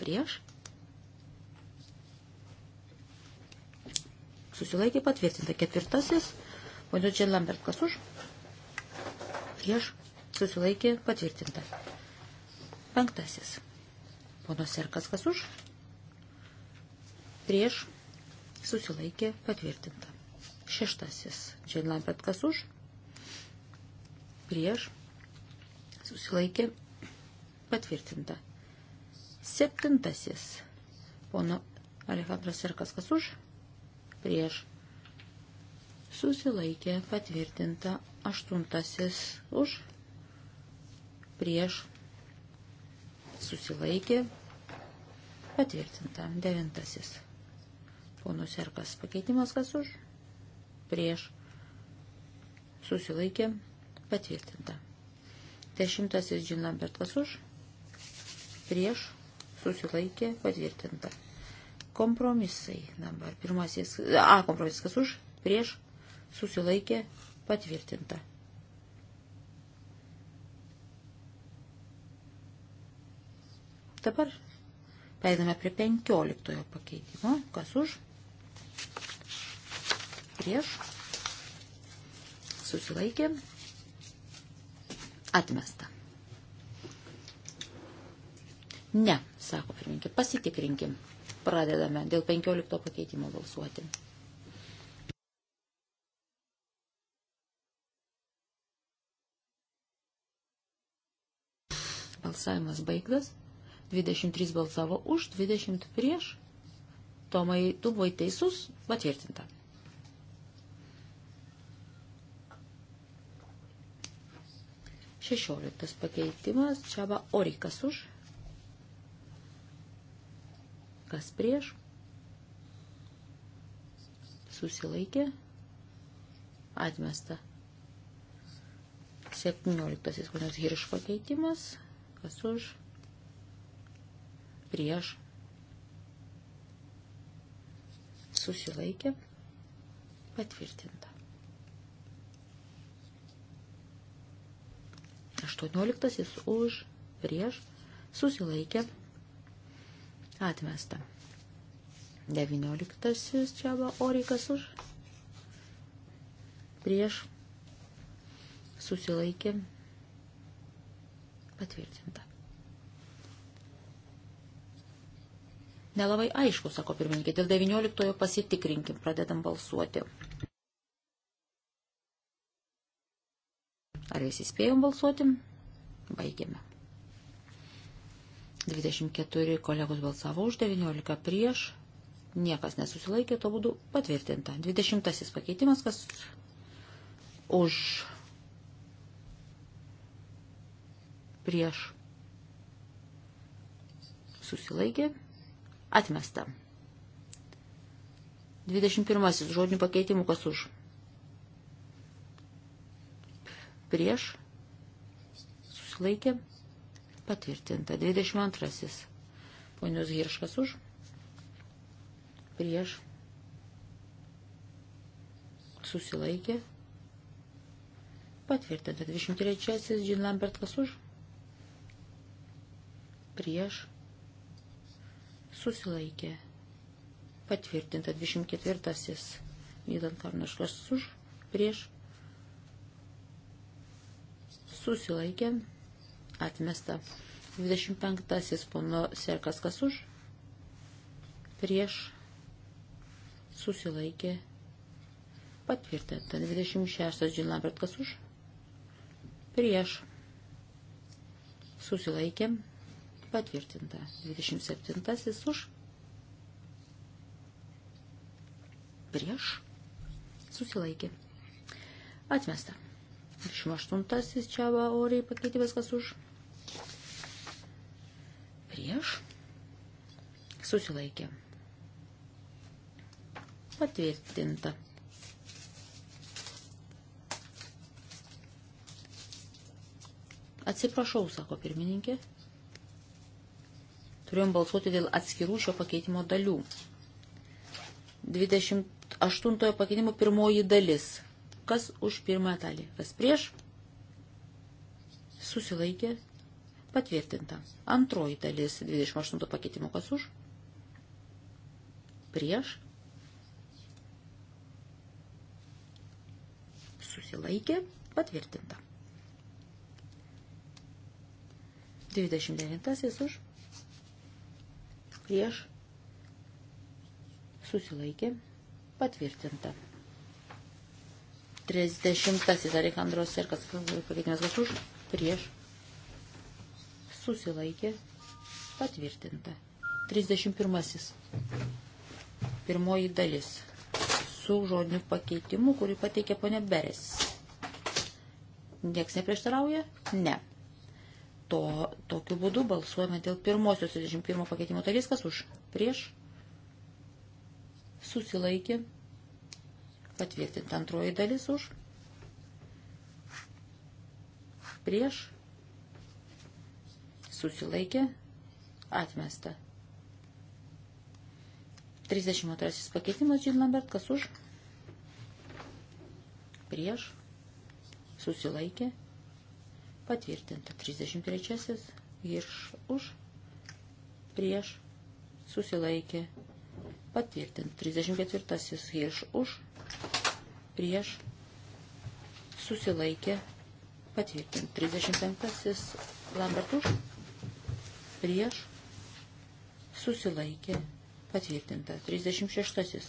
prieš. Susilaikė patvirtinta. Ketvirtasis. Ponių čia Lambert, kas už? Prieš. Susilaikė patvirtinta. Penktasis. Pono Serkas, kas už? Prieš. Susilaikė patvirtinta. Šeštasis. Čia Lambert, kas už? Prieš. Susilaikė patvirtinta. Septintasis. Pono Alejandras Serkas, kas už? Prieš. Susilaikė patvirtinta. Aštuntasis už. Prieš. Susilaikė patvirtinta. Devintasis. Pono Serkas pakeitimas, kas už? Prieš. Susilaikė patvirtinta. Dešimtasis Džin Lambertas už. Prieš susilaikė patvirtinta. Kompromisai dabar. Pirmasis, a, kompromisas kas už, prieš, susilaikė patvirtinta. Dabar Paėdame prie 15 pakeitimo. Kas už? Prieš. Susilaikė. Atmesta. Ne sako pirminkė. Pasitikrinkim. Pradedame dėl 15 pakeitimo balsuoti. Balsavimas baigtas. 23 balsavo už, 20 prieš. Tomai, tu buvai teisus, patvirtinta. Šešioliktas pakeitimas, čia va orikas už, Kas prieš? Susilaikė. Atmesta. 17. Ponios Hirš pakeitimas. Kas už? Prieš. Susilaikė. Patvirtinta. 18. Už. Prieš. Susilaikė. Patvirtinta Atmesta. 19 čia buvo orikas už. Prieš. Susilaikė. Patvirtinta. Nelabai aišku, sako pirmininkė, dėl 19 pasitikrinkim, pradedam balsuoti. Ar visi spėjom balsuoti? Baigiame. 24 kolegos balsavo už, 19 prieš, niekas nesusilaikė, to būdu patvirtinta. 20 pakeitimas, kas už prieš susilaikė, atmesta. 21 žodinių pakeitimų, kas už prieš susilaikė, atmesta Patvirtinta. 22. Ponios Hirškas už. Prieš. Susilaikė. Patvirtinta. 23. Jean Lambert kas už. Prieš. Susilaikė. Patvirtinta. 24. Vydan Karnaškas už. Prieš. Susilaikė. Susilaikė atmesta. 25. Pono Serkas kas už, prieš, susilaikė, patvirtinta. 26. Jean Lambert kas už, prieš, susilaikė, patvirtinta. 27. už, prieš, susilaikė, atmesta. 28. Čia va oriai pakeitimas kas už, prieš prieš, susilaikė. Patvirtinta. Atsiprašau, sako pirmininkė. Turėjom balsuoti dėl atskirų šio pakeitimo dalių. 28 pakeitimo pirmoji dalis. Kas už pirmąją dalį? Kas prieš? Susilaikė Patvirtinta. Antroji dalis 28 pakeitimo kas už? Prieš. Susilaikė. Patvirtinta. 29 už. Prieš. Susilaikė. Patvirtinta. 30 Alejandro Serkas pakeitimas kas už? Prieš susilaikė, patvirtinta. 31. Pirmoji dalis su žodiniu pakeitimu, kurį pateikė ponė Beres. Niekas neprieštarauja? Ne. To, tokiu būdu balsuojame dėl pirmosios 31 pakeitimo dalis, kas už prieš susilaikė, patvirtinta antroji dalis už prieš susilaikė, atmesta. 32 pakeitimas Jill Lambert, kas už, prieš, susilaikė, patvirtinta. 33 virš už, prieš, susilaikė, patvirtinta. 34 virš už, prieš, susilaikė, patvirtinta. 35 Lambert už, prieš, susilaikė, patvirtinta. 36.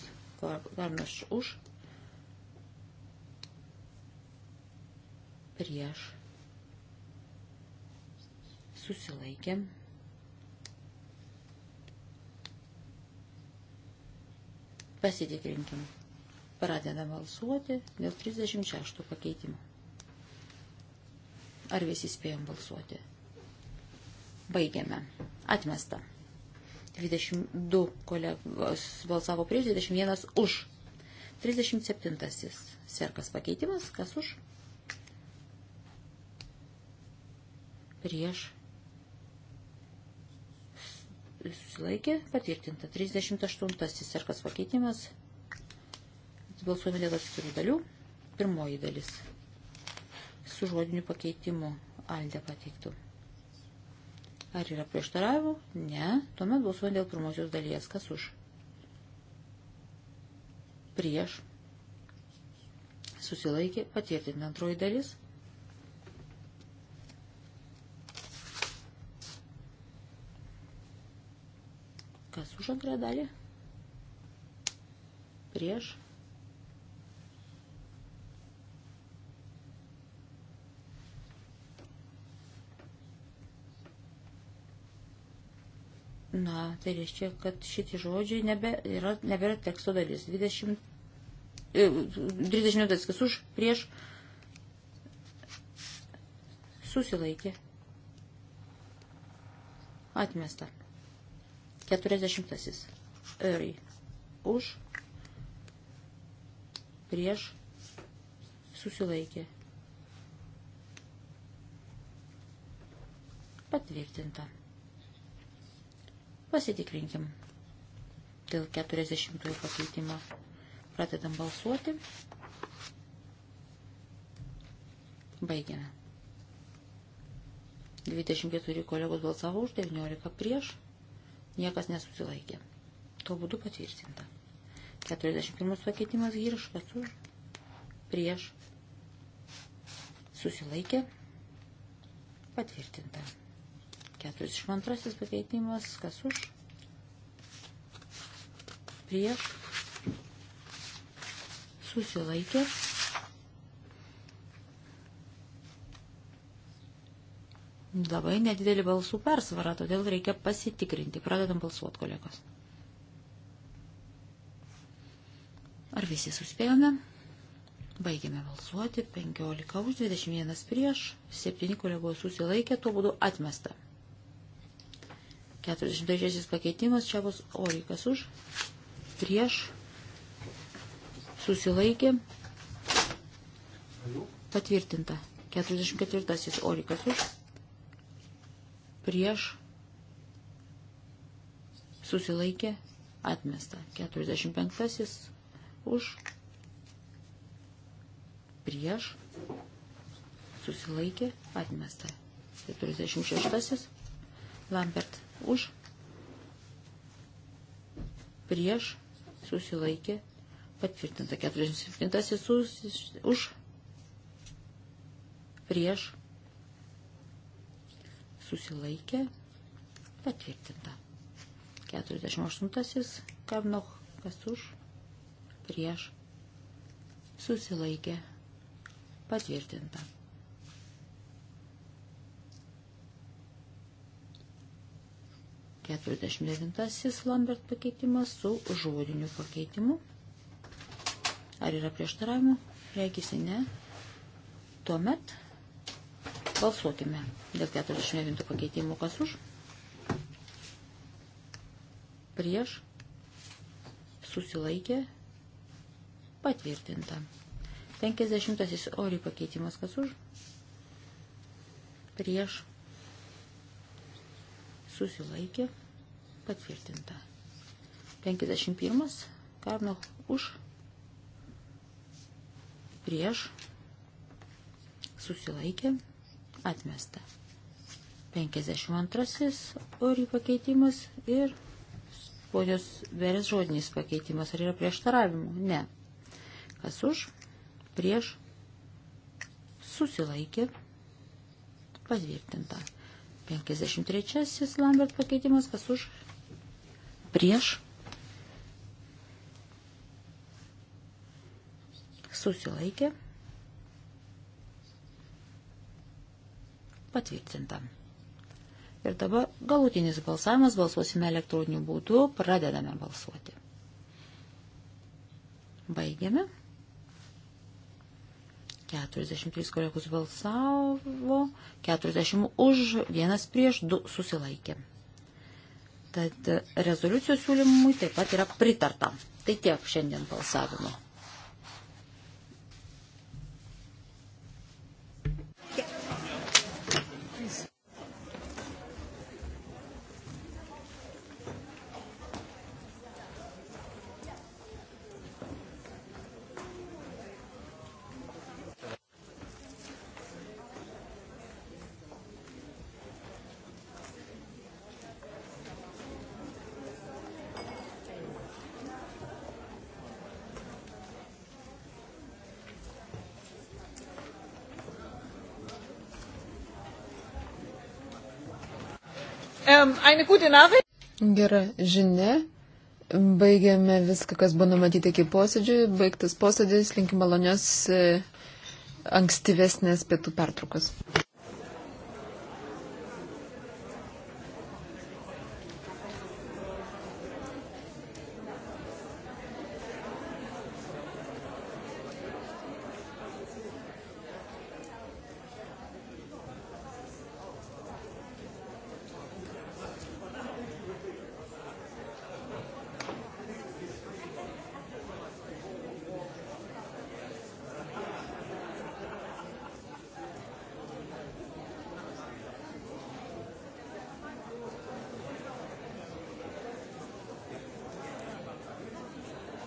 Varnas už, prieš, susilaikė. Pasitikrinkim. Pradedam balsuoti dėl 36 pakeitimo. Ar visi spėjom balsuoti? Baigiame. Atmesta. 22 kolegos balsavo prieš, 21 už. 37. Serkas pakeitimas. Kas už? Prieš. Susilaikė. Patvirtinta. 38. Serkas pakeitimas. Balsuojame dėl atskirų dalių. Pirmoji dalis. Su žodiniu pakeitimu Aldė pateiktų. Ar yra prieštaravimų? Ne. Tuomet balsuojant dėl pirmosios dalies. Kas už? Prieš. Susilaikė patvirtinti antroji dalis. Kas už antrą dalį? Prieš. Prieš Na, tai reiškia, kad šitie žodžiai nebe, yra, nebėra teksto dalis. 20, 30 minutės, kas už, prieš, susilaikė, atmesta. 40. Erai, už, prieš, susilaikė. Patvirtinta. Pasitikrinkim dėl 40 pakeitimo. Pradedam balsuoti. Baigiame. 24 kolegos balsavo už, 19 prieš, niekas nesusilaikė. Tuo būdu patvirtinta. 41 pakeitimas vyriškas už, prieš, susilaikė, patvirtinta. 42 pakeitimas, kas už, prieš, susilaikė. Labai nedidelį balsų persvarą, todėl reikia pasitikrinti. Pradedam balsuoti, kolegos. Ar visi suspėjome? Baigėme balsuoti. 15 už, 21 prieš, 7 kolegos susilaikė, tuo būdu atmesta. 43 pakeitimas, čia bus orikas už, prieš, susilaikė, patvirtinta. 44 orikas už, prieš, susilaikė, atmesta. 45 už, prieš, susilaikė, atmesta. 46 Lambert už, prieš, susilaikė, patvirtinta 47 sus, už, prieš, susilaikė, patvirtinta 48 kavnoch, kas už, prieš, susilaikė, patvirtinta 49 Lambert pakeitimas su žodiniu pakeitimu. Ar yra prieštaravimų? Reikisi ne. Tuomet balsuokime dėl 49 pakeitimų. Kas už? Prieš susilaikė patvirtinta. 50 ori pakeitimas kas už? Prieš susilaikė, patvirtinta. 51. Karno už, prieš, susilaikė, atmesta. 52. Orių pakeitimas ir ponios verės žodinis pakeitimas. Ar yra prieštaravimų? Ne. Kas už, prieš, susilaikė, patvirtinta. 53 Lambert pakeitimas, kas už prieš susilaikė patvirtinta. Ir dabar galutinis balsavimas, balsuosime elektroniniu būdu, pradedame balsuoti. Baigiame. 43 kolegos balsavo, 40 už, vienas prieš, du susilaikė. Tad rezoliucijos siūlymui taip pat yra pritarta. Tai tiek šiandien balsavimo. Gera žinia. Baigėme viską, kas buvo numatyti iki posėdžių. Baigtas posėdis. Linkiu malonios e, ankstyvesnės pietų pertraukos.